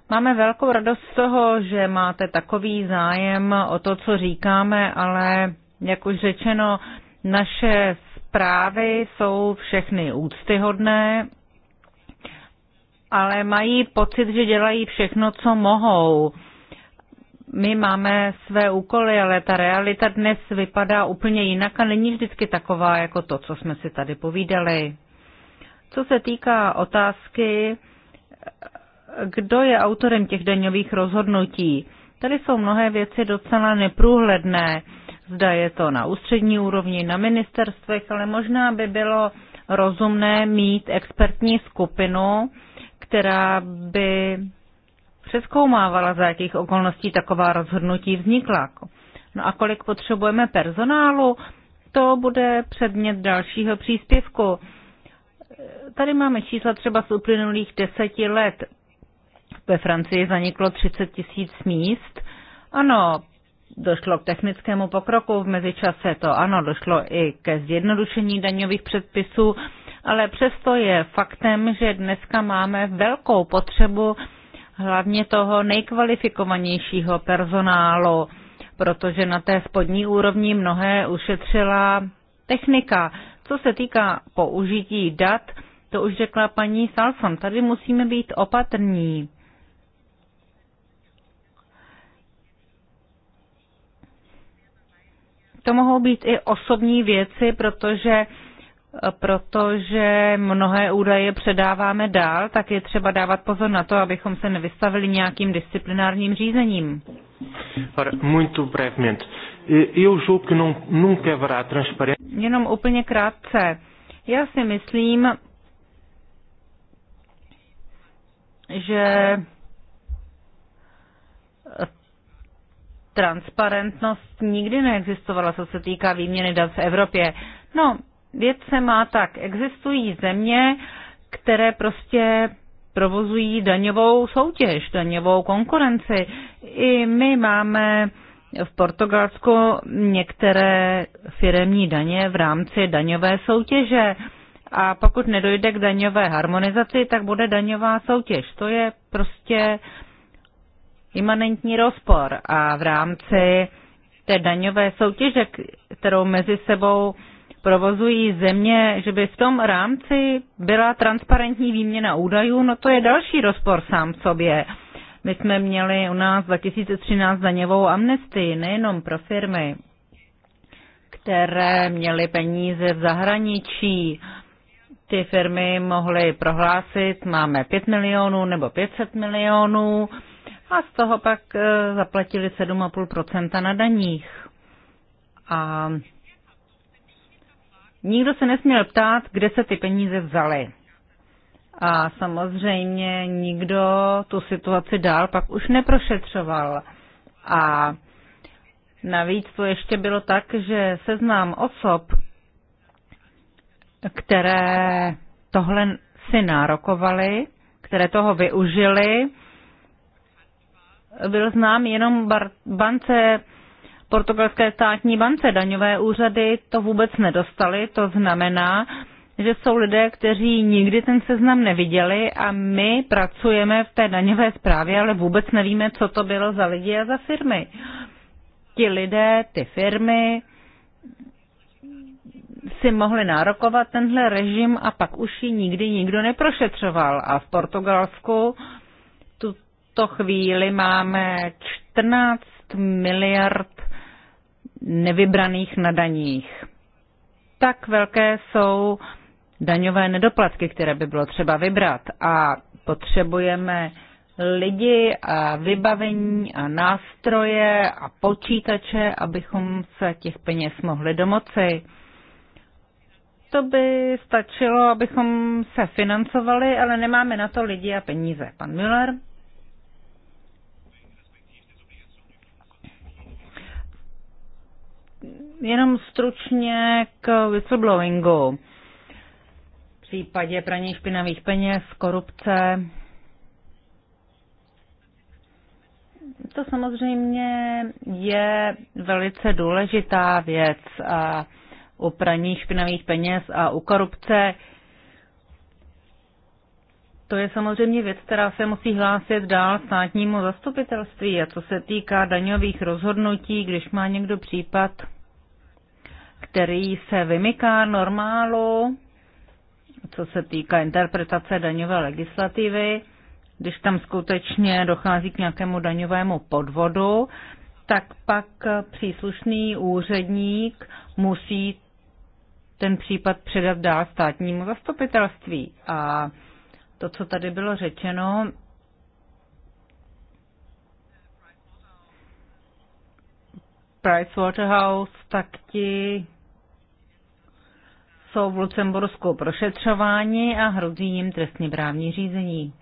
[SPEAKER 5] Máme velkou radost z toho, že máte takový zájem o to, co říkáme, ale jak už řečeno, naše zprávy jsou všechny úctyhodné, ale mají pocit, že dělají všechno, co mohou. My máme své úkoly, ale ta realita dnes vypadá úplně jinak a není vždycky taková jako to, co jsme si tady povídali. Co se týká otázky, kdo je autorem těch daňových rozhodnutí, tady jsou mnohé věci docela neprůhledné. Zda je to na ústřední úrovni, na ministerstvech, ale možná by bylo rozumné mít expertní skupinu, která by přeskoumávala, za jakých okolností taková rozhodnutí vznikla. No a kolik potřebujeme personálu, to bude předmět dalšího příspěvku. Tady máme čísla třeba z uplynulých deseti let. Ve Francii zaniklo 30 tisíc míst. Ano, došlo k technickému pokroku v mezičase, to ano, došlo i ke zjednodušení daňových předpisů, ale přesto je faktem, že dneska máme velkou potřebu hlavně toho nejkvalifikovanějšího personálu, protože na té spodní úrovni mnohé ušetřila technika. Co se týká použití dat, to už řekla paní Salson, tady musíme být opatrní. To mohou být i osobní věci, protože protože mnohé údaje předáváme dál, tak je třeba dávat pozor na to, abychom se nevystavili nějakým disciplinárním řízením.
[SPEAKER 2] Muito brevemente. E, e eu julgo que não, nunca haverá transparência.
[SPEAKER 5] Jenom úplně krátce. Já si myslím, že transparentnost nikdy neexistovala, co se týká výměny dat v Evropě. No, věce má tak. Existují země, které prostě provozují daňovou soutěž, daňovou konkurenci. I my máme v Portugalsku některé firemní daně v rámci daňové soutěže. A pokud nedojde k daňové harmonizaci, tak bude daňová soutěž. To je prostě imanentní rozpor. A v rámci té daňové soutěže, kterou mezi sebou provozují země, že by v tom rámci byla transparentní výměna údajů, no to je další rozpor sám sobě. My jsme měli u nás 2013 daňovou amnestii, nejenom pro firmy, které měly peníze v zahraničí. Ty firmy mohly prohlásit, máme 5 milionů nebo 500 milionů a z toho pak eh, zaplatili 7,5% na daních. A Nikdo se nesměl ptát, kde se ty peníze vzaly. A samozřejmě nikdo tu situaci dál pak už neprošetřoval. A navíc to ještě bylo tak, že seznám osob, které tohle si nárokovali, které toho využili, byl znám jenom bar- bance portugalské státní bance. Daňové úřady to vůbec nedostaly, to znamená, že jsou lidé, kteří nikdy ten seznam neviděli a my pracujeme v té daňové zprávě, ale vůbec nevíme, co to bylo za lidi a za firmy. Ti lidé, ty firmy si mohli nárokovat tenhle režim a pak už ji nikdy nikdo neprošetřoval. A v Portugalsku tuto chvíli máme 14 miliard nevybraných na daních. Tak velké jsou daňové nedoplatky, které by bylo třeba vybrat a potřebujeme lidi a vybavení a nástroje a počítače, abychom se těch peněz mohli domoci. To by stačilo, abychom se financovali, ale nemáme na to lidi a peníze. Pan Müller? Jenom stručně k whistleblowingu. V případě praní špinavých peněz, korupce. To samozřejmě je velice důležitá věc a u praní špinavých peněz a u korupce to je samozřejmě věc, která se musí hlásit dál státnímu zastupitelství. A co se týká daňových rozhodnutí, když má někdo případ který se vymyká normálu, co se týká interpretace daňové legislativy, když tam skutečně dochází k nějakému daňovému podvodu, tak pak příslušný úředník musí ten případ předat dál státnímu zastupitelství. A to, co tady bylo řečeno, Pricewaterhouse, tak ti jsou v Lucembursku prošetřováni a hrozí jim trestně právní řízení.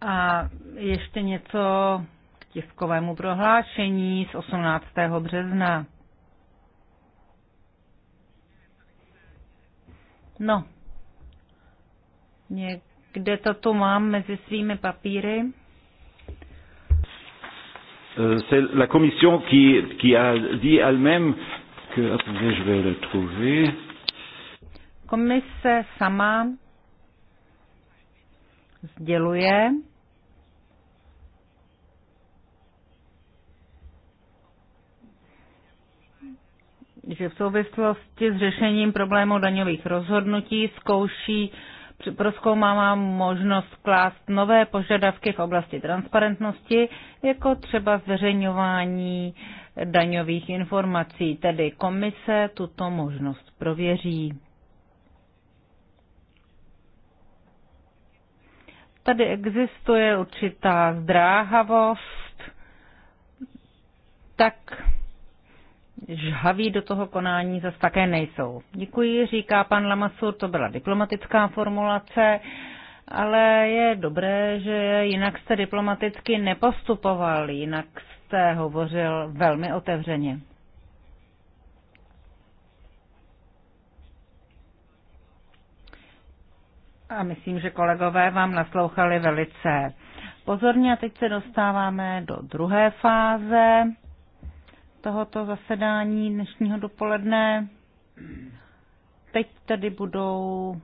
[SPEAKER 5] A ještě něco k tiskovému prohlášení z 18. března. No, někde to tu mám mezi svými papíry.
[SPEAKER 2] Euh, c'est la commission qui, qui a dit elle-même que, attendez, je vais le trouver.
[SPEAKER 5] Komise sama sděluje, že v souvislosti s řešením problému daňových rozhodnutí zkouší proskoumává možnost klást nové požadavky v oblasti transparentnosti, jako třeba zveřejňování uh, daňových informací, tedy komise tuto možnost prověří. Tady existuje určitá zdráhavost, tak žhaví do toho konání zase také nejsou. Děkuji, říká pan Lamasur, to byla diplomatická formulace, ale je dobré, že jinak jste diplomaticky nepostupoval, jinak jste hovořil velmi otevřeně. A myslím, že kolegové vám naslouchali velice pozorně. A teď se dostáváme do druhé fáze tohoto zasedání dnešního dopoledne. Teď tady budou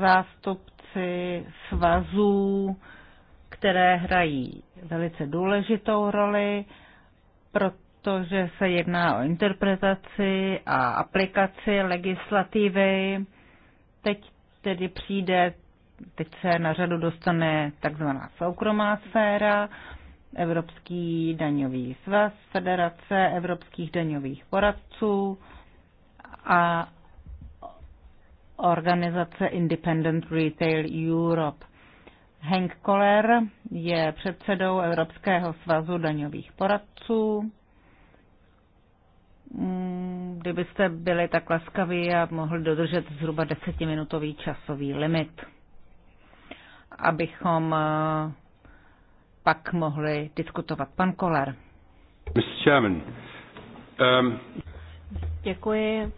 [SPEAKER 5] zástupci svazů které hrají velice důležitou roli, protože se jedná o interpretaci a aplikaci legislativy. Teď tedy přijde, teď se na řadu dostane takzvaná soukromá sféra, Evropský daňový svaz, Federace evropských daňových poradců a organizace Independent Retail Europe. Henk Koller je předsedou Evropského svazu daňových poradců. Mm, kdybyste byli tak laskaví a mohli dodržet zhruba desetiminutový časový limit, abychom eh, pak
[SPEAKER 4] mohli diskutovat. Pan Koller.
[SPEAKER 2] Mr. Chairman, um...
[SPEAKER 4] Děkuji,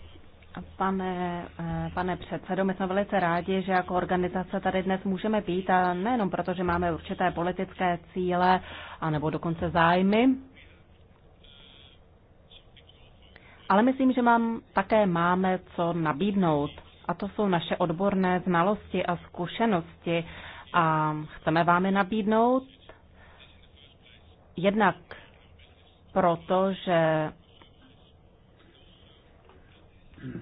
[SPEAKER 4] Pane, eh, pane předsedo, my jsme velice rádi, že jako organizace tady dnes můžeme být a nejenom proto, že máme určité politické cíle a nebo dokonce zájmy, ale myslím, že mám, také máme co nabídnout. A to jsou naše odborné znalosti a zkušenosti. A chceme vám je nabídnout jednak proto, že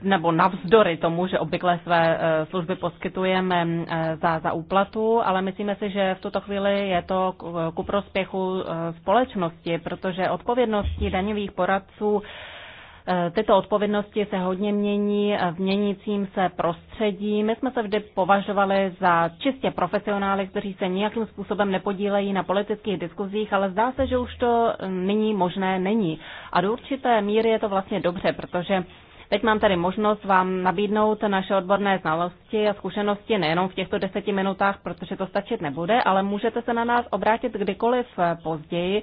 [SPEAKER 4] nebo navzdory tomu, že obvykle své eh, služby poskytujeme eh, za, za úplatu, ale myslíme si, že v tuto chvíli je to ku prospěchu eh, společnosti, protože odpovědnosti daňových poradců Tyto odpovědnosti se hodně mění v měnícím se prostředí. My jsme se vždy považovali za čistě profesionály, kteří se nějakým způsobem nepodílejí na politických diskuzích, ale zdá se, že už to nyní možné není. A do určité míry je to vlastně dobře, protože Teď mám tady možnost vám nabídnout naše odborné znalosti a zkušenosti nejenom v těchto deseti minutách, protože to stačit nebude, ale můžete se na nás obrátit kdykoliv později,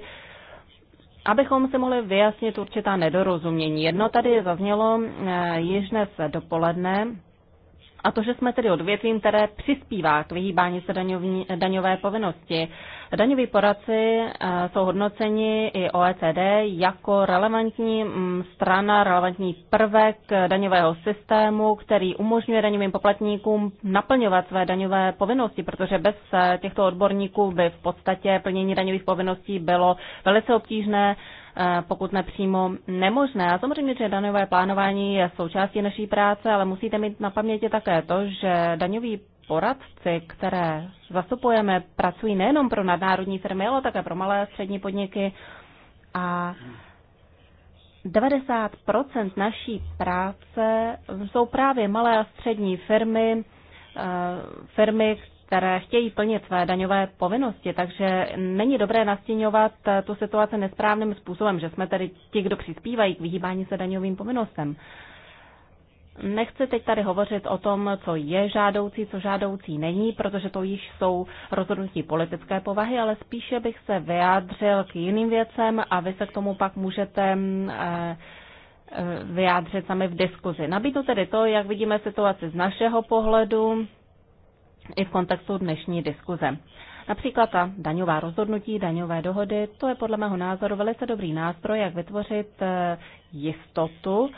[SPEAKER 4] abychom si mohli vyjasnit určitá nedorozumění. Jedno tady zaznělo eh, již dnes dopoledne, a to, že jsme tedy odvětvím, které přispívá k vyhýbání se daňovní, daňové povinnosti. Daňoví poradci eh, jsou hodnoceni i OECD jako relevantní mm, strana, relevantní prvek daňového systému, který umožňuje daňovým poplatníkům naplňovat své daňové povinnosti, protože bez eh, těchto odborníků by v podstatě plnění daňových povinností bylo velice obtížné Eh, pokud nepřímo nemožné. A samozřejmě, že daňové plánování je součástí naší práce, ale musíte mít na paměti také to, že daňový poradci, které zastupujeme, pracují nejenom pro nadnárodní firmy, ale také pro malé a střední podniky. A 90 naší práce jsou právě malé a střední firmy, eh, firmy, které chtějí plnit své daňové povinnosti, takže není dobré nastěňovat tu situaci nesprávným způsobem, že jsme tedy ti, kdo přispívají k vyhýbání se daňovým povinnostem. Nechci teď tady hovořit o tom, co je žádoucí, co žádoucí není, protože to již jsou rozhodnutí politické povahy, ale spíše bych se vyjádřil k jiným věcem a vy se k tomu pak můžete eh, eh, vyjádřit sami v diskuzi. Nabídnu tedy to, jak vidíme situaci z našeho pohledu, i v kontextu dnešní diskuze. Například ta daňová rozhodnutí, daňové dohody, to je podle mého názoru velice dobrý nástroj, jak vytvořit eh, jistotu,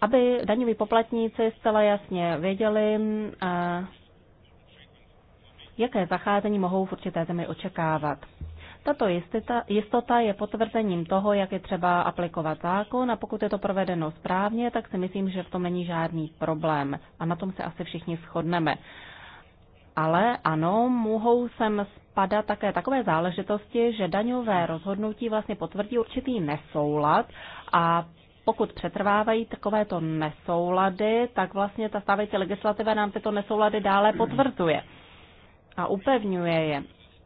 [SPEAKER 4] aby daňoví poplatníci zcela jasně věděli, eh, jaké zacházení mohou v určité zemi očekávat. Tato jistita, jistota je potvrzením toho, jak je třeba aplikovat zákon a pokud je to provedeno správně, tak si myslím, že v tom není žádný problém a na tom se asi všichni shodneme ale ano, mohou sem spadat také takové záležitosti, že daňové rozhodnutí vlastně potvrdí určitý nesoulad a pokud přetrvávají takovéto nesoulady, tak vlastně ta stávající legislativa nám tyto nesoulady dále potvrzuje a upevňuje je.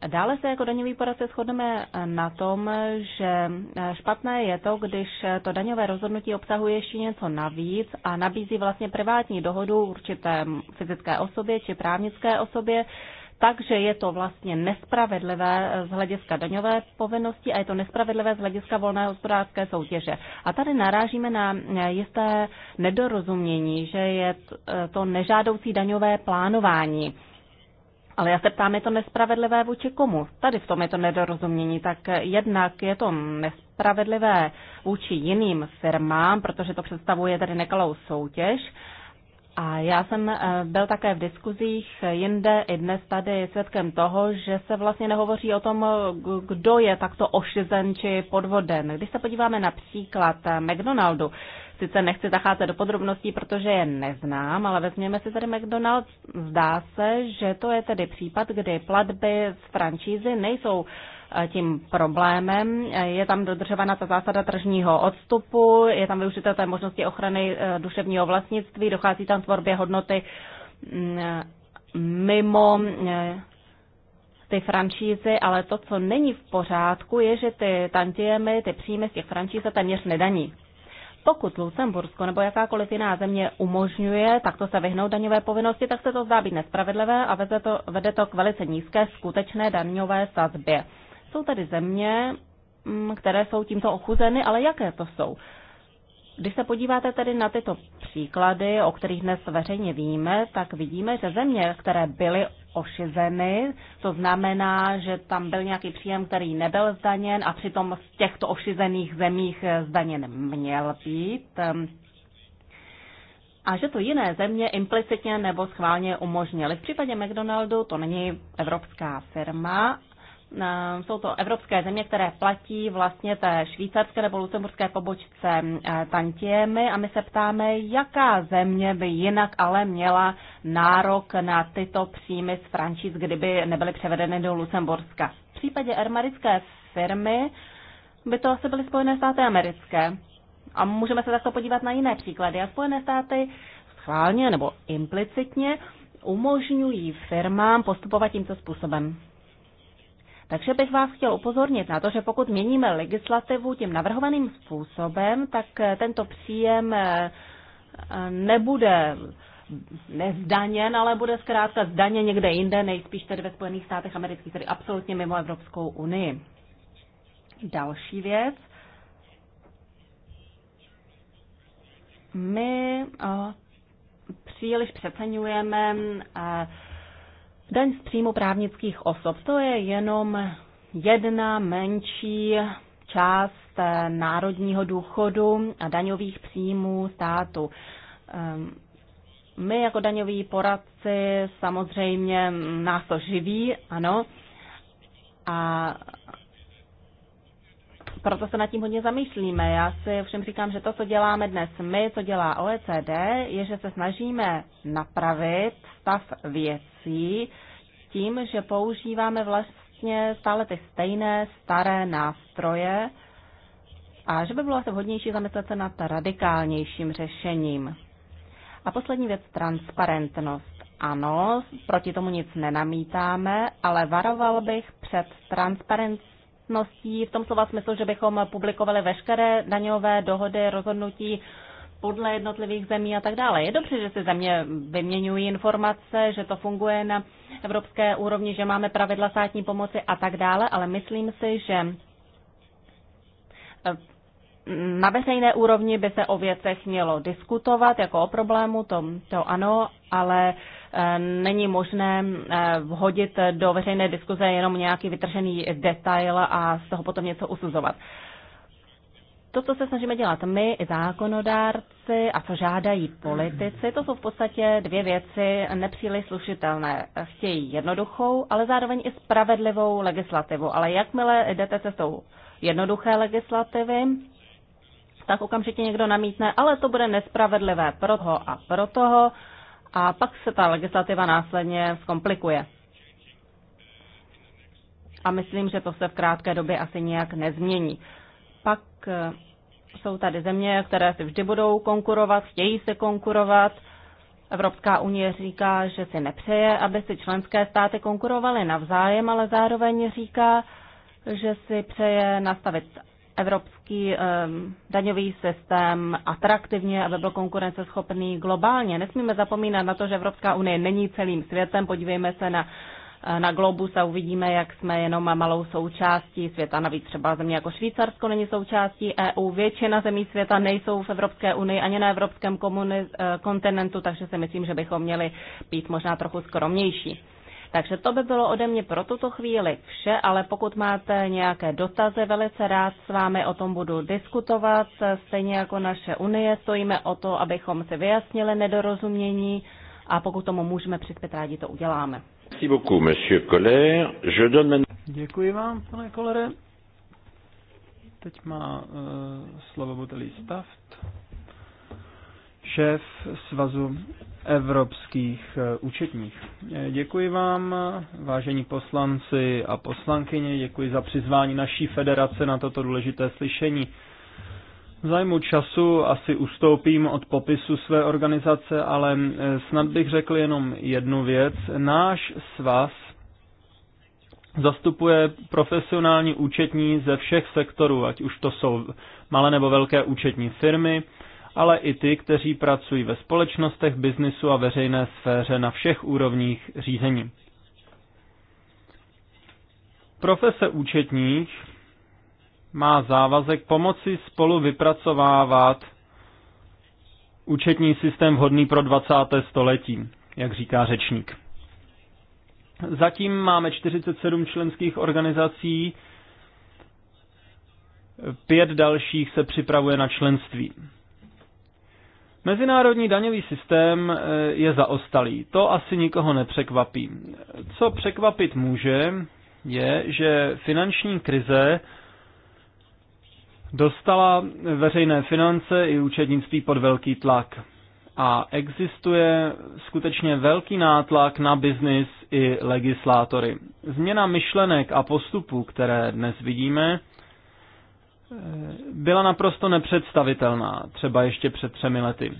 [SPEAKER 4] Dále se jako daňový poradce shodneme na tom, že špatné je to, když to daňové rozhodnutí obsahuje ještě něco navíc a nabízí vlastně privátní dohodu určité fyzické osobě či právnické osobě, takže je to vlastně nespravedlivé z hlediska daňové povinnosti a je to nespravedlivé z hlediska volné hospodářské soutěže. A tady narážíme na jisté nedorozumění, že je to nežádoucí daňové plánování. Ale já se ptám, je to nespravedlivé vůči komu? Tady v tom je to nedorozumění. Tak jednak je to nespravedlivé vůči jiným firmám, protože to představuje tady nekalou soutěž. A já jsem eh, byl také v diskuzích jinde i dnes tady svědkem toho, že se vlastně nehovoří o tom, eh, kdo je takto ošizen či podvoden. Když se podíváme například eh, McDonaldu, Sice nechci zacházet do podrobností, protože je neznám, ale vezměme si tady McDonald's. Zdá se, že to je tedy případ, kdy platby z francízy nejsou eh, tím problémem. Eh, je tam dodržována ta zásada tržního odstupu, je tam využita té možnosti ochrany eh, duševního vlastnictví, dochází tam tvorbě hodnoty mm, mimo ty franšízy, ale to, co není v pořádku, je, že ty tantiemy, ty příjmy z těch franšíz se téměř nedaní. Pokud Lucembursko nebo jakákoliv jiná země umožňuje takto se vyhnout daňové povinnosti, tak se to zdá být nespravedlivé a vede to, vede to k velice nízké skutečné daňové sazbě. Jsou tady země, mm, které jsou tímto ochuzeny, ale jaké to jsou? Když se podíváte tedy na tyto příklady, o kterých dnes veřejně víme, tak vidíme, že země, které byly ošizeny, to znamená, že tam byl nějaký příjem, který nebyl zdaněn a přitom z těchto ošizených zemích zdaněn měl být, a že to jiné země implicitně nebo schválně umožnili. V případě McDonaldu to není evropská firma, Ehm, jsou to evropské země, které platí vlastně té švýcarské nebo lucemburské pobočce eh, tantiemy a my se ptáme, jaká země by jinak ale měla nárok na tyto příjmy z franšíz, kdyby nebyly převedeny do Lucemburska. V případě armadické firmy by to asi byly Spojené státy americké. A můžeme se takto podívat na jiné příklady. A Spojené státy schválně nebo implicitně umožňují firmám postupovat tímto způsobem. Takže bych vás chtěl upozornit na to, že pokud měníme legislativu tím navrhovaným způsobem, tak eh, tento příjem eh, eh, nebude nezdaněn, ale bude zkrátka zdaněn někde jinde, nejspíš tedy ve Spojených státech amerických, tedy absolutně mimo Evropskou unii. Další věc. My příliš přeceňujeme Daň z příjmu právnických osob, to je jenom jedna menší část eh, národního důchodu a daňových příjmů státu. Ehm, my jako daňoví poradci samozřejmě mm, nás to živí, ano, a proto se nad tím hodně zamýšlíme. Já si všem říkám, že to, co děláme dnes my, co dělá OECD, je, že se snažíme napravit stav věcí tím, že používáme vlastně stále ty stejné staré nástroje a že by bylo asi vhodnější zamyslet se nad radikálnějším řešením. A poslední věc, transparentnost. Ano, proti tomu nic nenamítáme, ale varoval bych před transparentností platností v tom slova smyslu, že bychom publikovali veškeré daňové dohody, rozhodnutí podle jednotlivých zemí a tak dále. Je dobře, že si země vyměňují informace, že to funguje na evropské úrovni, že máme pravidla státní pomoci a tak dále, ale myslím si, že eh, na veřejné úrovni by se o věcech mělo diskutovat, jako o problému, to, to ano, ale uh, není možné eh, vhodit do veřejné diskuze jenom nějaký vytržený detail a z toho potom něco usuzovat. To, co se snažíme dělat my, zákonodárci, a co žádají politici, to jsou v podstatě dvě věci nepříliš slušitelné. Chtějí jednoduchou, ale zároveň i spravedlivou legislativu. Ale jakmile jdete cestou jednoduché legislativy, tak okamžitě někdo namítne, ale to bude nespravedlivé pro toho a pro toho, a pak se ta legislativa následně zkomplikuje. A myslím, že to se v krátké době asi nějak nezmění. Pak eh, jsou tady země, které si vždy budou konkurovat, chtějí se konkurovat. Evropská unie říká, že si nepřeje, aby si členské státy konkurovaly navzájem, ale zároveň říká, že si přeje nastavit evropský um, daňový systém atraktivně, aby byl konkurenceschopný globálně. Nesmíme zapomínat na to, že Evropská unie není celým světem. Podívejme se na eh, na globus a uvidíme, jak jsme jenom malou součástí světa. Navíc třeba země jako Švýcarsko není součástí EU. Většina zemí světa nejsou v Evropské unii ani na evropském eh, kontinentu, takže si myslím, že bychom měli být možná trochu skromnější. Takže to by bylo ode mě pro tuto chvíli vše, ale pokud máte nějaké dotazy, velice rád s vámi o tom budu diskutovat. Stejně jako naše unie stojíme o to, abychom si vyjasnili nedorozumění a pokud tomu můžeme přispět, rádi to
[SPEAKER 2] uděláme. Děkuji vám, pane Kolere. Teď má uh, slovo Botelý Staft, šéf Svazu evropských eh, účetních. Eh, děkuji vám, vážení poslanci a poslankyně, děkuji za přizvání naší federace na toto důležité slyšení. V zájmu času asi ustoupím od popisu své organizace, ale eh, snad bych řekl jenom jednu věc. Náš svaz zastupuje profesionální účetní ze všech sektorů, ať už to jsou malé nebo velké účetní firmy, ale i ty, kteří pracují ve společnostech, biznisu a veřejné sféře na všech úrovních řízení. Profese účetních má závazek pomoci spolu vypracovávat účetní systém vhodný pro 20. století, jak říká řečník. Zatím máme 47 členských organizací, pět dalších se připravuje na členství. Mezinárodní daňový systém eh, je zaostalý. To asi nikoho nepřekvapí. Co překvapit může, je, že finanční krize dostala veřejné finance i účetnictví pod velký tlak. A existuje skutečně velký nátlak na biznis i legislátory. Změna myšlenek a postupů, které dnes vidíme, byla naprosto nepředstavitelná, třeba ještě před třemi lety.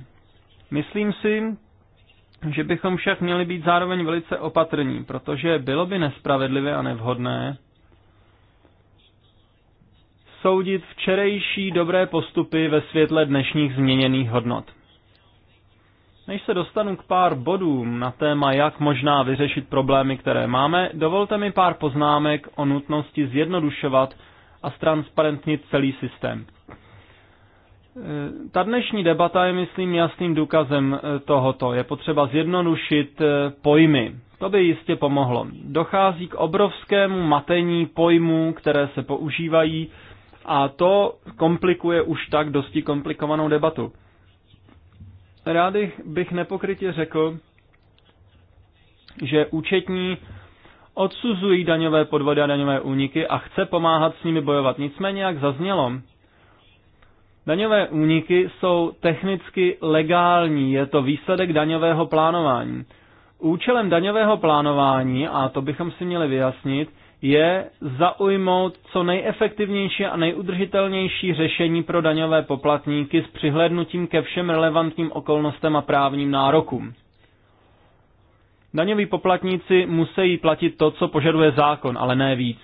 [SPEAKER 2] Myslím si, že bychom však měli být zároveň velice opatrní, protože bylo by nespravedlivé a nevhodné soudit včerejší dobré postupy ve světle dnešních změněných hodnot. Než se dostanu k pár bodům na téma, jak možná vyřešit problémy, které máme, dovolte mi pár poznámek o nutnosti zjednodušovat a ztransparentnit celý systém. E, ta dnešní debata je, myslím, jasným důkazem e, tohoto. Je potřeba zjednodušit e, pojmy. To by jistě pomohlo. Dochází k obrovskému matení pojmů, které se používají a to komplikuje už tak dosti komplikovanou debatu. Rád bych nepokrytě řekl, že účetní odsuzují daňové podvody a daňové úniky a chce pomáhat s nimi bojovat. Nicméně, jak zaznělo, daňové úniky jsou technicky legální, je to výsledek daňového plánování. Účelem daňového plánování, a to bychom si měli vyjasnit, je zaujmout co nejefektivnější a nejudržitelnější řešení pro daňové poplatníky s přihlednutím ke všem relevantním okolnostem a právním nárokům. Daňoví poplatníci musí platit to, co požaduje zákon, ale ne víc.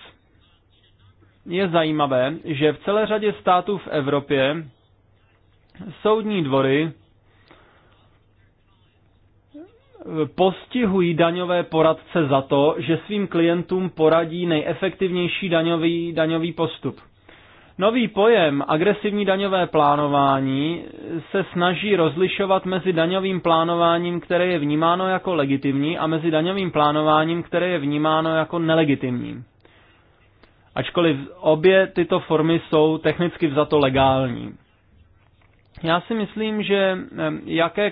[SPEAKER 2] Je zajímavé, že v celé řadě států v Evropě soudní dvory postihují daňové poradce za to, že svým klientům poradí nejefektivnější daňový, daňový postup. Nový pojem agresivní daňové plánování se snaží rozlišovat mezi daňovým plánováním, které je vnímáno jako legitimní, a mezi daňovým plánováním, které je vnímáno jako nelegitimní. Ačkoliv obě tyto formy jsou technicky vzato legální. Já si myslím, že e,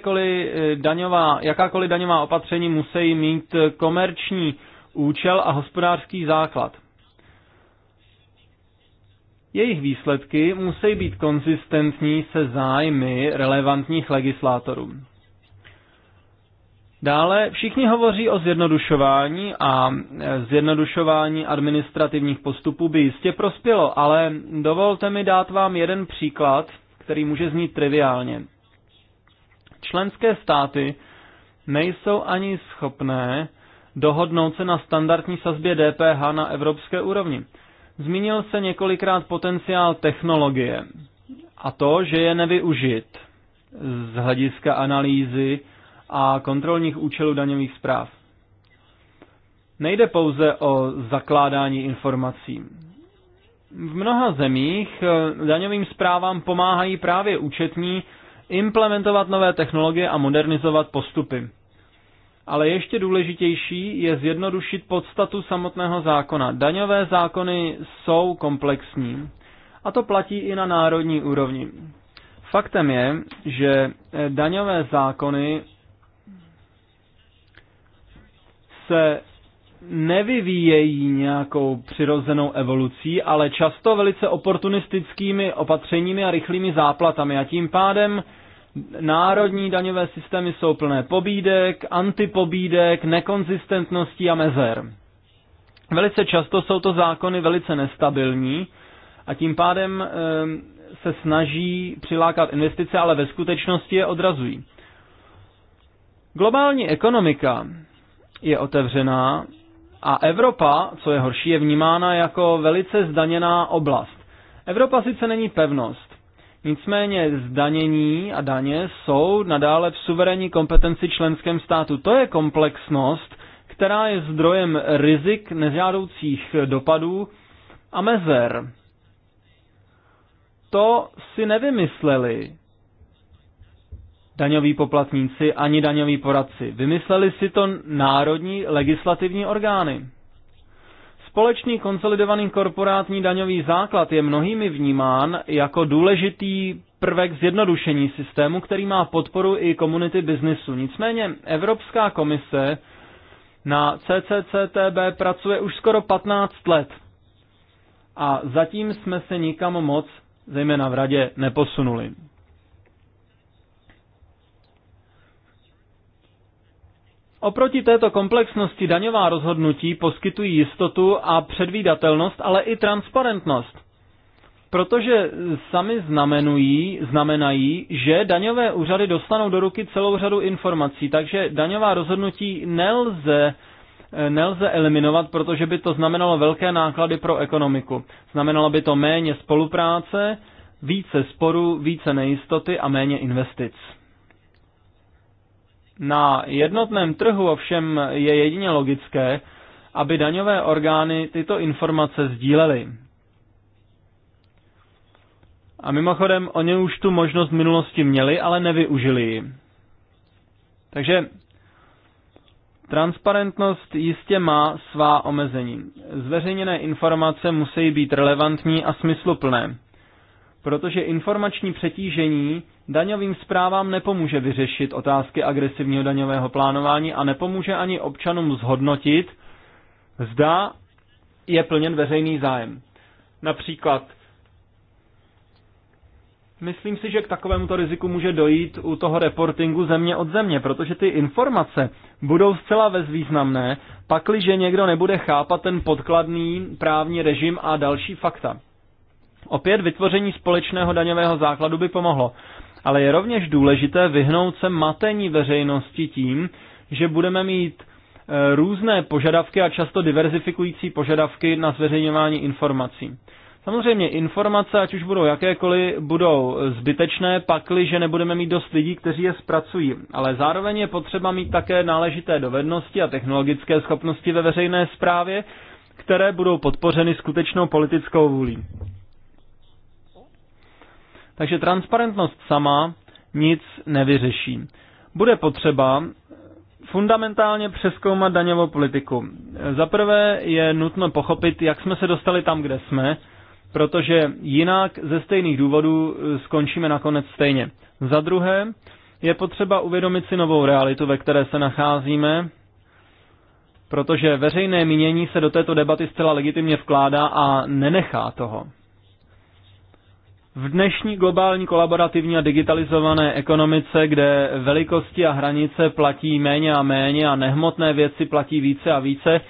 [SPEAKER 2] daňová, jakákoliv daňová opatření musí mít komerční účel a hospodářský základ. Jejich výsledky musí být konzistentní se zájmy relevantních legislátorů. Dále všichni hovoří o zjednodušování a zjednodušování administrativních postupů by jistě prospělo, ale dovolte mi dát vám jeden příklad, který může znít triviálně. Členské státy nejsou ani schopné dohodnout se na standardní sazbě DPH na evropské úrovni. Zmínil se několikrát potenciál technologie a to, že je nevyužit z hlediska analýzy a kontrolních účelů daňových zpráv. Nejde pouze o zakládání informací. V mnoha zemích eh, daňovým zprávám pomáhají právě účetní implementovat nové technologie a modernizovat postupy ale ještě důležitější je zjednodušit podstatu samotného zákona. Daňové zákony jsou komplexní a to platí i na národní úrovni. Faktem je, že eh, daňové zákony se nevyvíjejí nějakou přirozenou evolucí, ale často velice oportunistickými opatřeními a rychlými záplatami a tím pádem Národní daňové systémy jsou plné pobídek, antipobídek, nekonzistentností a mezer. Velice často jsou to zákony velice nestabilní a tím pádem eh, se snaží přilákat investice, ale ve skutečnosti je odrazují. Globální ekonomika je otevřená a Evropa, co je horší, je vnímána jako velice zdaněná oblast. Evropa sice není pevnost, Nicméně zdanění a daně jsou nadále v suverénní kompetenci členském státu. To je komplexnost, která je zdrojem rizik nežádoucích dopadů a mezer. To si nevymysleli daňoví poplatníci ani daňoví poradci. Vymysleli si to národní legislativní orgány. Společný konsolidovaný korporátní daňový základ je mnohými vnímán jako důležitý prvek zjednodušení systému, který má podporu i komunity biznisu. Nicméně Evropská komise na CCCTB pracuje už skoro 15 let a zatím jsme se nikam moc, zejména v radě, neposunuli. Oproti této komplexnosti daňová rozhodnutí poskytují jistotu a předvídatelnost, ale i transparentnost. Protože sami znamenují, znamenají, že daňové úřady dostanou do ruky celou řadu informací, takže daňová rozhodnutí nelze nelze eliminovat, protože by to znamenalo velké náklady pro ekonomiku. Znamenalo by to méně spolupráce, více sporů, více nejistoty a méně investic. Na jednotném trhu ovšem je jedině logické, aby daňové orgány tyto informace sdílely. A mimochodem, oni už tu možnost v minulosti měli, ale nevyužili ji. Takže transparentnost jistě má svá omezení. Zveřejněné informace musí být relevantní a smysluplné, protože informační přetížení Daňovým zprávám nepomůže vyřešit otázky agresivního daňového plánování a nepomůže ani občanům zhodnotit, zda je plněn veřejný zájem. Například, myslím si, že k takovému riziku může dojít u toho reportingu země od země, protože ty informace budou zcela bezvýznamné, pakliže někdo nebude chápat ten podkladný právní režim a další fakta. Opět vytvoření společného daňového základu by pomohlo ale je rovněž důležité vyhnout se matení veřejnosti tím, že budeme mít e, různé požadavky a často diverzifikující požadavky na zveřejňování informací. Samozřejmě informace, ať už budou jakékoliv, budou zbytečné, pakli, že nebudeme mít dost lidí, kteří je zpracují. Ale zároveň je potřeba mít také náležité dovednosti a technologické schopnosti ve veřejné správě, které budou podpořeny skutečnou politickou vůlí. Takže transparentnost sama nic nevyřeší. Bude potřeba fundamentálně přeskoumat daňovou politiku. Zaprvé je nutno pochopit, jak jsme se dostali tam, kde jsme, protože jinak ze stejných důvodů skončíme nakonec stejně. Za druhé je potřeba uvědomit si novou realitu, ve které se nacházíme, protože veřejné mínění se do této debaty zcela legitimně vkládá a nenechá toho. V dnešní globální kolaborativní a digitalizované ekonomice, kde velikosti a hranice platí méně a méně a nehmotné věci platí více a více,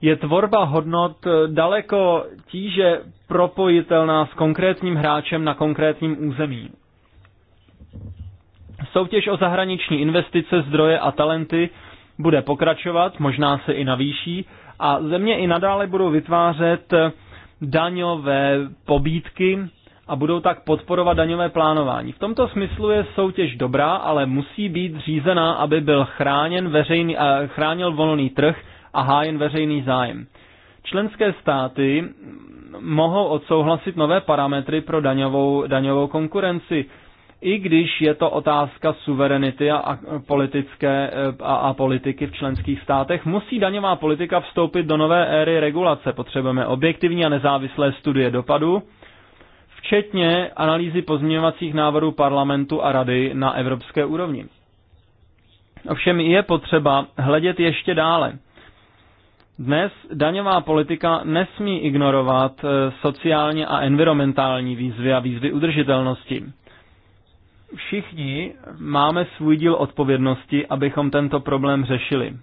[SPEAKER 2] je tvorba hodnot eh, daleko tíže propojitelná s konkrétním hráčem na konkrétním území. Soutěž o zahraniční investice, zdroje a talenty bude pokračovat, možná se i navýší, a země i nadále budou vytvářet eh, daňové pobídky a budou tak podporovat daňové plánování. V tomto smyslu je soutěž dobrá, ale musí být řízená, aby byl chráněn veřejný, chránil volný trh a hájen veřejný zájem. Členské státy mohou odsouhlasit nové parametry pro daňovou, daňovou konkurenci, i když je to otázka suverenity a, a politické a, a politiky v členských státech, musí daňová politika vstoupit do nové éry regulace. Potřebujeme objektivní a nezávislé studie dopadu, včetně analýzy pozměňovacích návrhů parlamentu a rady na evropské úrovni. Ovšem je potřeba hledět ještě dále. Dnes daňová politika nesmí ignorovat eh, sociálně a environmentální výzvy a výzvy udržitelnosti. Všichni máme svůj díl odpovědnosti, abychom tento problém řešili.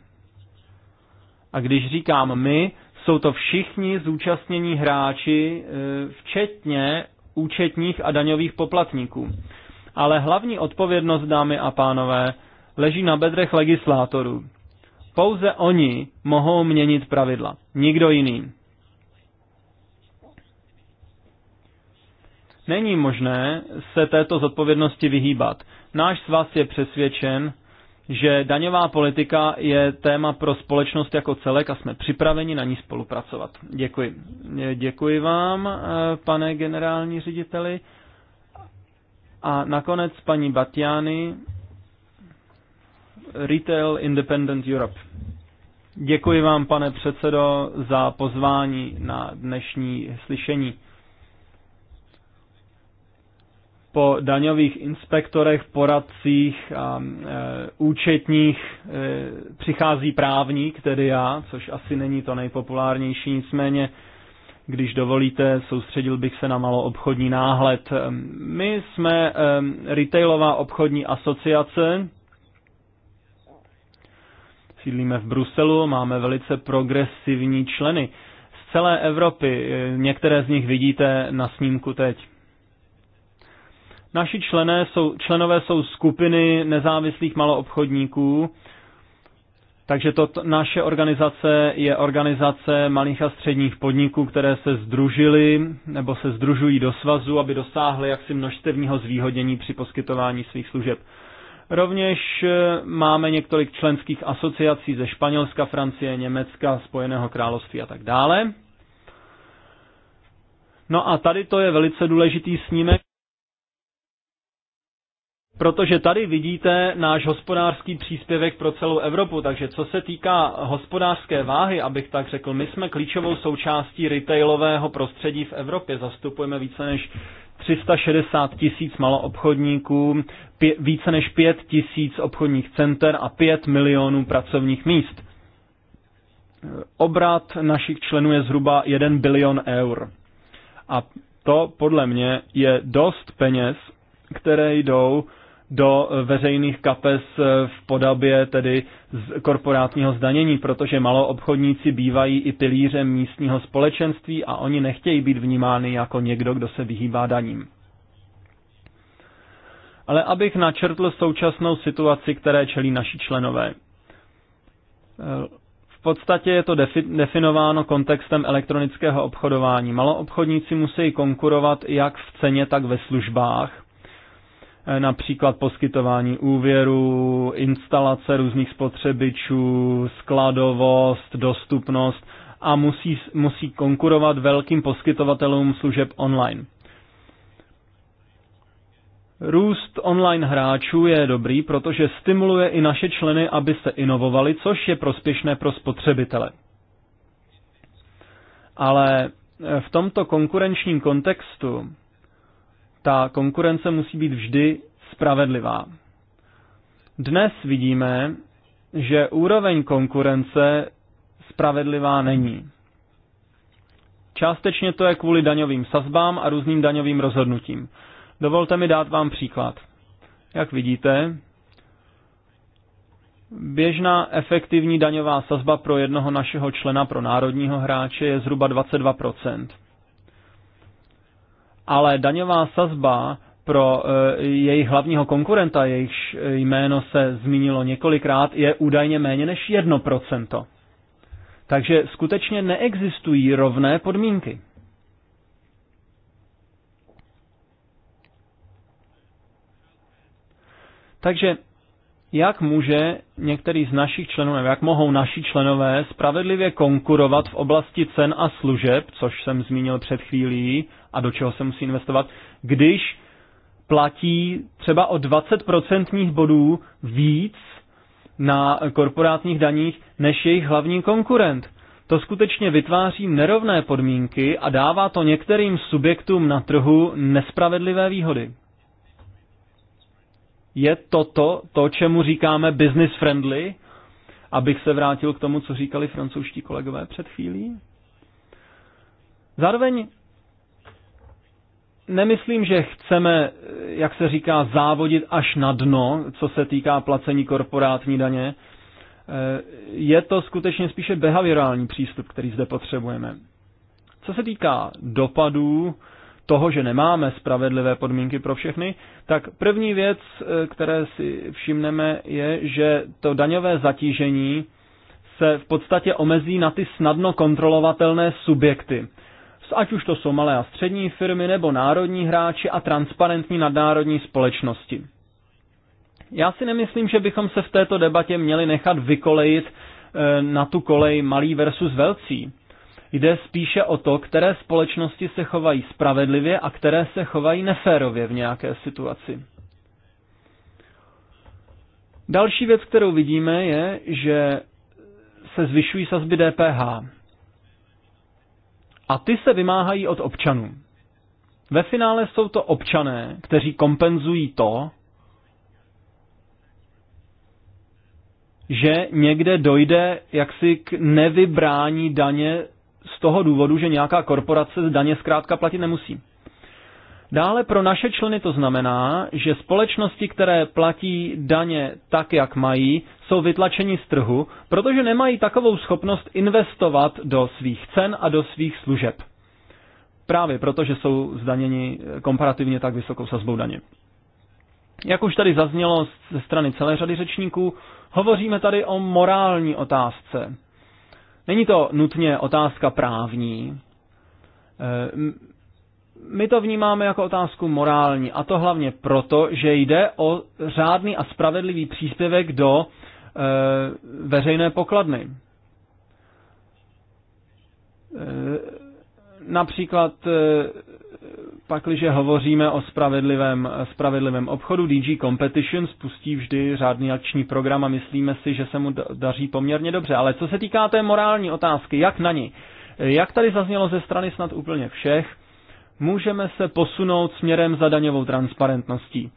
[SPEAKER 2] A když říkám my, jsou to všichni zúčastnění hráči, eh, včetně účetních a daňových poplatníků. Ale hlavní odpovědnost, dámy a pánové, leží na bedrech legislátorů. Pouze oni mohou měnit pravidla, nikdo jiný. Není možné se této zodpovědnosti vyhýbat. Náš svaz je přesvědčen, že daňová politika je téma pro společnost jako celek a jsme připraveni na ní spolupracovat. Děkuji. Děkuji vám, eh, pane generální řediteli. A nakonec paní Batiany, Retail Independent Europe. Děkuji vám, pane předsedo, za pozvání na dnešní slyšení po daňových inspektorech, poradcích a e, účetních e, přichází právník, tedy já, což asi není to nejpopulárnější, nicméně, když dovolíte, soustředil bych se na obchodní náhled. E, my jsme e, retailová obchodní asociace, sídlíme v Bruselu, máme velice progresivní členy z celé Evropy, e, některé z nich vidíte na snímku teď. Naši člené jsou, členové jsou skupiny nezávislých maloobchodníků, takže to naše organizace je organizace malých a středních podniků, které se združily nebo se združují do svazu, aby dosáhly jaksi množstevního zvýhodnění při poskytování svých služeb. Rovněž eh, máme několik členských asociací ze Španělska, Francie, Německa, Spojeného království a tak dále. No a tady to je velice důležitý snímek. Protože tady vidíte náš hospodářský příspěvek pro celou Evropu, takže co se týká hospodářské váhy, abych tak řekl, my jsme klíčovou součástí retailového prostředí v Evropě. Zastupujeme více než 360 tisíc maloobchodníků, pě, více než 5 tisíc obchodních center a 5 milionů pracovních míst. Obrat našich členů je zhruba 1 bilion eur. A to podle mě je dost peněz, které jdou do veřejných kapes v podobě tedy z korporátního zdanění, protože maloobchodníci bývají i pilířem místního společenství a oni nechtějí být vnímány jako někdo, kdo se vyhýbá daním. Ale abych načrtl současnou situaci, které čelí naši členové. V podstatě je to definováno kontextem elektronického obchodování. Maloobchodníci musí konkurovat jak v ceně, tak ve službách Eh, například poskytování úvěru, instalace různých spotřebičů, skladovost, dostupnost a musí, musí konkurovat velkým poskytovatelům služeb online. Růst online hráčů je dobrý, protože stimuluje i naše členy, aby se inovovali, což je prospěšné pro spotřebitele. Ale eh, v tomto konkurenčním kontextu ta konkurence musí být vždy spravedlivá. Dnes vidíme, že úroveň konkurence spravedlivá není. Částečně to je kvůli daňovým sazbám a různým daňovým rozhodnutím. Dovolte mi dát vám příklad. Jak vidíte, běžná efektivní daňová sazba pro jednoho našeho člena pro národního hráče je zhruba 22 ale daňová sazba pro e, jejich hlavního konkurenta, jejichž e, jméno se zmínilo několikrát, je údajně méně než 1%. Takže skutečně neexistují rovné podmínky. Takže jak může některý z našich členů, nebo jak mohou naši členové spravedlivě konkurovat v oblasti cen a služeb, což jsem zmínil před chvílí, a do čeho se musí investovat, když platí třeba o 20% bodů víc na korporátních daních než jejich hlavní konkurent. To skutečně vytváří nerovné podmínky a dává to některým subjektům na trhu nespravedlivé výhody. Je toto to, čemu říkáme business friendly, abych se vrátil k tomu, co říkali francouzští kolegové před chvílí? Zároveň nemyslím, že chceme, jak se říká, závodit až na dno, co se týká placení korporátní daně. E, je to skutečně spíše behaviorální přístup, který zde potřebujeme. Co se týká dopadů toho, že nemáme spravedlivé podmínky pro všechny, tak první věc, e, které si všimneme, je, že to daňové zatížení se v podstatě omezí na ty snadno kontrolovatelné subjekty ať už to jsou malé a střední firmy nebo národní hráči a transparentní nadnárodní společnosti. Já si nemyslím, že bychom se v této debatě měli nechat vykolejit eh, na tu kolej malý versus velcí. Jde spíše o to, které společnosti se chovají spravedlivě a které se chovají neférově v nějaké situaci. Další věc, kterou vidíme, je, že se zvyšují sazby DPH a ty se vymáhají od občanů. Ve finále jsou to občané, kteří kompenzují to, že někde dojde jaksi k nevybrání daně z toho důvodu, že nějaká korporace z daně zkrátka platit nemusí. Dále pro naše členy to znamená, že společnosti, které platí daně tak, jak mají, jsou vytlačeni z trhu, protože nemají takovou schopnost investovat do svých cen a do svých služeb. Právě proto, že jsou zdaněni komparativně tak vysokou sazbou daně. Jak už tady zaznělo ze strany celé řady řečníků, hovoříme tady o morální otázce. Není to nutně otázka právní. Ehm, my to vnímáme jako otázku morální a to hlavně proto, že jde o řádný a spravedlivý příspěvek do e, veřejné pokladny. E, například e, pakliže hovoříme o spravedlivém, spravedlivém obchodu, DG Competition spustí vždy řádný akční program a myslíme si, že se mu daří poměrně dobře. Ale co se týká té morální otázky, jak na ní? E, jak tady zaznělo ze strany snad úplně všech, můžeme se posunout směrem za daňovou transparentností.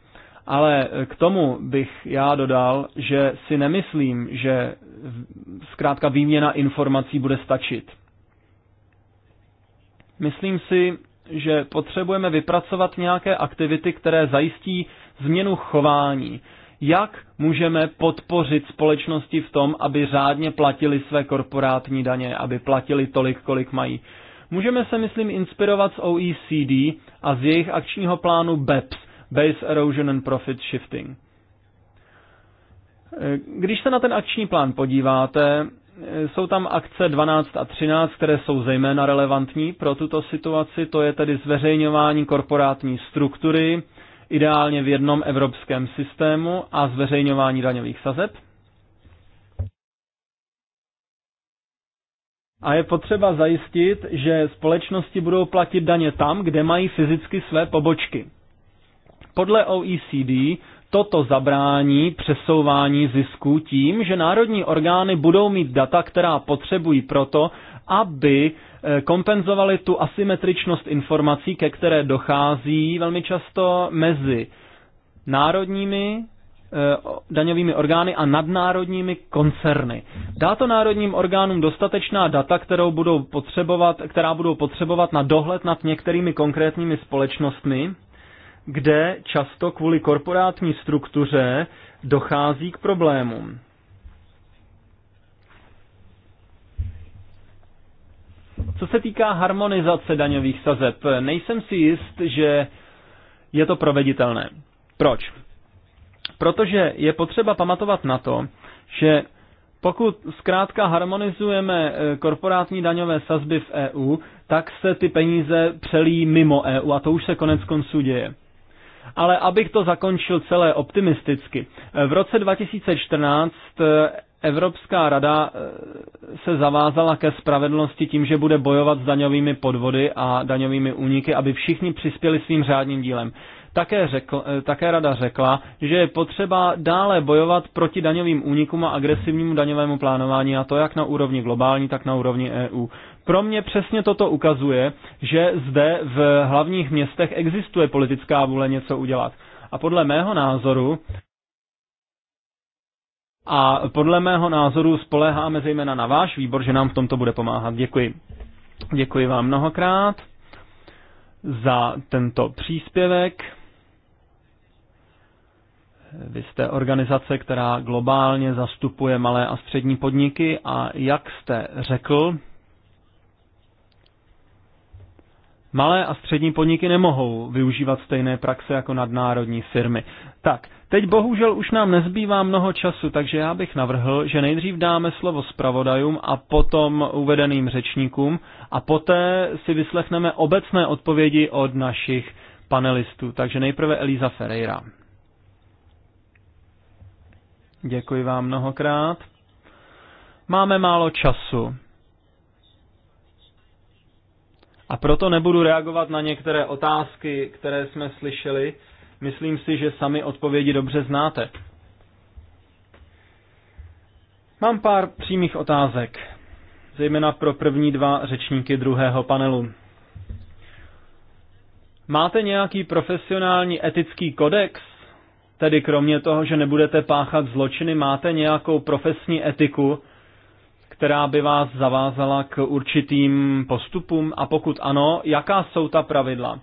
[SPEAKER 2] Ale eh, k tomu bych já dodal, že si nemyslím, že zkrátka výměna informací bude stačit. Myslím si, že potřebujeme vypracovat nějaké aktivity, které zajistí změnu chování. Jak můžeme podpořit společnosti v tom, aby řádně platili své korporátní daně, aby platili tolik, kolik mají? Můžeme se, myslím, inspirovat z OECD a z jejich akčního plánu BEPS, Base Erosion and Profit Shifting. Eh, když se na ten akční plán podíváte, eh, jsou tam akce 12 a 13, které jsou zejména relevantní pro tuto situaci, to je tedy zveřejňování korporátní struktury, ideálně v jednom evropském systému a zveřejňování daňových sazeb. A je potřeba zajistit, že společnosti budou platit daně tam, kde mají fyzicky své pobočky. Podle OECD toto zabrání přesouvání zisků tím, že národní orgány budou mít data, která potřebují proto, aby eh, kompenzovali tu asymetričnost informací, ke které dochází velmi často mezi národními Eh, daňovými orgány a nadnárodními koncerny. Dá to národním orgánům dostatečná data, kterou budou potřebovat, která budou potřebovat na dohled nad některými konkrétními společnostmi, kde často kvůli korporátní struktuře dochází k problémům. Co se týká harmonizace daňových sazeb, nejsem si jist, že je to proveditelné. Proč? Protože je potřeba pamatovat na to, že pokud zkrátka harmonizujeme eh, korporátní daňové sazby v EU, tak se ty peníze přelí mimo EU a to už se konec konců děje. Ale abych to zakončil celé optimisticky. Eh, v roce 2014 eh, Evropská rada se zavázala ke spravedlnosti tím, že bude bojovat s daňovými podvody a daňovými úniky, aby všichni přispěli svým řádným dílem. Také, řekl, eh, také rada řekla, že je potřeba dále bojovat proti daňovým únikům a agresivnímu daňovému plánování, a to jak na úrovni globální, tak na úrovni EU. Pro mě přesně toto ukazuje, že zde v hlavních městech existuje politická vůle něco udělat. A podle mého názoru a podle mého názoru spoleháme zejména na váš výbor, že nám v tomto bude pomáhat. Děkuji. Děkuji vám mnohokrát za tento příspěvek. Vy jste organizace, která globálně zastupuje malé a střední podniky a jak jste řekl, malé a střední podniky nemohou využívat stejné praxe jako nadnárodní firmy. Tak, teď bohužel už nám nezbývá mnoho času, takže já bych navrhl, že nejdřív dáme slovo zpravodajům a potom uvedeným řečníkům a poté si vyslechneme obecné odpovědi od našich panelistů. Takže nejprve Eliza Ferreira. Děkuji vám mnohokrát. Máme málo času. A proto nebudu reagovat na některé otázky, které jsme slyšeli. Myslím si, že sami odpovědi dobře znáte. Mám pár přímých otázek, zejména pro první dva řečníky druhého panelu. Máte nějaký profesionální etický kodex? Tedy kromě toho, že nebudete páchat zločiny, máte nějakou profesní etiku, která by vás zavázala k určitým postupům? A pokud ano, jaká jsou ta pravidla?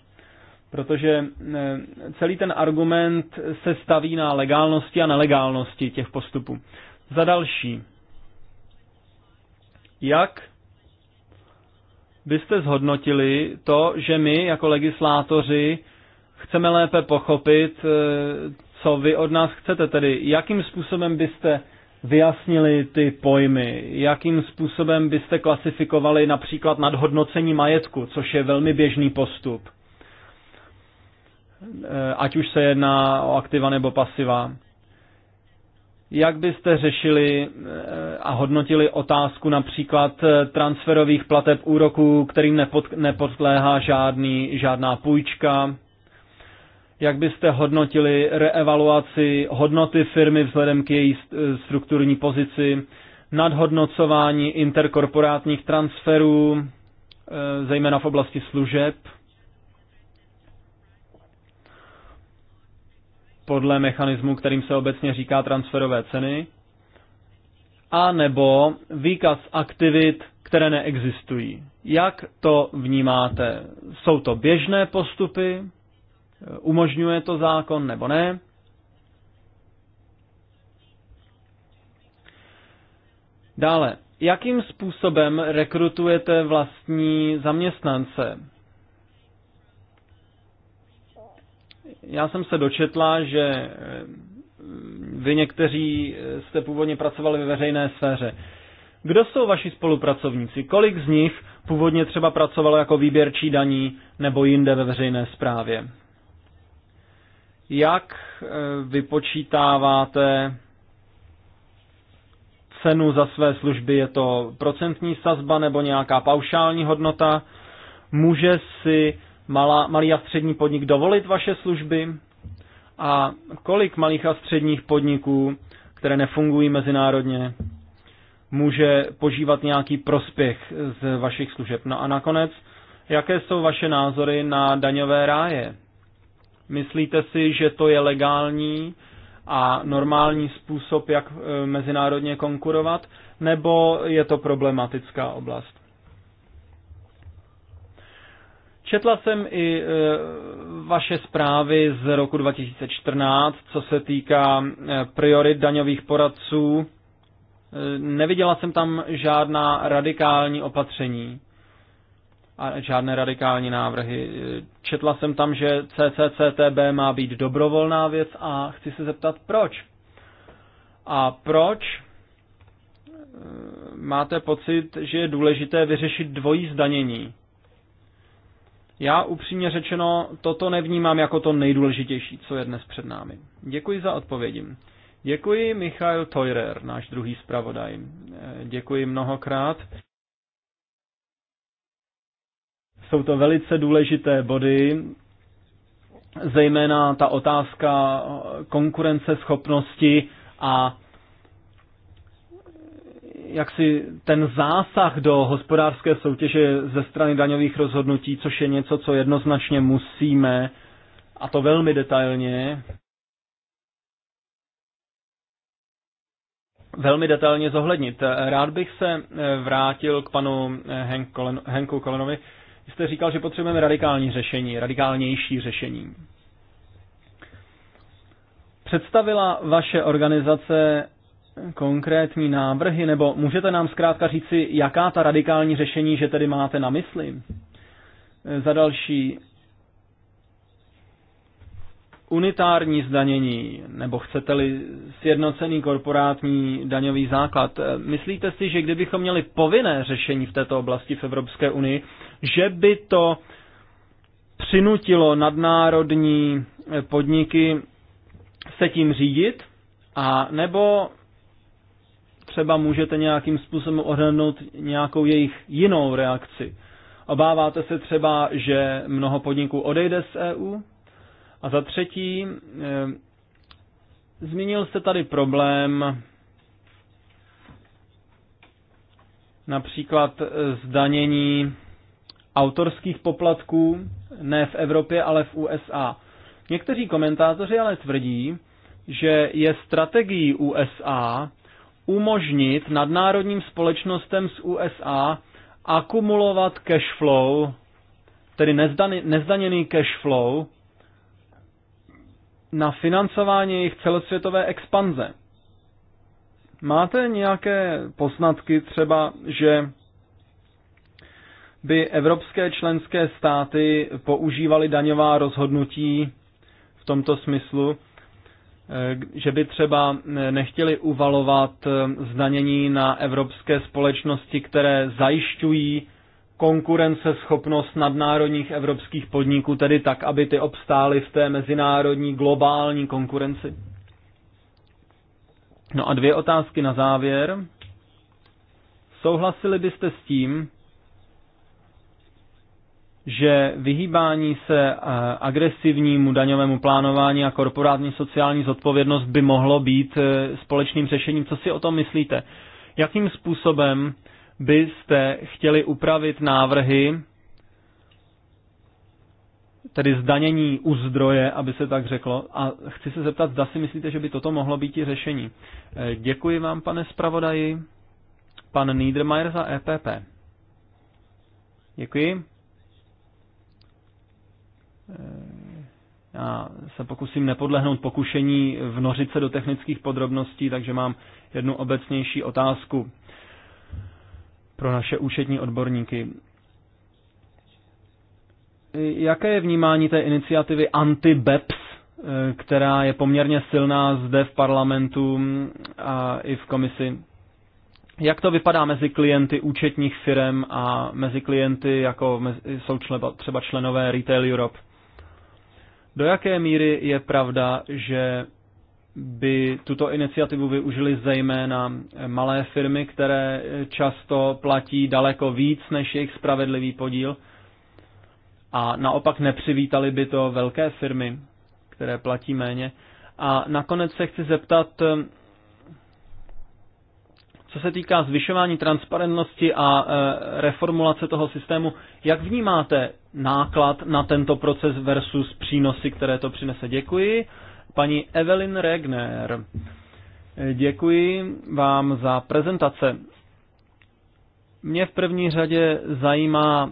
[SPEAKER 2] Protože eh, celý ten argument se staví na legálnosti a nelegálnosti těch postupů. Za další, jak byste zhodnotili to, že my jako legislátoři chceme lépe pochopit eh, co vy od nás chcete, tedy jakým způsobem byste vyjasnili ty pojmy, jakým způsobem byste klasifikovali například nadhodnocení majetku, což je velmi běžný postup, eh, ať už se jedná o aktiva nebo pasiva. Jak byste řešili eh, a hodnotili otázku například eh, transferových plateb úroků, kterým nepodléhá žádný, žádná půjčka, jak byste hodnotili reevaluaci hodnoty firmy vzhledem k její strukturní pozici, nadhodnocování interkorporátních transferů, eh, zejména v oblasti služeb, podle mechanismu, kterým se obecně říká transferové ceny, a nebo výkaz aktivit, které neexistují. Jak to vnímáte? Jsou to běžné postupy? Eh, umožňuje to zákon nebo ne. Dále, jakým způsobem rekrutujete vlastní zaměstnance? Já jsem se dočetla, že eh, vy někteří eh, jste původně pracovali ve veřejné sféře. Kdo jsou vaši spolupracovníci? Kolik z nich původně třeba pracovalo jako výběrčí daní nebo jinde ve veřejné správě? jak eh, vypočítáváte cenu za své služby? Je to procentní sazba nebo nějaká paušální hodnota? Může si malá, malý a střední podnik dovolit vaše služby? A kolik malých a středních podniků, které nefungují mezinárodně, může požívat nějaký prospěch z vašich služeb? No a nakonec, jaké jsou vaše názory na daňové ráje? Myslíte si, že to je legální a normální způsob, jak e, mezinárodně konkurovat, nebo je to problematická oblast? Četla jsem i e, vaše zprávy z roku 2014, co se týká e, priorit daňových poradců. neviděla jsem tam žádná radikální opatření a žádné radikální návrhy. Četla jsem tam, že CCCTB má být dobrovolná věc a chci se zeptat, proč? A proč eh, máte pocit, že je důležité vyřešit dvojí zdanění? Já upřímně řečeno toto nevnímám jako to nejdůležitější, co je dnes před námi. Děkuji za odpovědi. Děkuji Michal Teurer, náš druhý zpravodaj. Eh, děkuji mnohokrát. Jsou to velice důležité body, zejména ta otázka konkurenceschopnosti a jak si ten zásah do hospodářské soutěže ze strany daňových rozhodnutí, což je něco, co jednoznačně musíme, a to velmi detailně, velmi detailně zohlednit. Rád bych se vrátil k panu Henku Kolenovi, jste říkal, že potřebujeme radikální řešení, radikálnější řešení. Představila vaše organizace konkrétní návrhy, nebo můžete nám zkrátka říci, jaká ta radikální řešení, že tedy máte na mysli? Za další, unitární zdanění, nebo chcete-li sjednocený korporátní daňový základ. Myslíte si, že kdybychom měli povinné řešení v této oblasti v Evropské unii, že by to přinutilo nadnárodní eh, podniky se tím řídit, a nebo třeba můžete nějakým způsobem ohrnout nějakou jejich jinou reakci. Obáváte se třeba, že mnoho podniků odejde z EU? A za třetí, e, zmínil jste tady problém například eh, zdanění autorských poplatků, ne v Evropě, ale v USA. Někteří komentátoři ale tvrdí, že je strategií USA umožnit nadnárodním společnostem z USA akumulovat cash flow, tedy nezdaněný cash flow, na financování jejich celosvětové expanze. Máte nějaké poznatky třeba, že by evropské členské státy používaly daňová rozhodnutí v tomto smyslu, eh, že by třeba nechtěli uvalovat eh, zdanění na evropské společnosti, které zajišťují konkurenceschopnost nadnárodních evropských podniků, tedy tak, aby ty obstály v té mezinárodní globální konkurenci. No a dvě otázky na závěr. Souhlasili byste s tím, že vyhýbání se eh, agresivnímu daňovému plánování a korporátní sociální zodpovědnost by mohlo být eh, společným řešením. Co si o tom myslíte? Jakým způsobem byste chtěli upravit návrhy, tedy zdanění u zdroje, aby se tak řeklo, a chci se zeptat, zda si myslíte, že by toto mohlo být i řešení. Eh, děkuji vám, pane zpravodaji. Pan Niedermayer za EPP. Děkuji. Eh, já se pokusím nepodlehnout pokušení vnořit se do technických podrobností, takže mám jednu obecnější otázku pro naše účetní odborníky. Jaké je vnímání té iniciativy anti-BEPS, eh, která je poměrně silná zde v parlamentu mm, a i v komisi? Jak to vypadá mezi klienty účetních firm a mezi klienty, jako jsou třeba členové Retail Europe? Do jaké míry je pravda, že by tuto iniciativu využili zejména malé firmy, které často platí daleko víc než jejich spravedlivý podíl? A naopak nepřivítali by to velké firmy, které platí méně. A nakonec se chci zeptat, co se týká zvyšování transparentnosti a e, reformulace toho systému, jak vnímáte náklad na tento proces versus přínosy, které to přinese. Děkuji. Paní Evelyn Regner, děkuji vám za prezentace. Mě v první řadě zajímá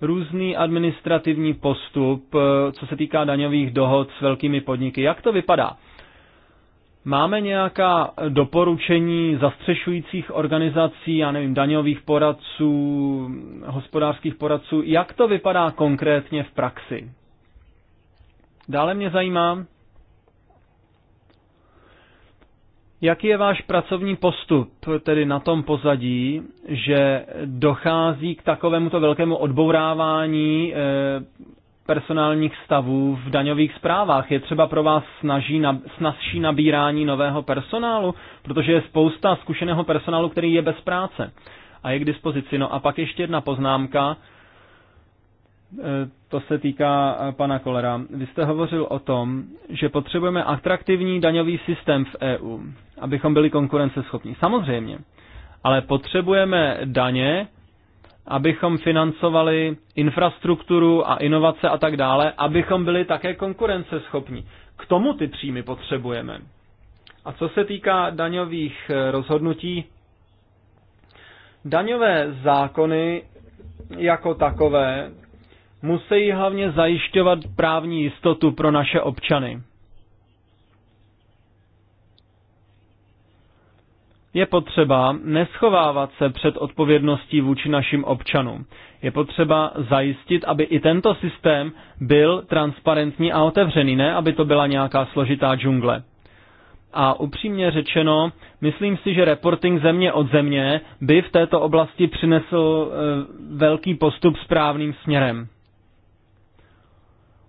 [SPEAKER 2] různý administrativní postup, co se týká daňových dohod s velkými podniky. Jak to vypadá? Máme nějaká doporučení zastřešujících organizací, já nevím, daňových poradců, hospodářských poradců, jak to vypadá konkrétně v praxi? Dále mě zajímá, Jaký je váš pracovní postup tedy na tom pozadí, že dochází k takovému to velkému odbourávání eh, personálních stavů v daňových zprávách? Je třeba pro vás snaží, snazší nabírání nového personálu, protože je spousta zkušeného personálu, který je bez práce a je k dispozici. No a pak ještě jedna poznámka, e, to se týká e, pana Kolera. Vy jste hovořil o tom, že potřebujeme atraktivní daňový systém v EU, abychom byli konkurenceschopní. Samozřejmě, ale potřebujeme daně, abychom financovali infrastrukturu a inovace a tak dále, abychom byli také konkurenceschopní. K tomu ty příjmy potřebujeme. A co se týká daňových eh, rozhodnutí, daňové zákony jako takové musí hlavně zajišťovat právní jistotu pro naše občany. Je potřeba neschovávat se před odpovědností vůči našim občanům. Je potřeba zajistit, aby i tento systém byl transparentní a otevřený, ne aby to byla nějaká složitá džungle. A upřímně řečeno, myslím si, že reporting země od země by v této oblasti přinesl eh, velký postup správným směrem.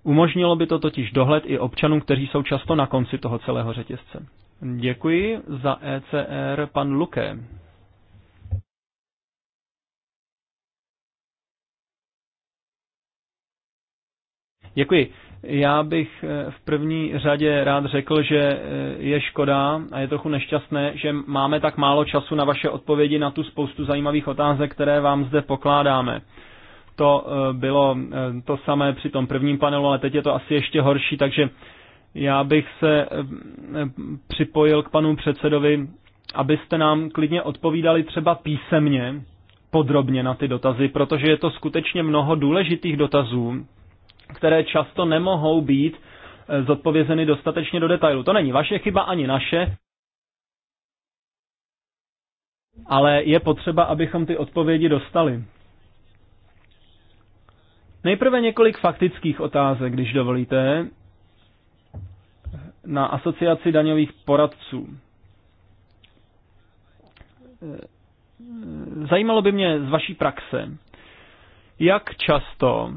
[SPEAKER 2] Umožnilo by to totiž dohled i občanům, kteří jsou často na konci toho celého řetězce. Děkuji za ECR pan Luke. Děkuji. Já bych eh, v první řadě rád řekl, že eh, je škoda a je trochu nešťastné, že máme tak málo času na vaše odpovědi na tu spoustu zajímavých otázek, které vám zde pokládáme. To eh, bylo to samé při tom prvním panelu, ale teď je to asi ještě horší, takže já bych se eh, připojil k panu předsedovi, abyste nám klidně odpovídali třeba písemně, podrobně na ty dotazy, protože je to skutečně mnoho důležitých dotazů, které často nemohou být eh, zodpovězeny dostatečně do detailu. To není vaše chyba ani naše, ale je potřeba, abychom ty odpovědi dostali. Nejprve několik faktických otázek, když dovolíte na asociaci daňových poradců. Zajímalo by mě z vaší praxe, jak často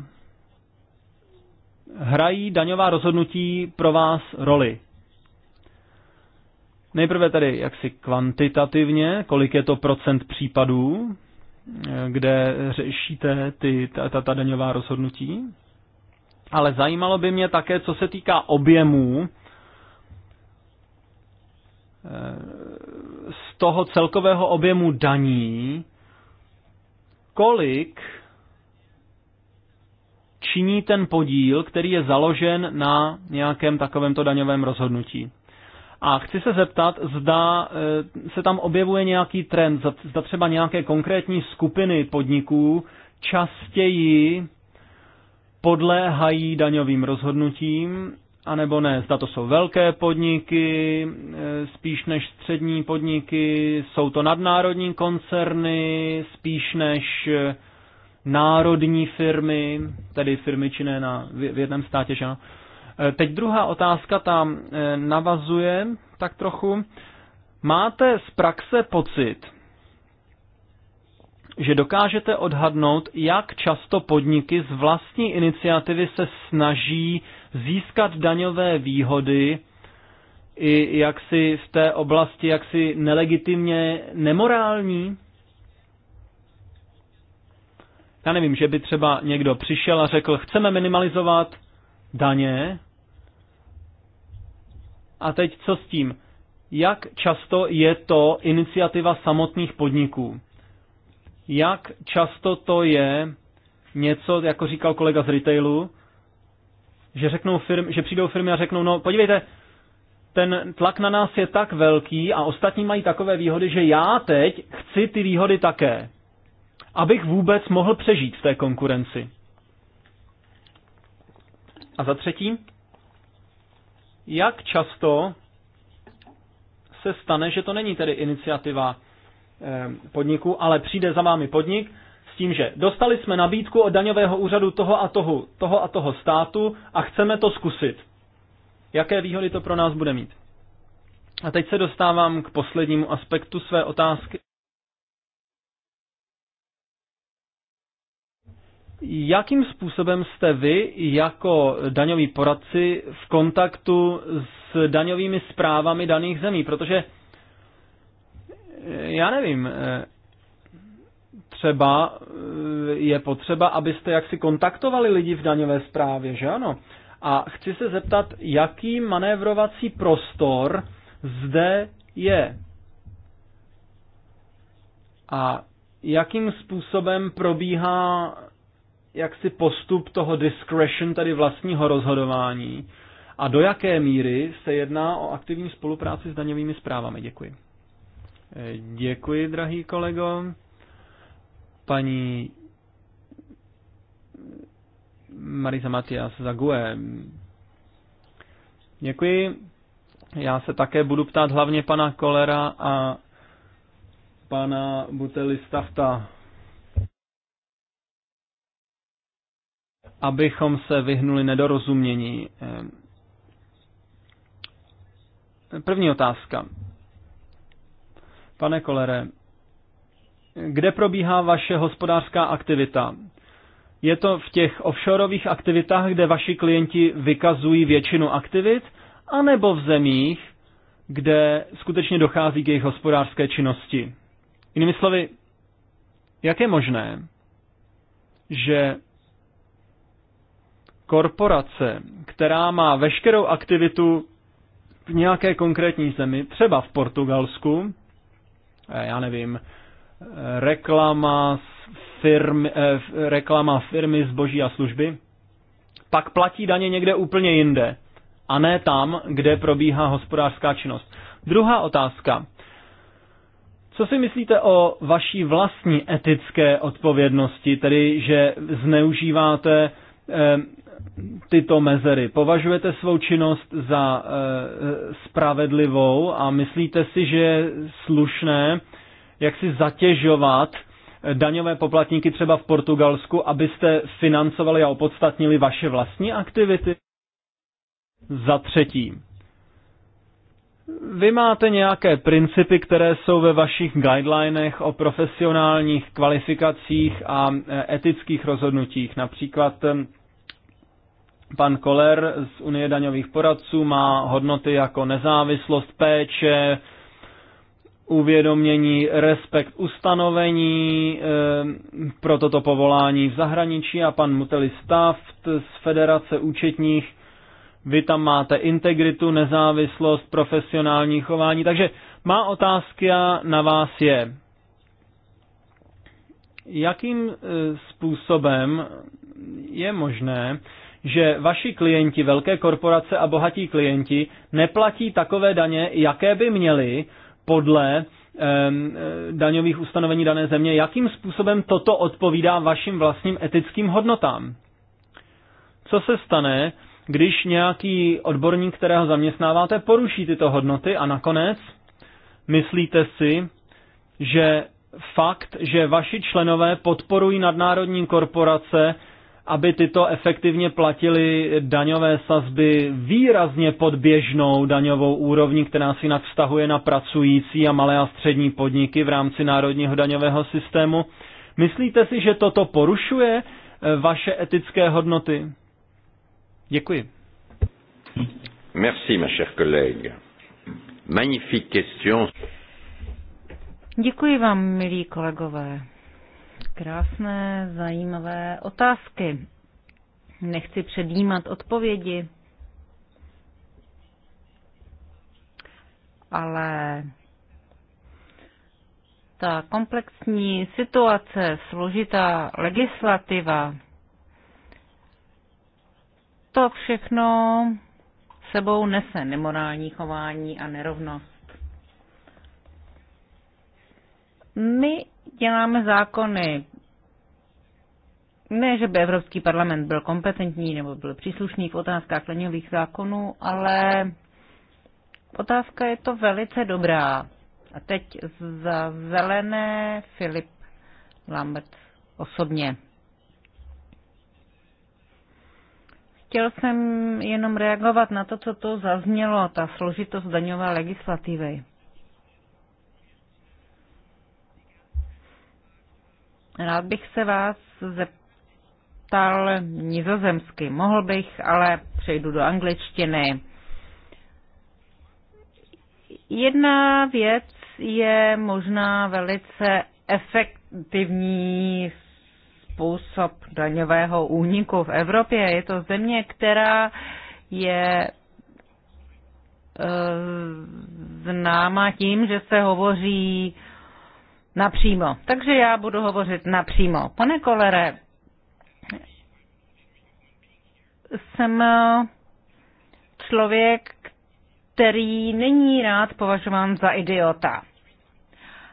[SPEAKER 2] hrají daňová rozhodnutí pro vás roli. Nejprve tedy jaksi kvantitativně, kolik je to procent případů, kde řešíte ty, ta, ta, ta daňová rozhodnutí. Ale zajímalo by mě také, co se týká objemů z toho celkového objemu daní, kolik činí ten podíl, který je založen na nějakém takovémto daňovém rozhodnutí. A chci se zeptat, zda eh, se tam objevuje nějaký trend, zda třeba nějaké konkrétní skupiny podniků častěji podléhají daňovým rozhodnutím anebo ne. Zda to jsou velké podniky, eh, spíš než střední podniky, jsou to nadnárodní koncerny, spíš než eh, národní firmy, tedy firmy činné na, v jednom státě, že eh, Teď druhá otázka tam navazuje tak trochu. Máte z praxe pocit, že dokážete odhadnout, jak často podniky z vlastní iniciativy se snaží získat daňové výhody i jaksi v té oblasti jaksi nelegitimně nemorální? Já nevím, že by třeba někdo přišel a řekl, chceme minimalizovat daně. A teď co s tím? Jak často je to iniciativa samotných podniků? Jak často to je něco, jako říkal kolega z retailu, že, řeknou firm, že přijdou firmy a řeknou, no podívejte, ten tlak na nás je tak velký a ostatní mají takové výhody, že já teď chci ty výhody také, abych vůbec mohl přežít v té konkurenci. A za třetí, jak často se stane, že to není tedy iniciativa eh, podniku, ale přijde za vámi podnik s tím, že dostali jsme nabídku od daňového úřadu toho a toho, toho a toho státu a chceme to zkusit. Jaké výhody to pro nás bude mít? A teď se dostávám k poslednímu aspektu své otázky. Jakým způsobem jste vy jako daňoví poradci v kontaktu s daňovými zprávami daných zemí? Protože eh, já nevím, eh, třeba, eh, je potřeba, abyste jaksi kontaktovali lidi v daňové správě, že ano? A chci se zeptat, jaký manévrovací prostor zde je? A jakým způsobem probíhá jaksi postup toho discretion, tedy vlastního rozhodování? A do jaké míry se jedná o aktivní spolupráci s daňovými zprávami? Děkuji. Eh, děkuji, drahý kolego paní Marisa Matias Zague. Děkuji. Já se také budu ptát hlavně pana Kolera a pana Buteli Stavta. Abychom se vyhnuli nedorozumění. Ehm, první otázka. Pane Kolere, kde probíhá vaše hospodářská aktivita. Je to v těch offshoreových aktivitách, kde vaši klienti vykazují většinu aktivit, anebo v zemích, kde skutečně dochází k jejich hospodářské činnosti. Jinými slovy, jak je možné, že korporace, která má veškerou aktivitu v nějaké konkrétní zemi, třeba v Portugalsku, já nevím, reklama, firmy, eh, reklama firmy zboží a služby, pak platí daně někde úplně jinde a ne tam, kde probíhá hospodářská činnost. Druhá otázka. Co si myslíte o vaší vlastní etické odpovědnosti, tedy že zneužíváte eh, tyto mezery. Považujete svou činnost za e, spravedlivou a myslíte si, že je slušné jak si zatěžovat daňové poplatníky třeba v Portugalsku, abyste financovali a opodstatnili vaše vlastní aktivity? Za třetí, vy máte nějaké principy, které jsou ve vašich guidelinech o profesionálních kvalifikacích a e, etických rozhodnutích. Například e, pan Koller z Unie daňových poradců má hodnoty jako nezávislost péče, uvědomění, respekt ustanovení e, pro toto povolání v zahraničí a pan Muteli Staft z Federace účetních. Vy tam máte integritu, nezávislost, profesionální chování. Takže má otázka na vás je, jakým eh, způsobem je možné, že vaši klienti, velké korporace a bohatí klienti, neplatí takové daně, jaké by měli, podle eh, daňových ustanovení dané země, jakým způsobem toto odpovídá vašim vlastním etickým hodnotám. Co se stane, když nějaký odborník, kterého zaměstnáváte, poruší tyto hodnoty a nakonec myslíte si, že fakt, že vaši členové podporují nadnárodní korporace, aby tyto efektivně platily daňové sazby výrazně pod běžnou daňovou úrovní, která si jinak vztahuje na pracující a malé a střední podniky v rámci národního daňového systému. Myslíte si, že toto porušuje eh, vaše etické hodnoty? Děkuji.
[SPEAKER 1] Merci, ma chère collègue. Magnifique question.
[SPEAKER 5] Děkuji vám, milí kolegové. Krásné, zajímavé otázky. Nechci předjímat odpovědi, ale ta komplexní situace, složitá legislativa, to všechno sebou nese nemorální chování a nerovnost. My děláme zákony. Ne, že by Evropský parlament byl kompetentní nebo byl příslušný v otázkách leněvých zákonů, ale otázka je to velice dobrá. A teď za zelené Filip Lambert osobně. Chtěl jsem jenom reagovat na to, co to zaznělo, ta složitost daňové legislativy. Rád bych se vás zeptal nizozemsky. Mohl bych, ale přejdu do angličtiny. Jedna věc je možná velice efektivní způsob daňového úniku v Evropě. Je to země, která je eh, známa tím, že se hovoří Napřímo. Takže já budu hovořit napřímo. Pane Kolere, jsem eh, člověk, který není rád považován za idiota.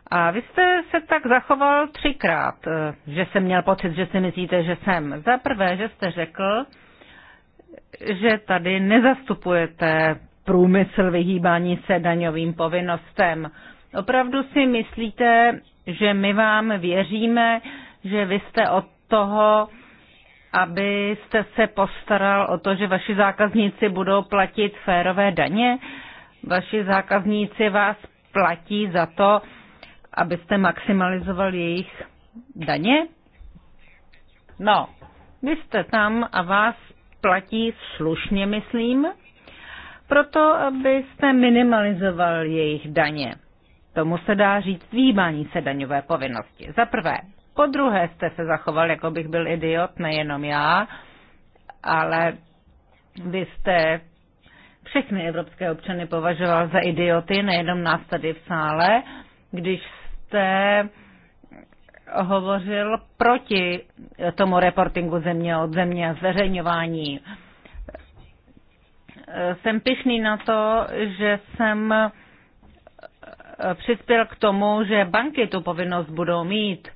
[SPEAKER 5] A vy jste se tak zachoval třikrát, eh, že jsem měl pocit, že si myslíte, že jsem. Za prvé, že jste řekl, že tady nezastupujete průmysl vyhýbání se daňovým povinnostem. Opravdu si myslíte, že my vám věříme, že vy jste od toho, abyste se postaral o to, že vaši zákazníci budou platit férové daně. Vaši zákazníci vás platí za to, abyste maximalizoval jejich daně? No, vy jste tam a vás platí slušně, myslím, proto abyste minimalizoval jejich daně. Tomu se dá říct výjímání se daňové povinnosti. Za prvé. Po druhé jste se zachoval, jako bych byl idiot, nejenom já, ale vy jste všechny evropské občany považoval za idioty, nejenom nás tady v sále, když jste hovořil proti tomu reportingu země od země a zveřejňování. Jsem pišný na to, že jsem Eh, přispěl k tomu, že banky tu povinnost budou mít.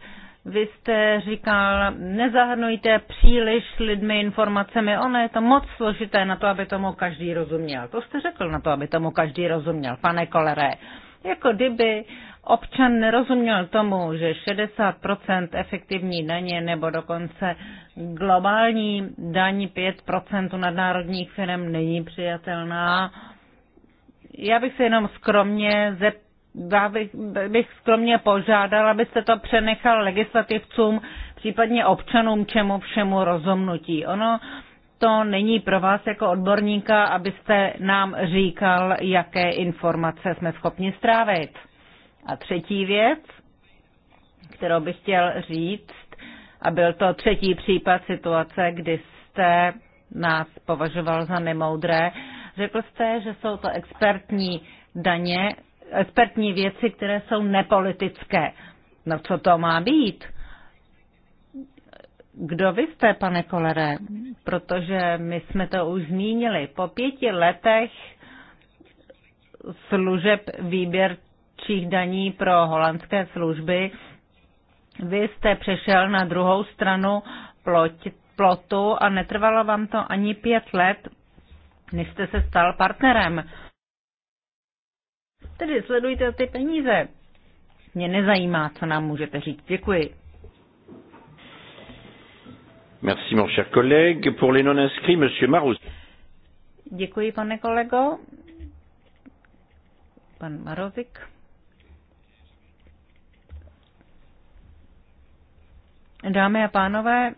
[SPEAKER 5] Vy jste říkal, nezahrnujte příliš s lidmi informacemi, ono je to moc složité na to, aby tomu každý rozuměl. To jste řekl na to, aby tomu každý rozuměl, pane Kolere. Jako kdyby občan nerozuměl tomu, že 60% efektivní daně nebo dokonce globální daň 5% nadnárodních firm není přijatelná. Já bych se jenom skromně zeptal, já bych, bych skromně požádal, abyste to přenechal legislativcům, případně občanům, čemu všemu rozumnutí. Ono to není pro vás jako odborníka, abyste nám říkal, jaké informace jsme schopni strávit. A třetí věc, kterou bych chtěl říct, a byl to třetí případ situace, kdy jste nás považoval za nemoudré, řekl jste, že jsou to expertní daně, expertní věci, které jsou nepolitické. No co to má být? Kdo vy jste, pane Kolere? Protože my jsme to už zmínili. Po pěti letech služeb výběrčích daní pro holandské služby vy jste přešel na druhou stranu ploť, plotu a netrvalo vám to ani pět let, než jste se stal partnerem. Tedy sledujte ty peníze. Mě nezajímá, co nám můžete říct. Děkuji.
[SPEAKER 2] Merci, mon cher collègue. Pour les non-inscrits, monsieur Marouz.
[SPEAKER 5] Děkuji, pane kolego. Pan Marozik. Dámy a pánové,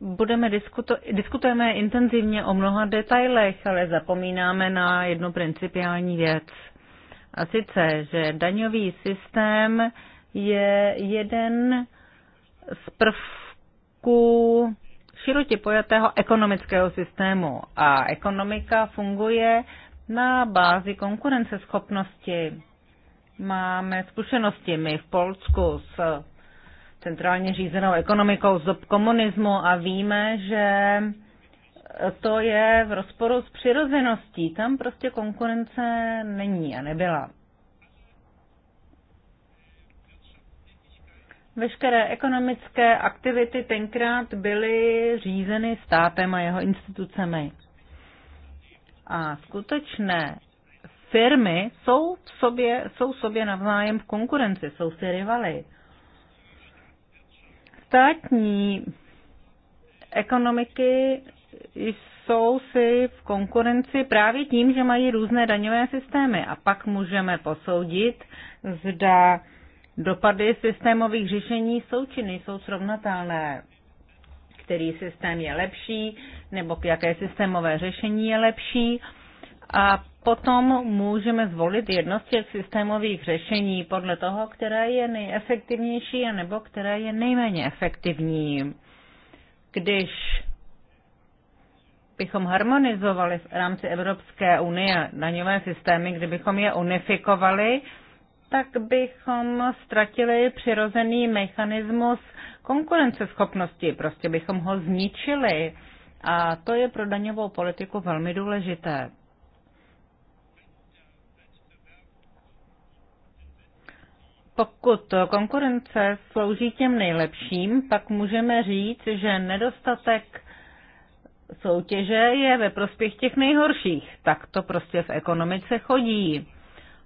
[SPEAKER 5] budeme diskuto- diskutujeme intenzivně o mnoha detailech, ale zapomínáme na jednu principiální věc. A sice, že daňový systém je jeden z prvků širotě pojatého ekonomického systému. A ekonomika funguje na bázi konkurenceschopnosti. Máme zkušenosti my v Polsku s centrálně řízenou ekonomikou z dob komunismu a víme, že to je v rozporu s přirozeností. Tam prostě konkurence není a nebyla. Veškeré ekonomické aktivity tenkrát byly řízeny státem a jeho institucemi. A skutečné firmy jsou, v sobě, jsou sobě navzájem v konkurenci, jsou si rivaly ostatní ekonomiky jsou si v konkurenci právě tím, že mají různé daňové systémy. A pak můžeme posoudit, zda dopady systémových řešení jsou či nejsou srovnatelné. Který systém je lepší, nebo jaké systémové řešení je lepší. A potom můžeme zvolit jedno z těch systémových řešení podle toho, které je nejefektivnější a nebo které je nejméně efektivní. Když bychom harmonizovali v rámci Evropské unie daňové systémy, kdybychom je unifikovali, tak bychom ztratili přirozený mechanismus konkurenceschopnosti, prostě bychom ho zničili. A to je pro daňovou politiku velmi důležité. Pokud konkurence slouží těm nejlepším, pak můžeme říct, že nedostatek soutěže je ve prospěch těch nejhorších. Tak to prostě v ekonomice chodí.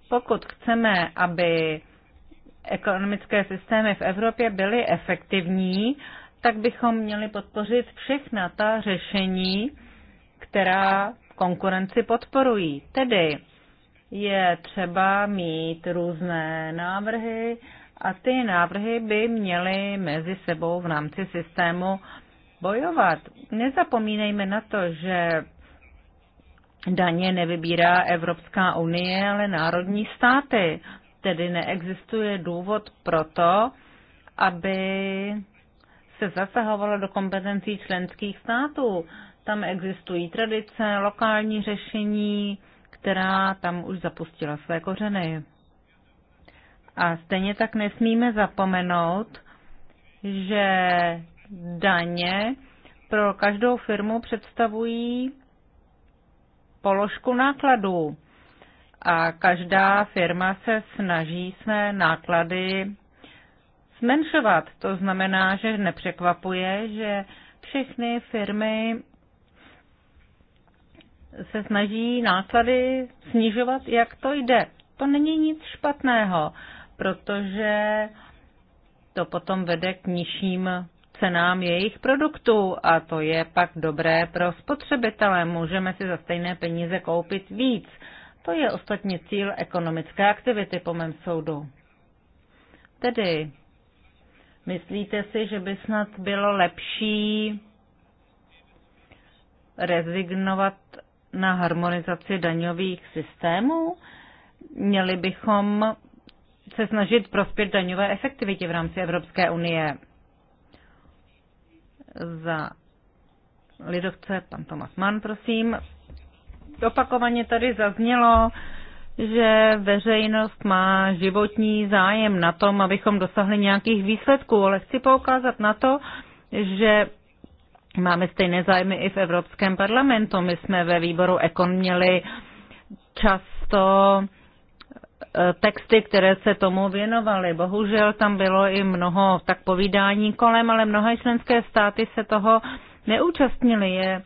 [SPEAKER 5] Pokud chceme, aby ekonomické systémy v Evropě byly efektivní, tak bychom měli podpořit všechna ta řešení, která konkurenci podporují. Tedy je třeba mít různé návrhy a ty návrhy by měly mezi sebou v rámci systému bojovat. Nezapomínejme na to, že daně nevybírá Evropská unie, ale národní státy. Tedy neexistuje důvod pro to, aby se zasahovalo do kompetencí členských států. Tam existují tradice, lokální řešení, která tam už zapustila své kořeny. A stejně tak nesmíme zapomenout, že daně pro každou firmu představují položku nákladů. A každá firma se snaží své náklady zmenšovat. To znamená, že nepřekvapuje, že všechny firmy se snaží náklady snižovat, jak to jde. To není nic špatného, protože to potom vede k nižším cenám jejich produktů a to je pak dobré pro spotřebitele. Můžeme si za stejné peníze koupit víc. To je ostatně cíl ekonomické aktivity po mém soudu. Tedy, myslíte si, že by snad bylo lepší rezignovat na harmonizaci daňových systémů? Měli bychom se snažit prospět daňové efektivitě v rámci Evropské unie. Za lidovce pan Tomas Mann, prosím. Opakovaně tady zaznělo, že veřejnost má životní zájem na tom, abychom dosahli nějakých výsledků, ale chci poukázat na to, že máme stejné zájmy i v Evropském parlamentu. My jsme ve výboru Ekon měli často e, texty, které se tomu věnovaly. Bohužel tam bylo i mnoho tak povídání kolem, ale mnohé členské státy se toho neúčastnili. Je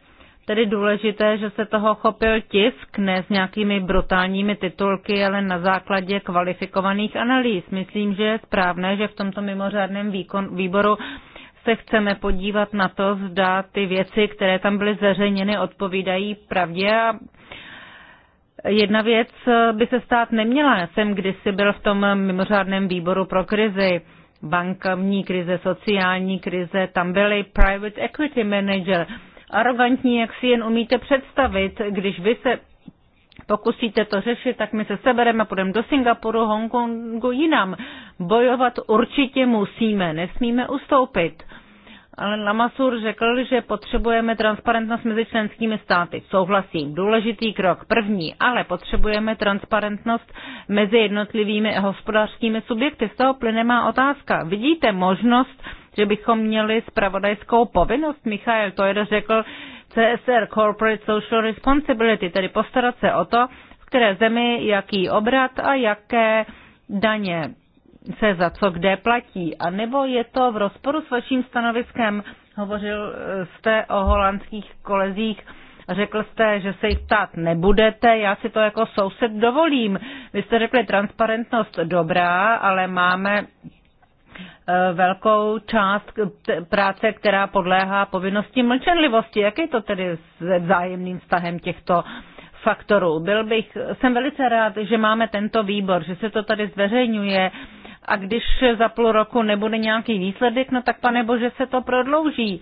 [SPEAKER 5] tedy důležité, že se toho chopil tisk, ne s nějakými brutálními titulky, ale na základě kvalifikovaných analýz. Myslím, že je správné, že v tomto mimořádném výkon, výboru se chceme podívat na to, zda ty věci, které tam byly zveřejněny, odpovídají pravdě a Jedna věc by se stát neměla. Já jsem kdysi byl v tom mimořádném výboru pro krizi, bankovní krize, sociální krize, tam byly private equity manager, arrogantní, jak si jen umíte představit, když vy se pokusíte to řešit, tak my se sebereme, a půjdeme do Singapuru, Hongkongu, jinam. Bojovat určitě musíme, nesmíme ustoupit ale Lamasur řekl, že potřebujeme transparentnost mezi členskými státy. Souhlasím, důležitý krok, první, ale potřebujeme transparentnost mezi jednotlivými hospodářskými subjekty. Z toho plyne má otázka. Vidíte možnost, že bychom měli spravodajskou povinnost? Michael Tojda řekl CSR, Corporate Social Responsibility, tedy postarat se o to, v které zemi, jaký obrat a jaké daně se za co kde platí. A nebo je to v rozporu s vaším stanoviskem? Hovořil eh, jste o holandských kolezích, řekl jste, že se jich ptát nebudete, já si to jako soused dovolím. Vy jste řekli transparentnost dobrá, ale máme eh, velkou část práce, která podléhá povinnosti mlčenlivosti. Jak je to tedy s vzájemným vztahem těchto faktorů? Byl bych, jsem velice rád, že máme tento výbor, že se to tady zveřejňuje, a když za půl roku nebude nějaký výsledek, no tak pane bože se to prodlouží.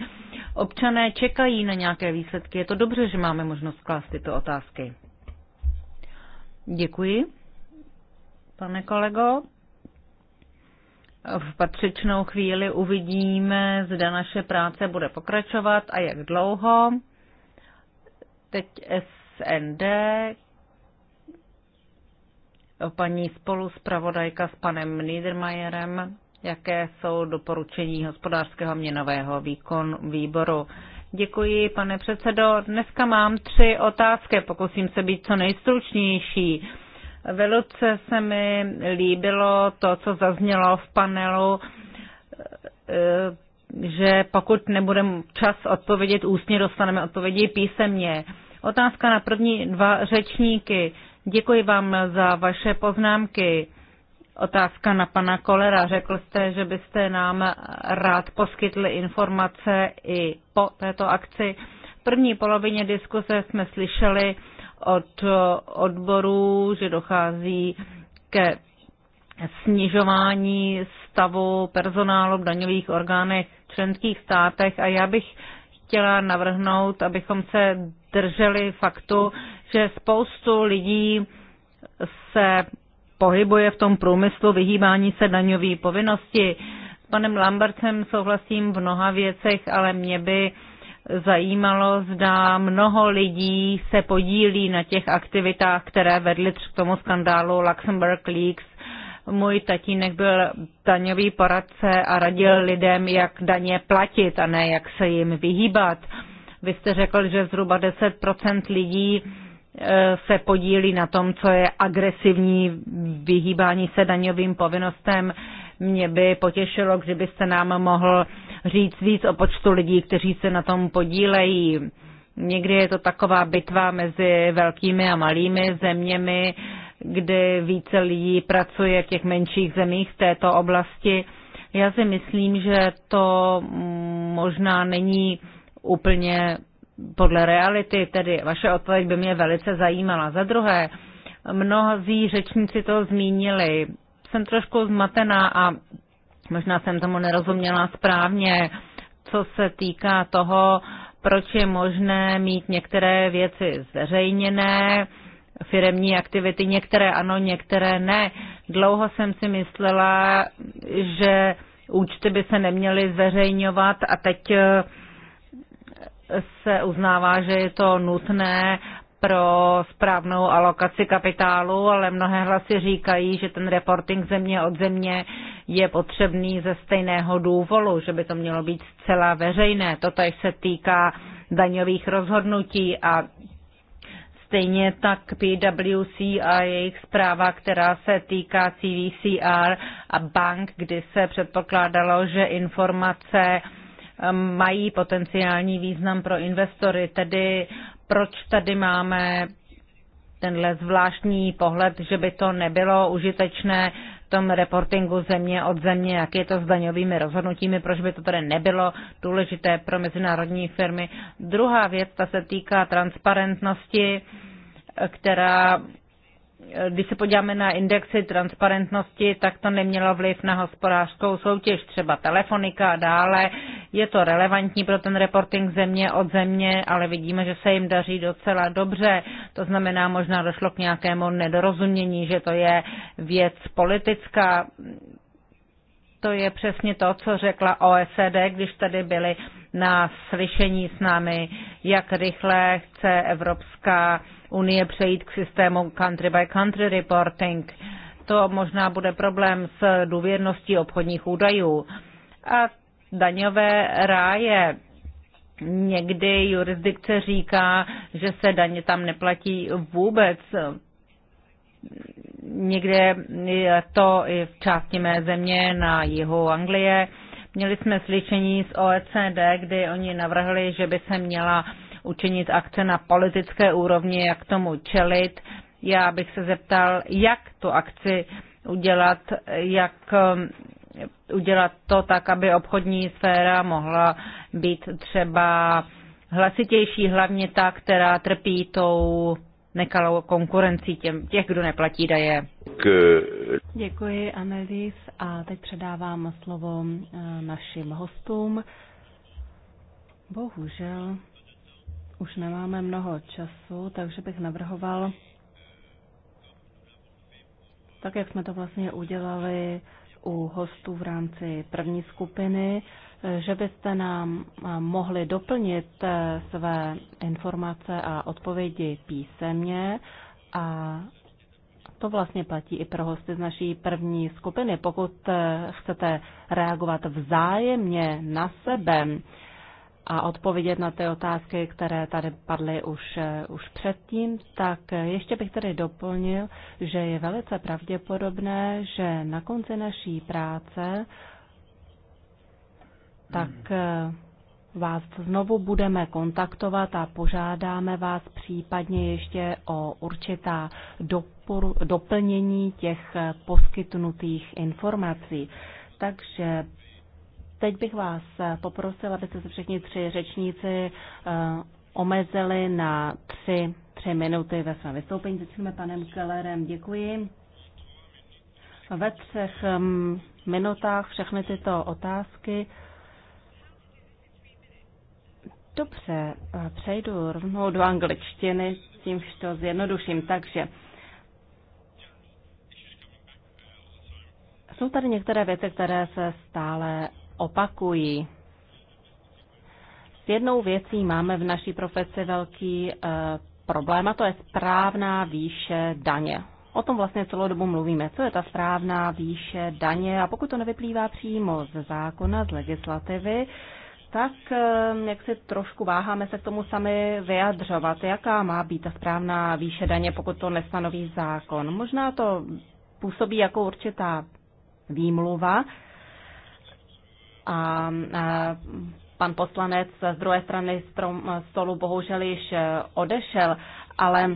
[SPEAKER 5] Občané čekají na nějaké výsledky. Je to dobře, že máme možnost klást tyto otázky. Děkuji, pane kolego. V patřičnou chvíli uvidíme, zda naše práce bude pokračovat a jak dlouho. Teď SND, paní spoluspravodajka s panem Niedermayerem, jaké jsou doporučení hospodářského měnového výkon výboru. Děkuji, pane předsedo. Dneska mám tři otázky, pokusím se být co nejstručnější. Velice se mi líbilo to, co zaznělo v panelu, že pokud nebudeme čas odpovědět ústně, dostaneme odpovědi písemně. Otázka na první dva řečníky. Děkuji vám za vaše poznámky. Otázka na pana Kolera. Řekl jste, že byste nám rád poskytli informace i po této akci. V první polovině diskuse jsme slyšeli od odborů, že dochází ke snižování stavu personálu v daňových orgánech v členských státech a já bych chtěla navrhnout, abychom se drželi faktu, že prostě spoustu lidí se pohybuje v tom průmyslu vyhýbání se daňové povinnosti. S panem Lambertem souhlasím v mnoha věcech, ale mě by zajímalo, zda mnoho lidí se podílí na těch aktivitách, které vedly k tomu skandálu Luxembourg Leaks. Můj tatínek byl daňový poradce a radil lidem, jak daně platit a ne jak se jim vyhýbat. Vy jste řekl, že zhruba 10% lidí se podílí na tom, co je agresivní vyhýbání se daňovým povinnostem. Mě by potěšilo, kdybyste nám mohl říct víc o počtu lidí, kteří se na tom podílejí. Někdy je to taková bitva mezi velkými a malými zeměmi, kde více lidí pracuje v těch menších zemích v této oblasti. Já si myslím, že to možná není úplně podle reality, tedy vaše odpověď by mě velice zajímala. Za druhé, mnozí řečníci to zmínili. Jsem trošku zmatená a možná jsem tomu nerozuměla správně, co se týká toho, proč je možné mít některé věci zveřejněné, firemní aktivity, některé ano, některé ne. Dlouho jsem si myslela, že účty by se neměly zveřejňovat a teď eh, se uznává, že je to nutné pro správnou alokaci kapitálu, ale mnohé hlasy říkají, že ten reporting země od země je potřebný ze stejného důvodu, že by to mělo být zcela veřejné. Toto se týká daňových rozhodnutí a stejně tak PwC a jejich zpráva, která se týká CVCR a bank, kdy se předpokládalo, že informace mají potenciální význam pro investory. Tedy proč tady máme tenhle zvláštní pohled, že by to nebylo užitečné v tom reportingu země od země, jak je to s daňovými rozhodnutími, proč by to tady nebylo důležité pro mezinárodní firmy. Druhá věc, ta se týká transparentnosti, která když se podíváme na indexy transparentnosti, tak to nemělo vliv na hospodářskou soutěž, třeba telefonika a dále. Je to relevantní pro ten reporting země od země, ale vidíme, že se jim daří docela dobře. To znamená, možná došlo k nějakému nedorozumění, že to je věc politická. To je přesně to, co řekla OECD, když tady byli na slyšení s námi, jak rychle chce Evropská unie přejít k systému country by country reporting. To možná bude problém s důvěrností obchodních údajů. A daňové ráje. Někdy jurisdikce říká, že se daně tam neplatí vůbec. Někde je to i v části mé země na jihu Anglie. Měli jsme slyšení z OECD, kdy oni navrhli, že by se měla učinit akce na politické úrovni, jak tomu čelit. Já bych se zeptal, jak tu akci udělat, jak um, udělat to tak, aby obchodní sféra mohla být třeba hlasitější, hlavně ta, která trpí tou nekalou konkurencí těm, těch, kdo neplatí
[SPEAKER 4] daje. je. Děkuji, Anelis, a teď předávám slovo eh, našim hostům. Bohužel už nemáme mnoho času, takže bych navrhoval, tak jak jsme to vlastně udělali u hostů v rámci první skupiny, že byste nám eh, mohli doplnit eh, své informace a odpovědi písemně a to vlastně platí i pro hosty z naší první skupiny. Pokud eh, chcete reagovat vzájemně na sebe, a odpovědět na ty otázky, které tady padly už, eh, už předtím, tak eh, ještě bych tedy doplnil, že je velice pravděpodobné, že na konci naší práce tak hmm. eh, vás znovu budeme kontaktovat a požádáme vás případně ještě o určitá doplnění těch poskytnutých informací. Takže Teď bych vás eh, poprosila, abyste se všichni tři řečníci eh, omezili na tři, tři minuty ve svém vystoupení. Začneme panem Kellerem. Děkuji. Ve třech mm, minutách všechny tyto otázky. Dobře, eh, přejdu rovnou do angličtiny, že to zjednoduším. Takže jsou tady některé věci, které se stále opakují. S jednou věcí máme v naší profesi velký e, problém a to je správná výše daně. O tom vlastně celou dobu mluvíme. Co je ta správná výše daně? A pokud to nevyplývá přímo ze zákona, z legislativy, tak eh, jak si trošku váháme se k tomu sami vyjadřovat, jaká má být ta správná výše daně, pokud to nestanoví zákon. Možná to působí jako určitá výmluva, a e, pan poslanec z druhé strany strom, stolu bohužel již e, odešel, ale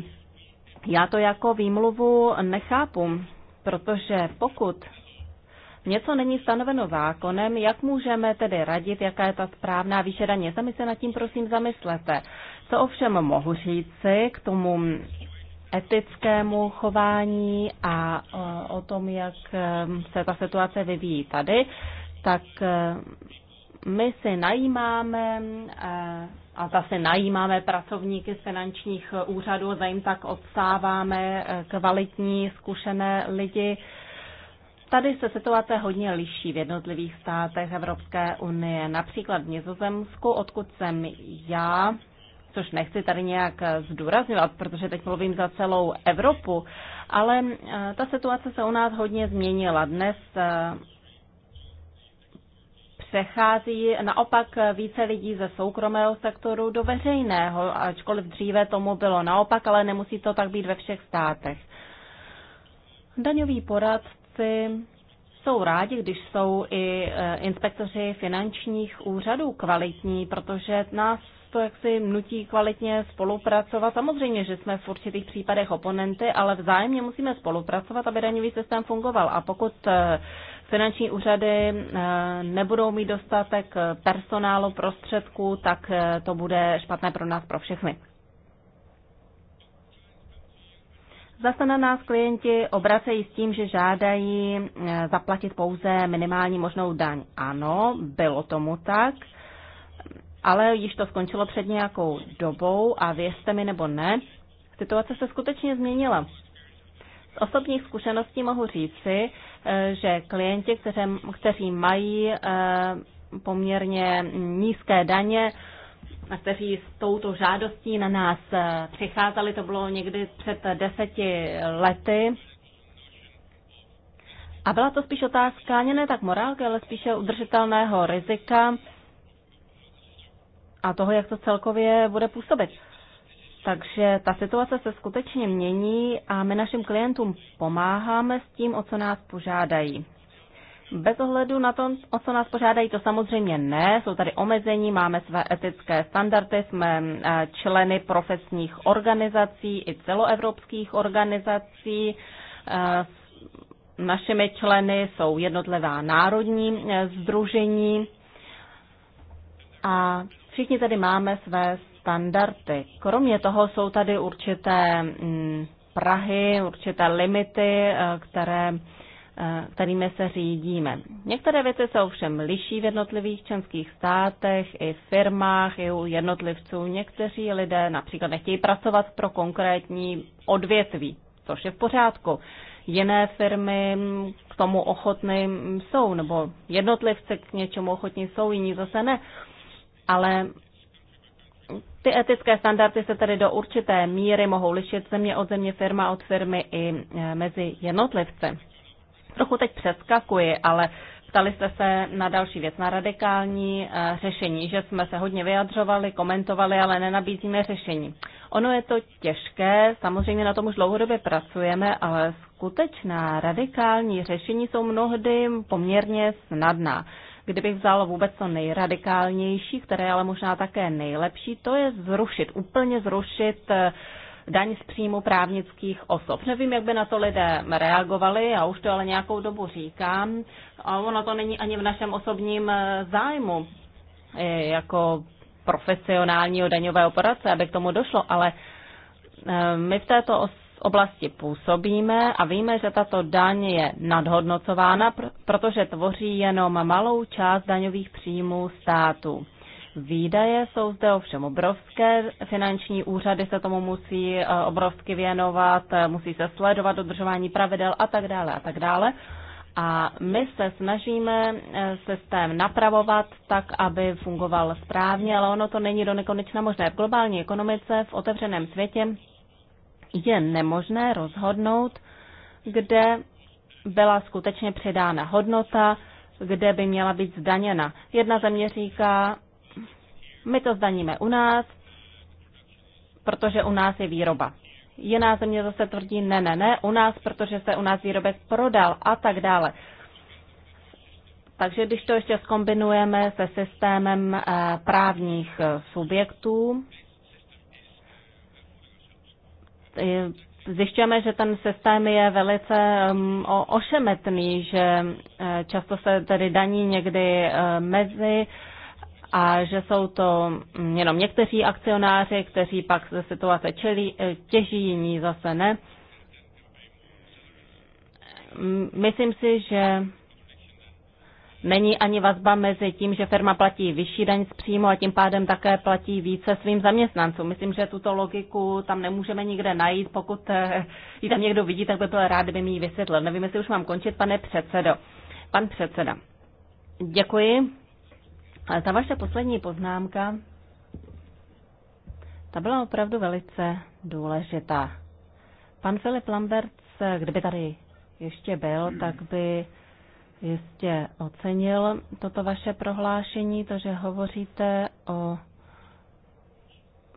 [SPEAKER 4] já to jako výmluvu nechápu, protože pokud něco není stanoveno zákonem, jak můžeme tedy radit, jaká je ta správná výše daně? Sami se nad tím prosím zamyslete. Co ovšem mohu říci k tomu etickému chování a e, o tom, jak se ta situace vyvíjí tady, tak eh, my si najímáme eh, a zase najímáme pracovníky z finančních úřadů, za jim tak odstáváme eh, kvalitní, zkušené lidi. Tady se situace hodně liší v jednotlivých státech Evropské unie. Například v Nizozemsku, odkud jsem já, což nechci tady nějak zdůrazňovat, protože teď mluvím za celou Evropu, ale ta situace se u nás hodně změnila. Dnes přechází naopak více lidí ze soukromého sektoru do veřejného, ačkoliv dříve tomu bylo naopak, ale nemusí to tak být ve všech státech. Daňoví poradci jsou rádi, když jsou i eh, inspektoři finančních úřadů kvalitní, protože nás to jaksi nutí kvalitně spolupracovat. Samozřejmě, že jsme v určitých případech oponenty, ale vzájemně musíme spolupracovat, aby daňový systém fungoval. A pokud eh, finanční úřady eh, nebudou mít dostatek eh, personálu, prostředků, tak eh, to bude špatné pro nás, pro všechny. Zase na nás klienti obracejí s tím, že žádají zaplatit pouze minimální možnou daň. Ano, bylo tomu tak, ale již to skončilo před nějakou dobou a věřte mi nebo ne, situace se skutečně změnila. Z osobních zkušeností mohu říci, eh, že klienti, kteři, kteří mají eh, poměrně nízké daně, kteří s touto žádostí na nás eh, přicházeli, to bylo někdy před deseti lety. A byla to spíš otázka ani ne tak morálky, ale spíše udržitelného rizika a toho, jak to celkově bude působit. Takže ta situace se skutečně mění a my našim klientům pomáháme s tím, o co nás požádají. Bez ohledu na to, o co nás požádají, to samozřejmě ne. Jsou tady omezení, máme své etické standardy, jsme eh, členy profesních organizací i celoevropských organizací. Eh, našimi členy jsou jednotlivá národní združení eh, a všichni tady máme své standardy. Kromě toho jsou tady určité mm, prahy, určité limity, eh, které, eh, kterými se řídíme. Některé věci se ovšem liší v jednotlivých členských státech, i v firmách, i u jednotlivců. Někteří lidé například nechtějí pracovat pro konkrétní odvětví, což je v pořádku. Jiné firmy mm, k tomu ochotny jsou, nebo jednotlivci k něčemu ochotní jsou, jiní zase ne. Ale ty etické standardy se tedy do určité míry mohou lišit země od země, firma od firmy i e, mezi jednotlivci. Trochu teď přeskakuji, ale ptali jste se na další věc, na radikální e, řešení, že jsme se hodně vyjadřovali, komentovali, ale nenabízíme řešení. Ono je to těžké, samozřejmě na tom už dlouhodobě pracujeme, ale skutečná radikální řešení jsou mnohdy poměrně snadná kdybych vzal vůbec to nejradikálnější, které je ale možná také nejlepší, to je zrušit, úplně zrušit eh, daň z příjmu právnických osob. Nevím, jak by na to lidé reagovali, já už to ale nějakou dobu říkám, a ono to není ani v našem osobním eh, zájmu eh, jako profesionálního daňového poradce, aby k tomu došlo, ale my v této os oblasti působíme a víme, že tato daň je nadhodnocována, protože tvoří jenom malou část daňových příjmů státu. Výdaje jsou zde ovšem obrovské, finanční úřady se tomu musí eh, obrovsky věnovat, musí se sledovat dodržování pravidel a tak dále a tak dále. A my se snažíme eh, systém napravovat tak, aby fungoval správně, ale ono to není do nekonečna možné. V globální ekonomice, v otevřeném světě je nemožné rozhodnout, kde byla skutečně přidána hodnota, kde by měla být zdaněna. Jedna země říká, my to zdaníme u nás, protože u nás je výroba. Jiná země zase tvrdí, ne, ne, ne, u nás, protože se u nás výrobek prodal a tak dále. Takže když to ještě skombinujeme se systémem eh, právních eh, subjektů, zjišťujeme, že ten systém je velice um, ošemetný, že eh, často se tedy daní někdy eh, mezi a že jsou to mm, jenom někteří akcionáři, kteří pak ze situace čelí, eh, těží, jiní zase ne. Myslím si, že Není ani vazba mezi tím, že firma platí vyšší daň z příjmu a tím pádem také platí více svým zaměstnancům. Myslím, že tuto logiku tam nemůžeme nikde najít. Pokud eh, ji tam někdo vidí, tak by byl rád, kdyby mi ji vysvětlil. Nevím, jestli už mám končit, pane předsedo. Pan předseda. Děkuji. Ale ta vaše poslední poznámka, ta byla opravdu velice důležitá. Pan Filip Lambert, kdyby tady ještě byl, tak by jistě ocenil toto vaše prohlášení, to, že hovoříte o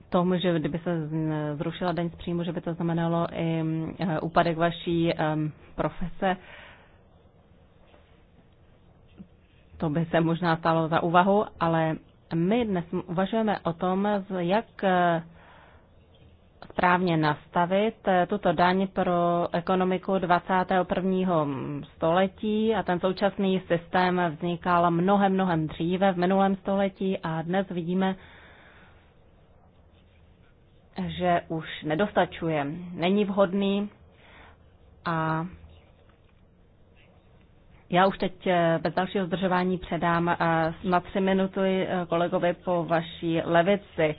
[SPEAKER 4] tom, že kdyby se zrušila daň z příjmu, že by to znamenalo i eh, úpadek vaší profese. To by se možná stalo za úvahu, ale my dnes uvažujeme o tom, jak eh, správně nastavit eh, tuto daň pro ekonomiku 21. století a ten současný systém vznikal mnohem, mnohem dříve v minulém století a dnes vidíme, že už nedostačuje, není vhodný a já už teď eh, bez dalšího zdržování předám eh, na tři minuty kolegovi po vaší levici.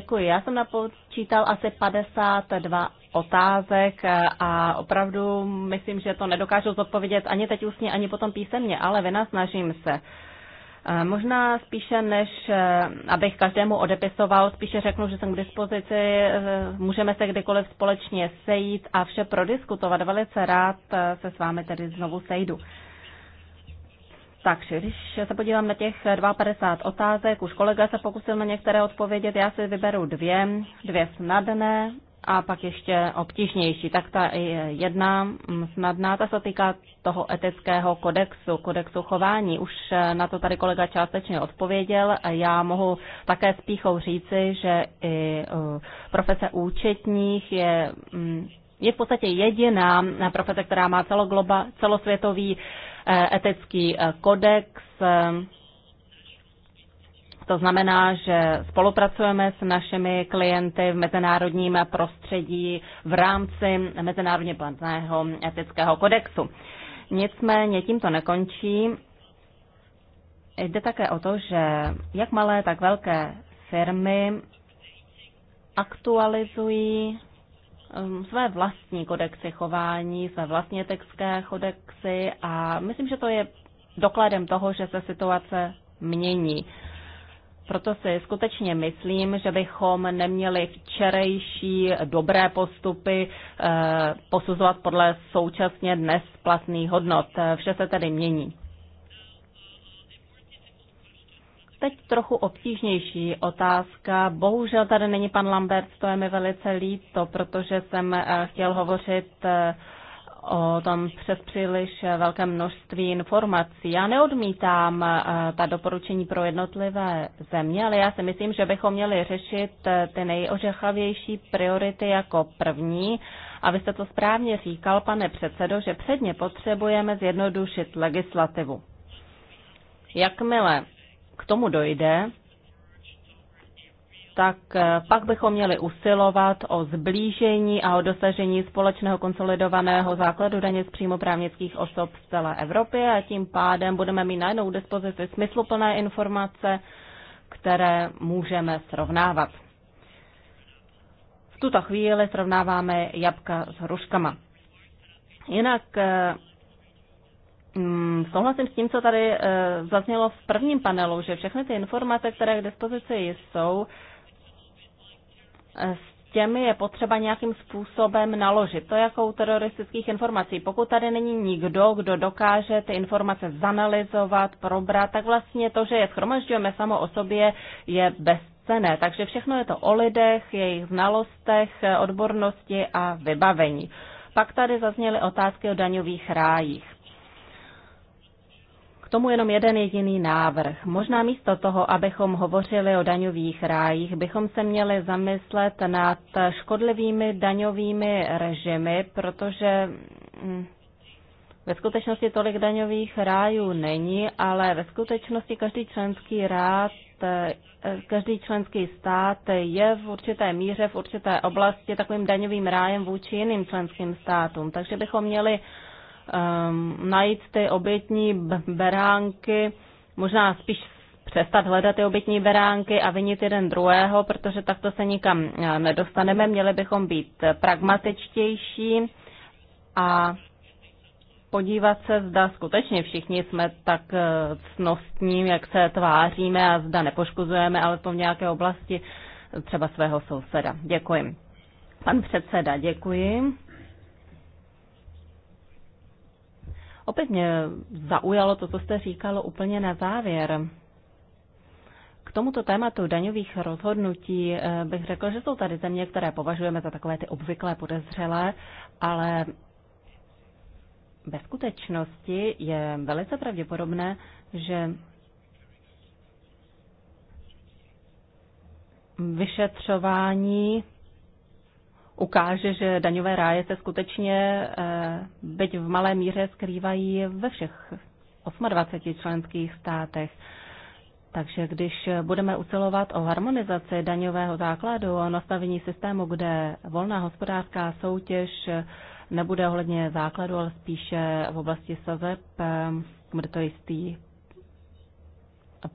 [SPEAKER 4] Děkuji. Já jsem napočítal asi 52 otázek a opravdu myslím, že to nedokážu zodpovědět ani teď ústně, ani potom písemně, ale snažím se. Eh, možná spíše, než eh, abych každému odepisoval, spíše řeknu, že jsem k dispozici, eh, můžeme se kdykoliv společně sejít a vše prodiskutovat. Velice rád se s vámi tedy znovu sejdu. Takže když se podívám na těch 52 otázek, už kolega se pokusil na některé odpovědět, já si vyberu dvě, dvě snadné a pak ještě obtížnější. Tak ta jedna mm, snadná, ta se týká toho etického kodexu, kodexu chování. Už na to tady kolega částečně odpověděl. Já mohu také s píchou říci, že i e, profese účetních je mm, je v podstatě jediná profese, která má celogloba, celosvětový Eh, etický eh, kodex. Eh, to znamená, že spolupracujeme s našimi klienty v mezinárodním prostředí v rámci mezinárodně platného etického kodexu. Nicméně tím to nekončí. Jde také o to, že jak malé, tak velké firmy aktualizují Um, své vlastní kodexy chování, své vlastní etické kodexy a myslím, že to je dokladem toho, že se situace mění. Proto si skutečně myslím, že bychom neměli včerejší dobré postupy eh, posuzovat podle současně dnes platných hodnot. Eh, vše se tedy mění. teď trochu obtížnější otázka. Bohužel tady není pan Lambert, to je mi velice líto, protože jsem eh, chtěl hovořit eh, o tom přes příliš velké množství informací. Já neodmítám eh, ta doporučení pro jednotlivé země, ale já si myslím, že bychom měli řešit ty nejořechavější priority jako první. A vy jste to správně říkal, pane předsedo, že předně potřebujeme zjednodušit legislativu. Jakmile k tomu dojde, tak eh, pak bychom měli usilovat o zblížení a o dosažení společného konsolidovaného základu daně z příjmu právnických osob z celé Evropy a tím pádem budeme mít najednou k dispozici smysluplné informace, které můžeme srovnávat. V tuto chvíli srovnáváme jabka s hruškama. Jinak eh, Mm, souhlasím s tím, co tady eh, zaznělo v prvním panelu, že všechny ty informace, které k dispozici jsou, eh, s těmi je potřeba nějakým způsobem naložit. To jako u teroristických informací. Pokud tady není nikdo, kdo dokáže ty informace zanalizovat, probrat, tak vlastně to, že je schromažďujeme samo o sobě, je bezcené. Takže všechno je to o lidech, jejich znalostech, eh, odbornosti a vybavení. Pak tady zazněly otázky o daňových rájích tomu jenom jeden jediný návrh. Možná místo toho, abychom hovořili o daňových rájích, bychom se měli zamyslet nad škodlivými daňovými režimy, protože mm, ve skutečnosti tolik daňových rájů není, ale ve skutečnosti každý členský rád eh, každý členský stát je v určité míře, v určité oblasti takovým daňovým rájem vůči jiným členským státům. Takže bychom měli um, najít ty obětní beránky, možná spíš přestat hledat ty obětní beránky a vinit jeden druhého, protože takto se nikam eh, nedostaneme. Měli bychom být pragmatičtější a podívat se, zda skutečně všichni jsme tak eh, cnostní, jak se tváříme a zda nepoškozujeme ale v nějaké oblasti eh, třeba svého souseda. Děkuji. Pan předseda, děkuji. Opět mě zaujalo to, co jste říkalo úplně na závěr. K tomuto tématu daňových rozhodnutí eh, bych řekl, že jsou tady země, které považujeme za takové ty obvyklé podezřelé, ale ve skutečnosti je velice pravděpodobné, že vyšetřování ukáže, že daňové ráje se skutečně, eh, byť v malé míře, skrývají ve všech 28 členských státech. Takže když budeme usilovat o harmonizaci daňového základu, o nastavení systému, kde volná hospodářská soutěž nebude ohledně základu, ale spíše v oblasti sazeb, eh, bude to jistý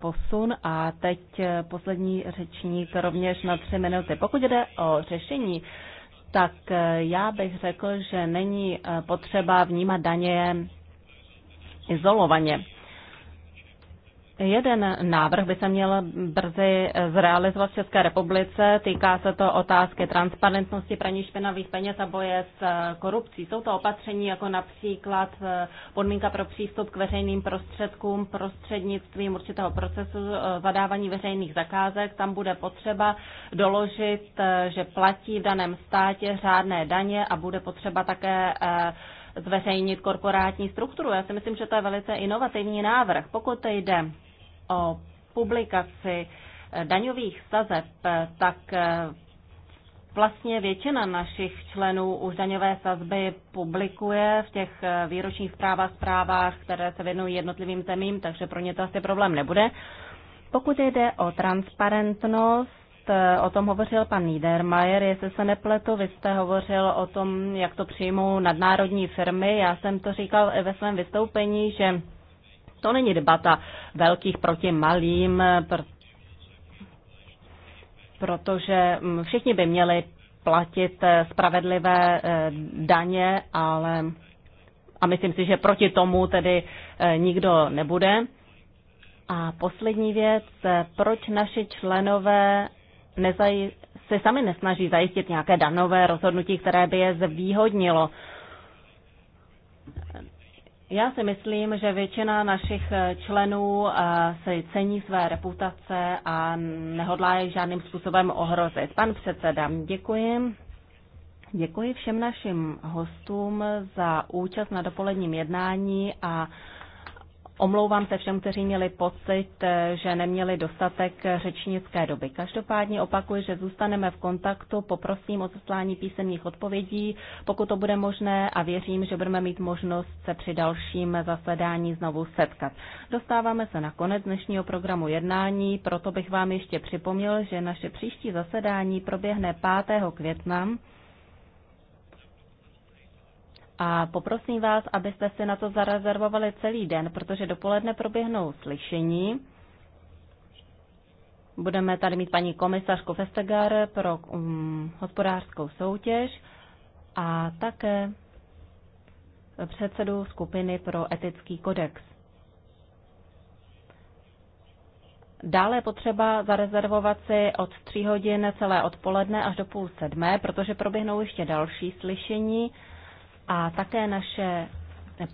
[SPEAKER 4] posun. A teď eh, poslední řečník rovněž na tři minuty. Pokud jde o řešení tak eh, já bych řekl, že není eh, potřeba vnímat daně izolovaně. Jeden návrh by se měl brzy zrealizovat v České republice. Týká se to otázky transparentnosti praní špinavých peněz a boje s korupcí. Jsou to opatření jako například eh, podmínka pro přístup k veřejným prostředkům prostřednictvím určitého procesu eh, zadávání veřejných zakázek. Tam bude potřeba doložit, eh, že platí v daném státě řádné daně a bude potřeba také zveřejnit korporátní strukturu. Já si myslím, že to je velice inovativní návrh. Pokud jde o publikaci eh, daňových sazeb, eh, tak eh, vlastně většina našich členů už daňové sazby publikuje v těch výročních zprávách, zprávách, které se věnují jednotlivým zemím, takže pro ně to asi problém nebude. Pokud jde o transparentnost, o tom hovořil pan Niedermayer, jestli se nepletu, vy jste hovořil o tom, jak to přijmou nadnárodní firmy. Já jsem to říkal i ve svém vystoupení, že to není debata velkých proti malým, protože mm, všichni by měli platit eh, spravedlivé eh, daně, ale a myslím si, že proti tomu tedy eh, nikdo nebude. A poslední věc, proč naši členové nezaj- se sami nesnaží zajistit nějaké danové rozhodnutí, které by je zvýhodnilo. Já si myslím, že většina našich eh, členů eh, se cení své reputace a nehodlá je žádným způsobem ohrozit. Pan předseda, děkuji. Děkuji všem našim hostům za účast na dopoledním jednání a Omlouvám se všem, kteří měli pocit, že neměli dostatek řečnické doby. Každopádně opakuji, že zůstaneme v kontaktu, poprosím o zaslání písemných odpovědí, pokud to bude možné a věřím, že budeme mít možnost se při dalším zasedání znovu setkat. Dostáváme se na konec dnešního programu jednání, proto bych vám ještě připomněl, že naše příští zasedání proběhne 5. května a poprosím vás, abyste si na to zarezervovali celý den, protože dopoledne proběhnou slyšení. Budeme tady mít paní komisařku Festegar pro um, hospodářskou soutěž a také předsedu skupiny pro etický kodex. Dále je potřeba zarezervovat si od 3 hodin celé odpoledne až do půl sedmé, protože proběhnou ještě další slyšení a také naše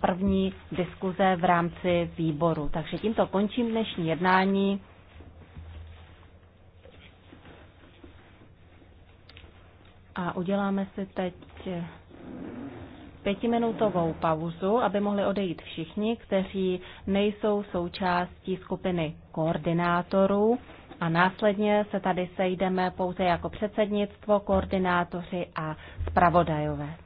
[SPEAKER 4] první diskuze v rámci výboru. Takže tímto končím dnešní jednání. A uděláme si teď pětiminutovou pauzu, aby mohli odejít všichni, kteří nejsou součástí skupiny koordinátorů. A následně se tady sejdeme pouze jako předsednictvo, koordinátoři a zpravodajové.